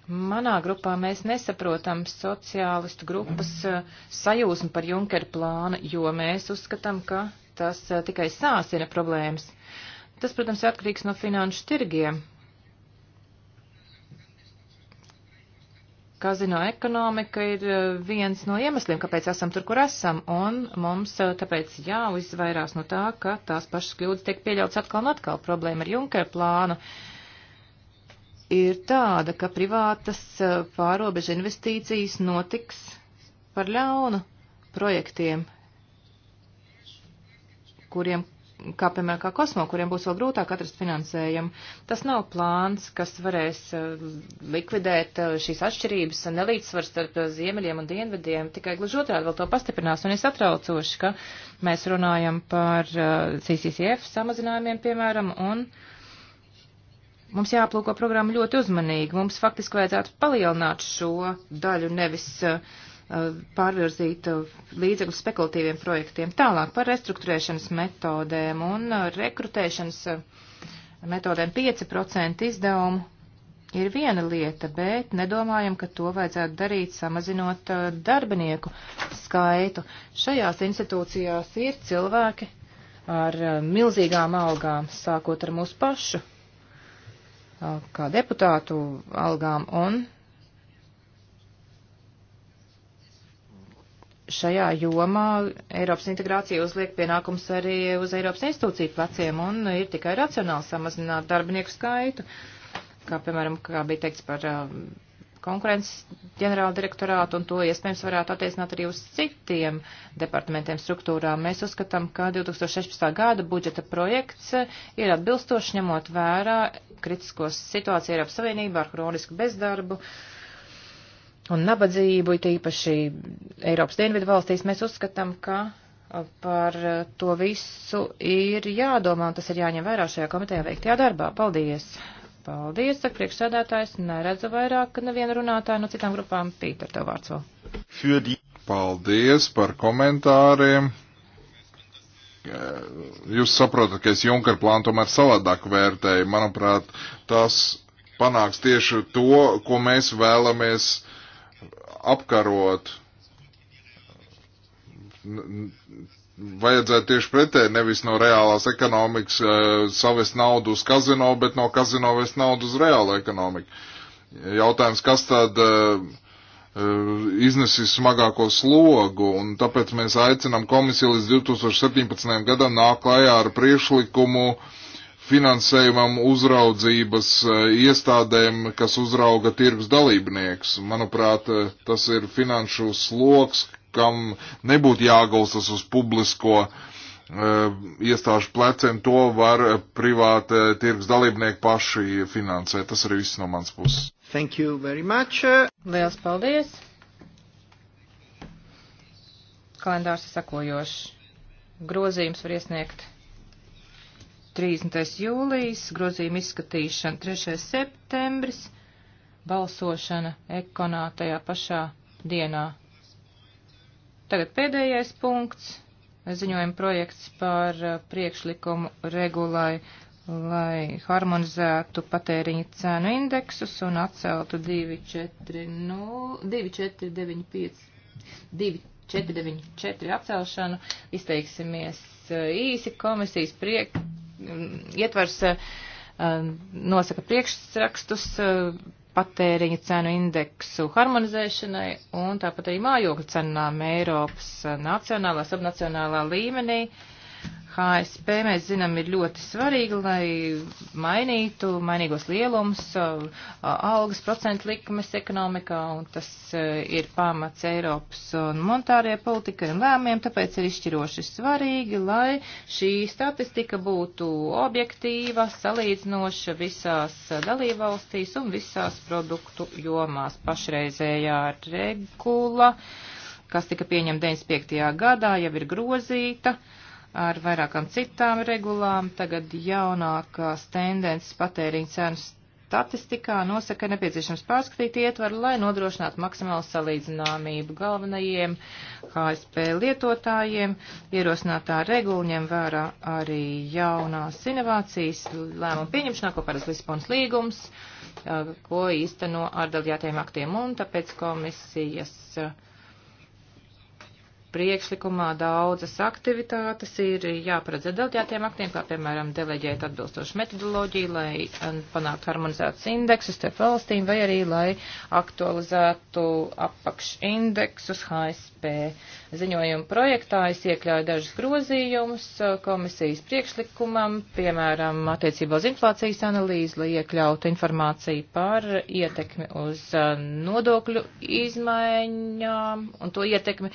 Manā grupā mēs nesaprotam sociālistu grupas eh, sajūsmu par Junkera plānu, jo mēs uzskatām, ka tas eh, tikai sāsina problēmas. Tas, protams, ir atkarīgs no finanšu tirgiem. Kazino ekonomika ir eh, viens no iemesliem, kāpēc esam tur, kur esam, un mums tāpēc jāuzvairās no tā, ka tās pašas kļūdas tiek pieļauts atkal un atkal. Problēma ar Junkera plānu. Uh, ir tāda, ka privātas eh, pārobežu investīcijas notiks par ļaunu projektiem, kuriem, kā piemēram, kā kosmo, kuriem būs vēl grūtāk atrast finansējumu. Tas nav plāns, kas varēs eh, likvidēt eh, šīs atšķirības un nelīdzsvars starp ziemeļiem un dienvediem, tikai gluži otrādi vēl to pastiprinās. Un es atraucoši, ka mēs runājam par CCCF samazinājumiem, piemēram, un. Uh, Mums jāplūko programma ļoti uzmanīgi. Mums faktiski vajadzētu palielināt šo daļu, nevis uh, pārvirzīt uh, līdzekļus spekulatīviem projektiem. Tālāk par restruktūrēšanas metodēm un uh, rekrutēšanas uh, metodēm 5% izdevumu ir viena lieta, bet nedomājam, ka to vajadzētu darīt samazinot uh, darbinieku skaitu. Šajās institūcijās ir cilvēki ar uh, milzīgām algām, sākot ar mūsu pašu kā deputātu algām un šajā jomā Eiropas integrācija uzliek pienākums arī uz Eiropas institūciju pleciem un ir tikai racionāli samazināt darbinieku skaitu, kā piemēram, kā bija teikts par konkurences ģenerāla direktorātu, un to iespējams varētu attiecināt arī uz citiem departamentiem struktūrām. Mēs uzskatām, ka 2016. gada budžeta projekts ir atbilstoši ņemot vērā kritiskos situāciju Eiropas Savienībā ar kronisku bezdarbu. Un nabadzību, tīpaši Eiropas dienvidu valstīs, mēs uzskatām, ka par to visu ir jādomā, un tas ir jāņem vērā šajā komitejā veiktajā darbā. Paldies! Paldies, saka priekšsēdētājs, neredzu vairāk nevienu runātāju no citām grupām. Pīter, tev vārds vēl. Paldies par komentāriem. Jūs saprotat, ka es Junker plānu tomēr savādāk vērtēju. Manuprāt, tas panāks tieši to, ko mēs vēlamies apkarot vajadzētu tieši pretēji nevis no reālās ekonomikas uh, savest naudu uz kazino, bet no kazino vest naudu uz reālu ekonomiku. Jautājums, kas tad uh, iznesīs smagāko slogu, un tāpēc mēs aicinām komisiju līdz 2017. gadam nāk klajā ar priešlikumu finansējumam uzraudzības uh, iestādēm, kas uzrauga tirgus dalībnieks. Manuprāt, tas ir finanšu sloks, kam nebūtu jāgulstas uz publisko uh, iestāžu pleciem, to var privāta tirgus dalībnieki paši finansēt. Tas arī viss no mans puses. Thank you very much. Liels paldies. Kalendārs ir sakojošs. Grozījums var iesniegt 30. jūlijas, grozījuma izskatīšana 3. septembris, balsošana ekonā tajā pašā dienā. Tagad pēdējais punkts - ziņojuma projekts par uh, priekšlikumu regulai, lai harmonizētu patēriņa cenu indeksus un atceltu 2495 atcelšanu. Izteiksimies uh, īsi komisijas priek, mm, ietvars uh, nosaka priekšrakstus patēriņa cenu indeksu harmonizēšanai un tāpat arī mājokļu cenām Eiropas nacionālā, subnacionālā līmenī. Uh, HSP, mēs zinām, ir ļoti svarīgi, lai mainītu mainīgos lielums, algas procentu likmes ekonomikā, un tas ir pamats Eiropas un monetārajai politikai un lēmiem, tāpēc ir izšķiroši svarīgi, lai šī statistika būtu objektīva, salīdzinoša visās dalībvalstīs un visās produktu jomās. Pašreizējā regula kas tika pieņemta 95. gadā, jau ir grozīta. Uh, ar vairākām citām regulām. Tagad jaunākās tendences patēriņa cenu statistikā nosaka nepieciešams pārskatīt ietvaru, lai nodrošinātu maksimālu salīdzināmību galvenajiem HSP lietotājiem. Ierosinātā regula ņem vērā arī jaunās inovācijas lēmumu pieņemšanā, ko paredz Lisbonas līgums, eh, ko īsteno ar daļātajiem aktiem un tāpēc komisijas. Uh, priekšlikumā daudzas aktivitātes ir jāparedz delegētiem aktiem, kā piemēram deleģēt atbilstošu metodoloģiju, lai um, panāktu harmonizētas indeksus starp valstīm, vai arī lai aktualizētu apakšindeksus HSP. Ziņojuma projektā es iekļauju dažus grozījumus uh, komisijas priekšlikumam, piemēram, attiecībā uz inflācijas analīzi, lai iekļautu informāciju par ietekmi uz uh, nodokļu izmaiņām un to ietekmi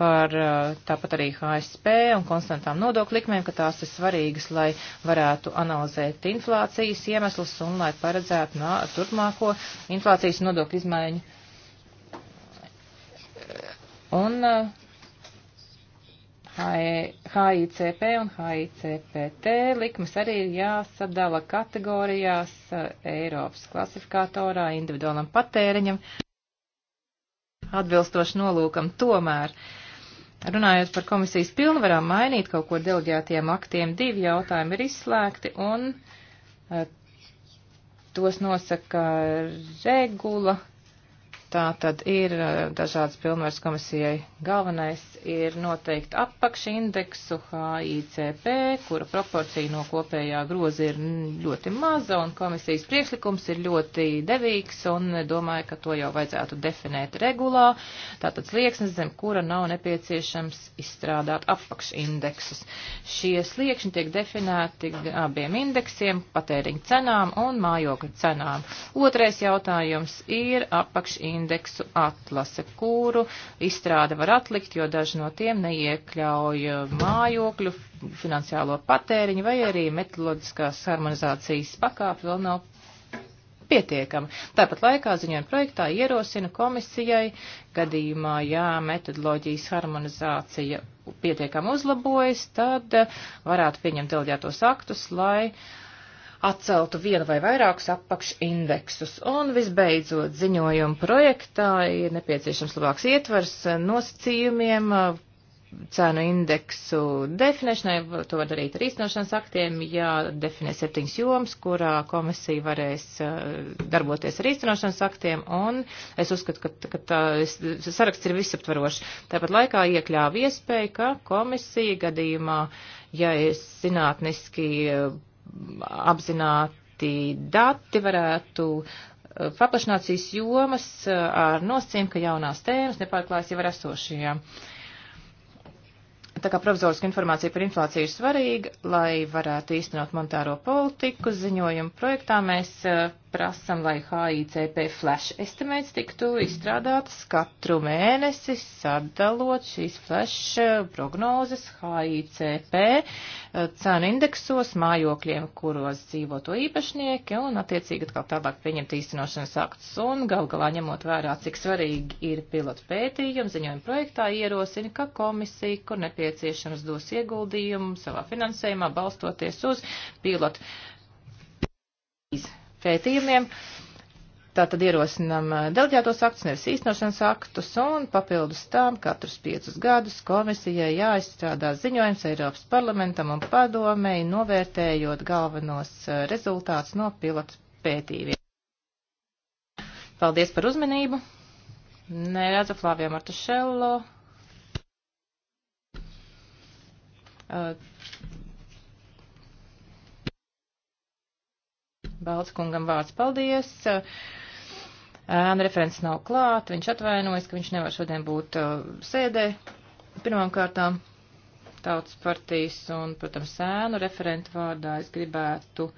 par uh, tāpat arī HSP un konstantām nodokļu likmēm, ka tās ir svarīgas, lai varētu analizēt inflācijas iemeslus un lai paredzētu nā, turpmāko inflācijas nodokļu izmaiņu. Un HICP uh, e, un HICPT likmes arī ir jāsadala kategorijās uh, Eiropas klasifikatorā individuālam patēriņam atbilstoši nolūkam tomēr. Uh, Runājot par komisijas pilnvarām mainīt kaut ko deleģētiem aktiem, divi jautājumi ir izslēgti un eh, tos nosaka regula Tā tad ir eh, dažādas pilnvaras komisijai. Galvenais ir noteikt apakšindeksu HICP, kura proporcija no kopējā groza ir ļoti maza, un komisijas priekšlikums ir ļoti devīgs, un domāju, ka to jau vajadzētu definēt regulā. Tātad slieksnis, zem kura nav nepieciešams izstrādāt apakšindeksus. Šie sliekšņi tiek definēti abiem indeksiem, patēriņa cenām un mājokļu cenām. Otrais jautājums ir apakšindeksu indeksu atlase, kuru izstrāde var atlikt, jo daži no tiem neiekļauj mājokļu, finansiālo patēriņu vai arī metodoloģiskās harmonizācijas pakāpi vēl nav pietiekama. Tāpat laikā ziņojuma projektā ierosina komisijai gadījumā, ja metodoloģijas harmonizācija pietiekami uzlabojas, tad varētu pieņemt deleģētos aktus, lai uh, atceltu vienu vai vairākus apakšindeksus. Un visbeidzot, ziņojuma projektā ir nepieciešams labāks ietvers nosacījumiem, cēnu indeksu definēšanai, to var darīt ar īstenošanas aktiem, jādefinē septiņas jomas, kurā komisija varēs darboties ar īstenošanas aktiem, un es uzskatu, ka, ka tā saraksts ir visaptvarošs. Tāpat laikā iekļāva iespēja, ka komisija gadījumā, ja ir zinātniski apzināti dati varētu eh, paplašināt šīs jomas eh, ar nosacījumu, ka jaunās tēmas nepārklājas jau ar esošajām. Tā kā provizoriska informācija par inflāciju ir svarīga, lai varētu īstenot monetāro politiku, ziņojumu projektā mēs eh, prasam, lai HICP flash estimates tiktu izstrādātas katru mēnesi, sadalot šīs flash eh, prognozes HICP eh, cenu indeksos mājokļiem, kuros dzīvo to īpašnieki, un attiecīgi atkal tālāk pieņemt īstenošanas aktus, un gal galā ņemot vērā, cik svarīgi ir pilotu pētījumi, ziņojuma projektā ierosina, ka komisija, kur nepieciešams, dos ieguldījumu savā finansējumā, balstoties uz pilotu. Peace pētījumiem. Tātad ierosinam eh, delģētos aktus, nevis īstenošanas aktus, un papildus tām katrus piecus gadus komisijai jāizstrādā ziņojums Eiropas parlamentam un padomēji, novērtējot galvenos eh, rezultātus no pilotu pētījumiem. Paldies par uzmanību. Neredzu Flāvijā Martušello. Eh, Balckungam vārds paldies. Ēna referents nav klāt, viņš atvainojas, ka viņš nevar šodien būt uh, sēdē. Pirmām kārtām tautas partijas un, protams, ēnu referentu vārdā es gribētu uh,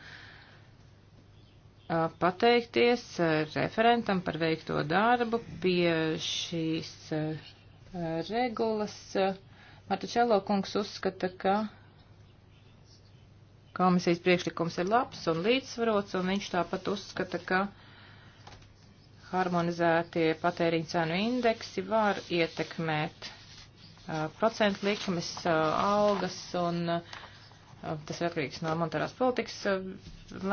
pateikties uh, referentam par veikto darbu pie šīs regulas. Marta Čelo kungs uzskata, ka Komisijas priekšlikums ir labs un līdzsvarots, un viņš tāpat uzskata, ka harmonizētie patēriņu cenu indeksi var ietekmēt uh, procentu likmes, uh, algas un uh, tas ir atkarīgs no monetārās politikas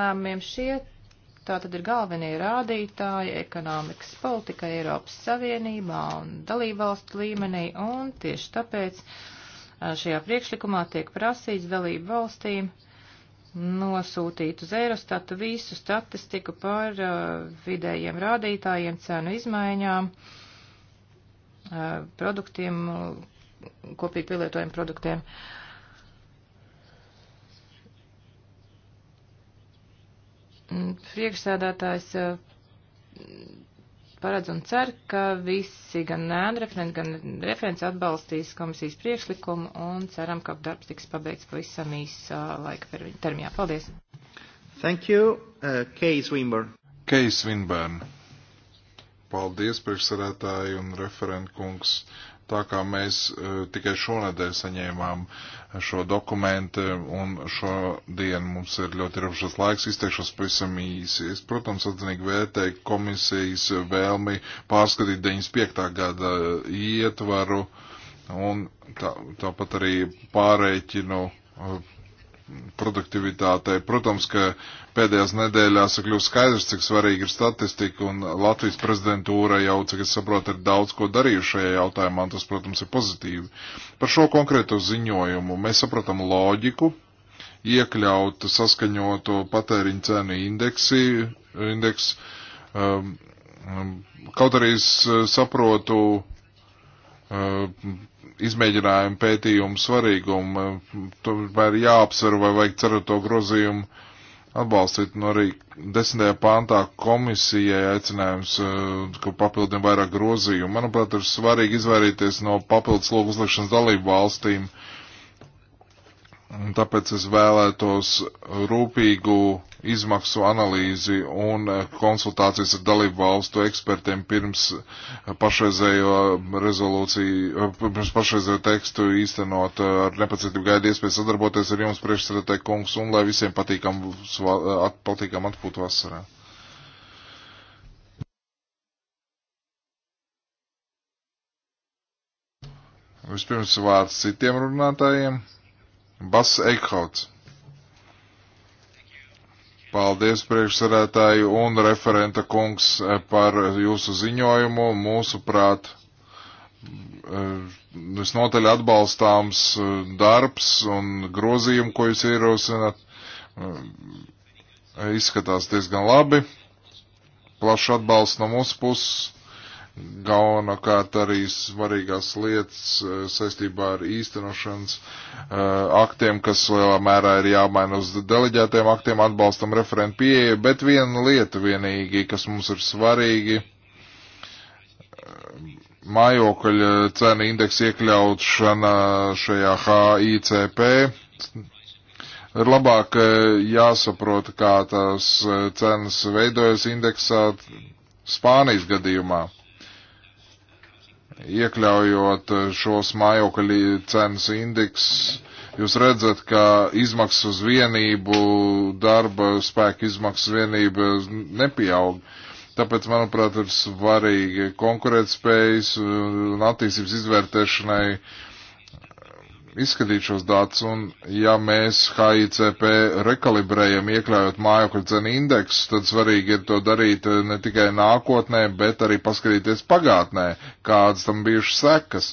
lēmumiem. Šie tā tad ir galvenie rādītāji ekonomikas politika Eiropas Savienībā un dalībvalstu līmenī, un tieši tāpēc šajā priekšlikumā tiek prasīts dalību valstīm uh, nosūtīt uz Eirostatu visu statistiku par uh, vidējiem rādītājiem, cenu izmaiņām, uh, produktiem, uh, kopīgi pielietojumu produktiem. Priekšsēdētājs uh, paredz un cer, ka visi gan nēna referents, gan referents atbalstīs komisijas priekšlikumu un ceram, ka darbs tiks pabeigts pavisam īsā laika termijā. Paldies! Thank you, uh, Kei Swinburne. Kei Swinburne. Paldies, priekšsarētāji un referentkungs tā kā mēs e, tikai šonadēļ saņēmām šo dokumentu un šodien mums ir ļoti ierobežots laiks, izteikšos pavisam īsi. Es, protams, atzinīgi vērtēju komisijas vēlmi pārskatīt 95. gada ietvaru un tā, tāpat arī pārēķinu e, produktivitātei. Protams, ka pēdējās nedēļās ir kļūst skaidrs, cik svarīgi ir statistika, un Latvijas prezidentūra jau, cik es saprotu, ir daudz ko darījušajā jautājumā, un tas, protams, ir pozitīvi. Par šo konkrēto ziņojumu mēs saprotam loģiku iekļaut saskaņoto patēriņu cenu indeksi, indeks, um, um Kaut arī es uh, saprotu uh, izmēģinājumu pētījumu svarīgumu. Tomēr jāapsver, vai vajag cerato grozījumu atbalstīt. Un nu, arī desmitajā pāntā komisijai aicinājums, eh, ka papildina vairāk grozījumu. Manuprāt, ir svarīgi izvairīties no papildus logu uzlikšanas dalību valstīm. Uh, Tāpēc es vēlētos rūpīgu izmaksu analīzi un eh, konsultācijas ar dalību valstu ekspertiem pirms eh, pašreizējo rezolūciju, eh, pirms pašreizējo tekstu īstenot ar nepacietību gaidu iespēju sadarboties ar jums priekšsēdētāj kungs un lai visiem patīkam, patīkam atpūt vasarā. Vispirms vārds citiem runātājiem. Bas Eikhauts. Paldies priekšsarētāju un referenta kungs eh, par jūsu ziņojumu. Mūsuprāt, eh, visnotaļ atbalstāms eh, darbs un grozījumi, ko jūs ierosināt, izskatās diezgan labi. Plašs atbalsts no mūsu puses galvenokārt arī svarīgās lietas eh, saistībā ar īstenošanas eh, aktiem, kas lielā mērā ir jāmaina uz deleģētiem aktiem, atbalstam referentu pieeja, bet viena lieta vienīgi, kas mums ir svarīgi, eh, mājokļa cena indeksa iekļautšana šajā HICP ir labāk jāsaprot, kā tās cenas veidojas indeksā Spānijas gadījumā. Iekļaujot eh, šos mājokļu cenas indeksus, jūs redzat, ka izmaksas uz vienību, darba spēka izmaksas vienība nepieaug. Tāpēc, manuprāt, ir svarīgi konkurētspējas eh, un attīstības izvērtēšanai uh, izskatīt šos datus, un ja mēs HICP rekalibrējam, iekļaujot mājokļu cenu indeksu, tad svarīgi ir to darīt eh, ne tikai nākotnē, bet arī paskatīties pagātnē, kādas tam bijušas sekas.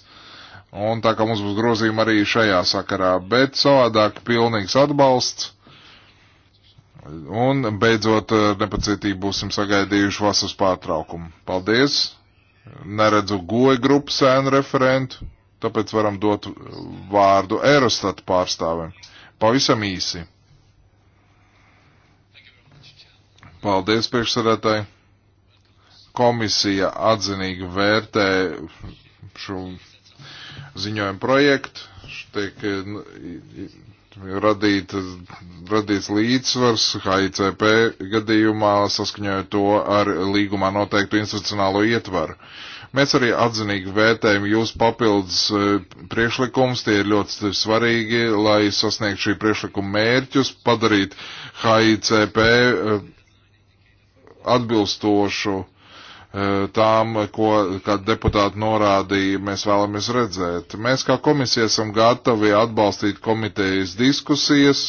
Un tā kā mums būs grozījumi arī šajā sakarā, bet savādāk pilnīgs atbalsts. Un beidzot, eh, nepacietību būsim sagaidījuši vasaras pārtraukumu. Paldies! Neredzu goja grupu sēnu referentu tāpēc varam dot vārdu Eurostat pārstāvim. Pavisam īsi. Paldies, priekšsarētāji. Komisija atzinīgi vērtē šo ziņojumu projektu. Tiek radīt, radīts līdzsvars HICP gadījumā, saskaņojot to ar līgumā noteiktu institucionālo ietvaru. Uh, Mēs arī atzinīgi vērtējam jūsu papildus e, priekšlikumus, tie ir ļoti svarīgi, lai sasniegtu šī priekšlikuma mērķus, padarīt HICP e, atbilstošu e, tām, ko, kā deputāti norādīja, mēs vēlamies redzēt. Mēs kā komisija esam gatavi atbalstīt komitejas diskusijas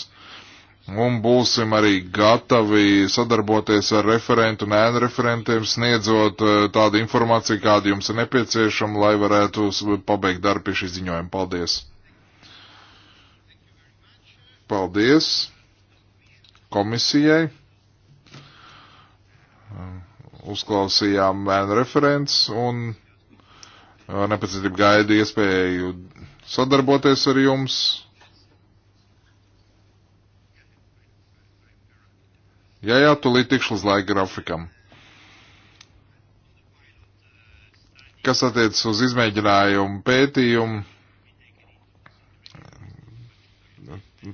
un būsim arī gatavi sadarboties ar referentu un ēnu referentiem, sniedzot eh, tādu informāciju, kāda jums ir nepieciešama, lai varētu pabeigt darbu pie šī ziņojuma. Paldies! Paldies komisijai! Uzklausījām ēnu referents un eh, nepacietību gaidu iespēju sadarboties ar jums Jā, jā, tu līdz tikšu uz laika grafikam. Kas attiecas uz izmēģinājumu pētījumu,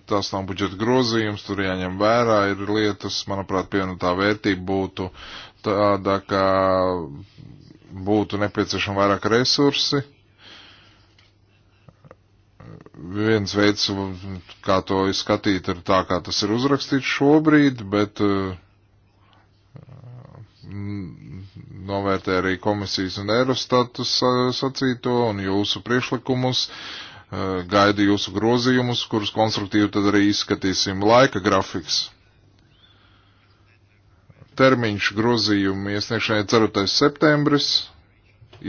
tas nav budžeta grozījums, tur jāņem vērā, ir lietas, manuprāt, pievienotā vērtība būtu tāda, ka būtu nepieciešama vairāk resursi viens veids, kā to izskatīt, ir tā, kā tas ir uzrakstīts šobrīd, bet eh, novērtē arī komisijas un Eurostatus eh, sacīto un jūsu priekšlikumus, eh, gaida jūsu grozījumus, kurus konstruktīvi tad arī izskatīsim laika grafiks. Termiņš grozījumu iesniegšanai 4. septembris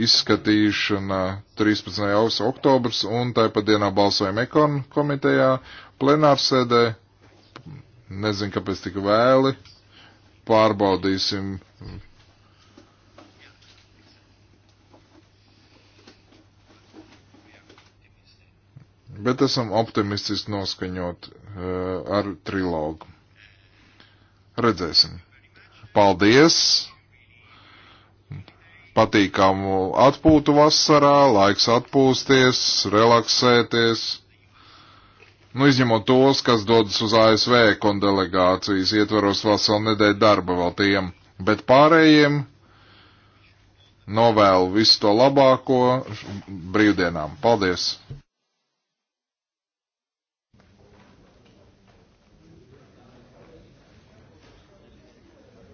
izskatīšana 13. oktobrs un tāpat dienā balsojam ekon komitejā plenārsēdē. Nezinu, kāpēc tik vēli. Pārbaudīsim. Bet esam optimistiski noskaņot uh, ar trilogu. Redzēsim. Paldies! patīkamu atpūtu vasarā, laiks atpūsties, relaksēties. Nu, izņemot tos, kas dodas uz ASV kondelegācijas, ietveros veselu nedēļu darba vēl tiem, bet pārējiem novēlu visu to labāko brīvdienām. Paldies!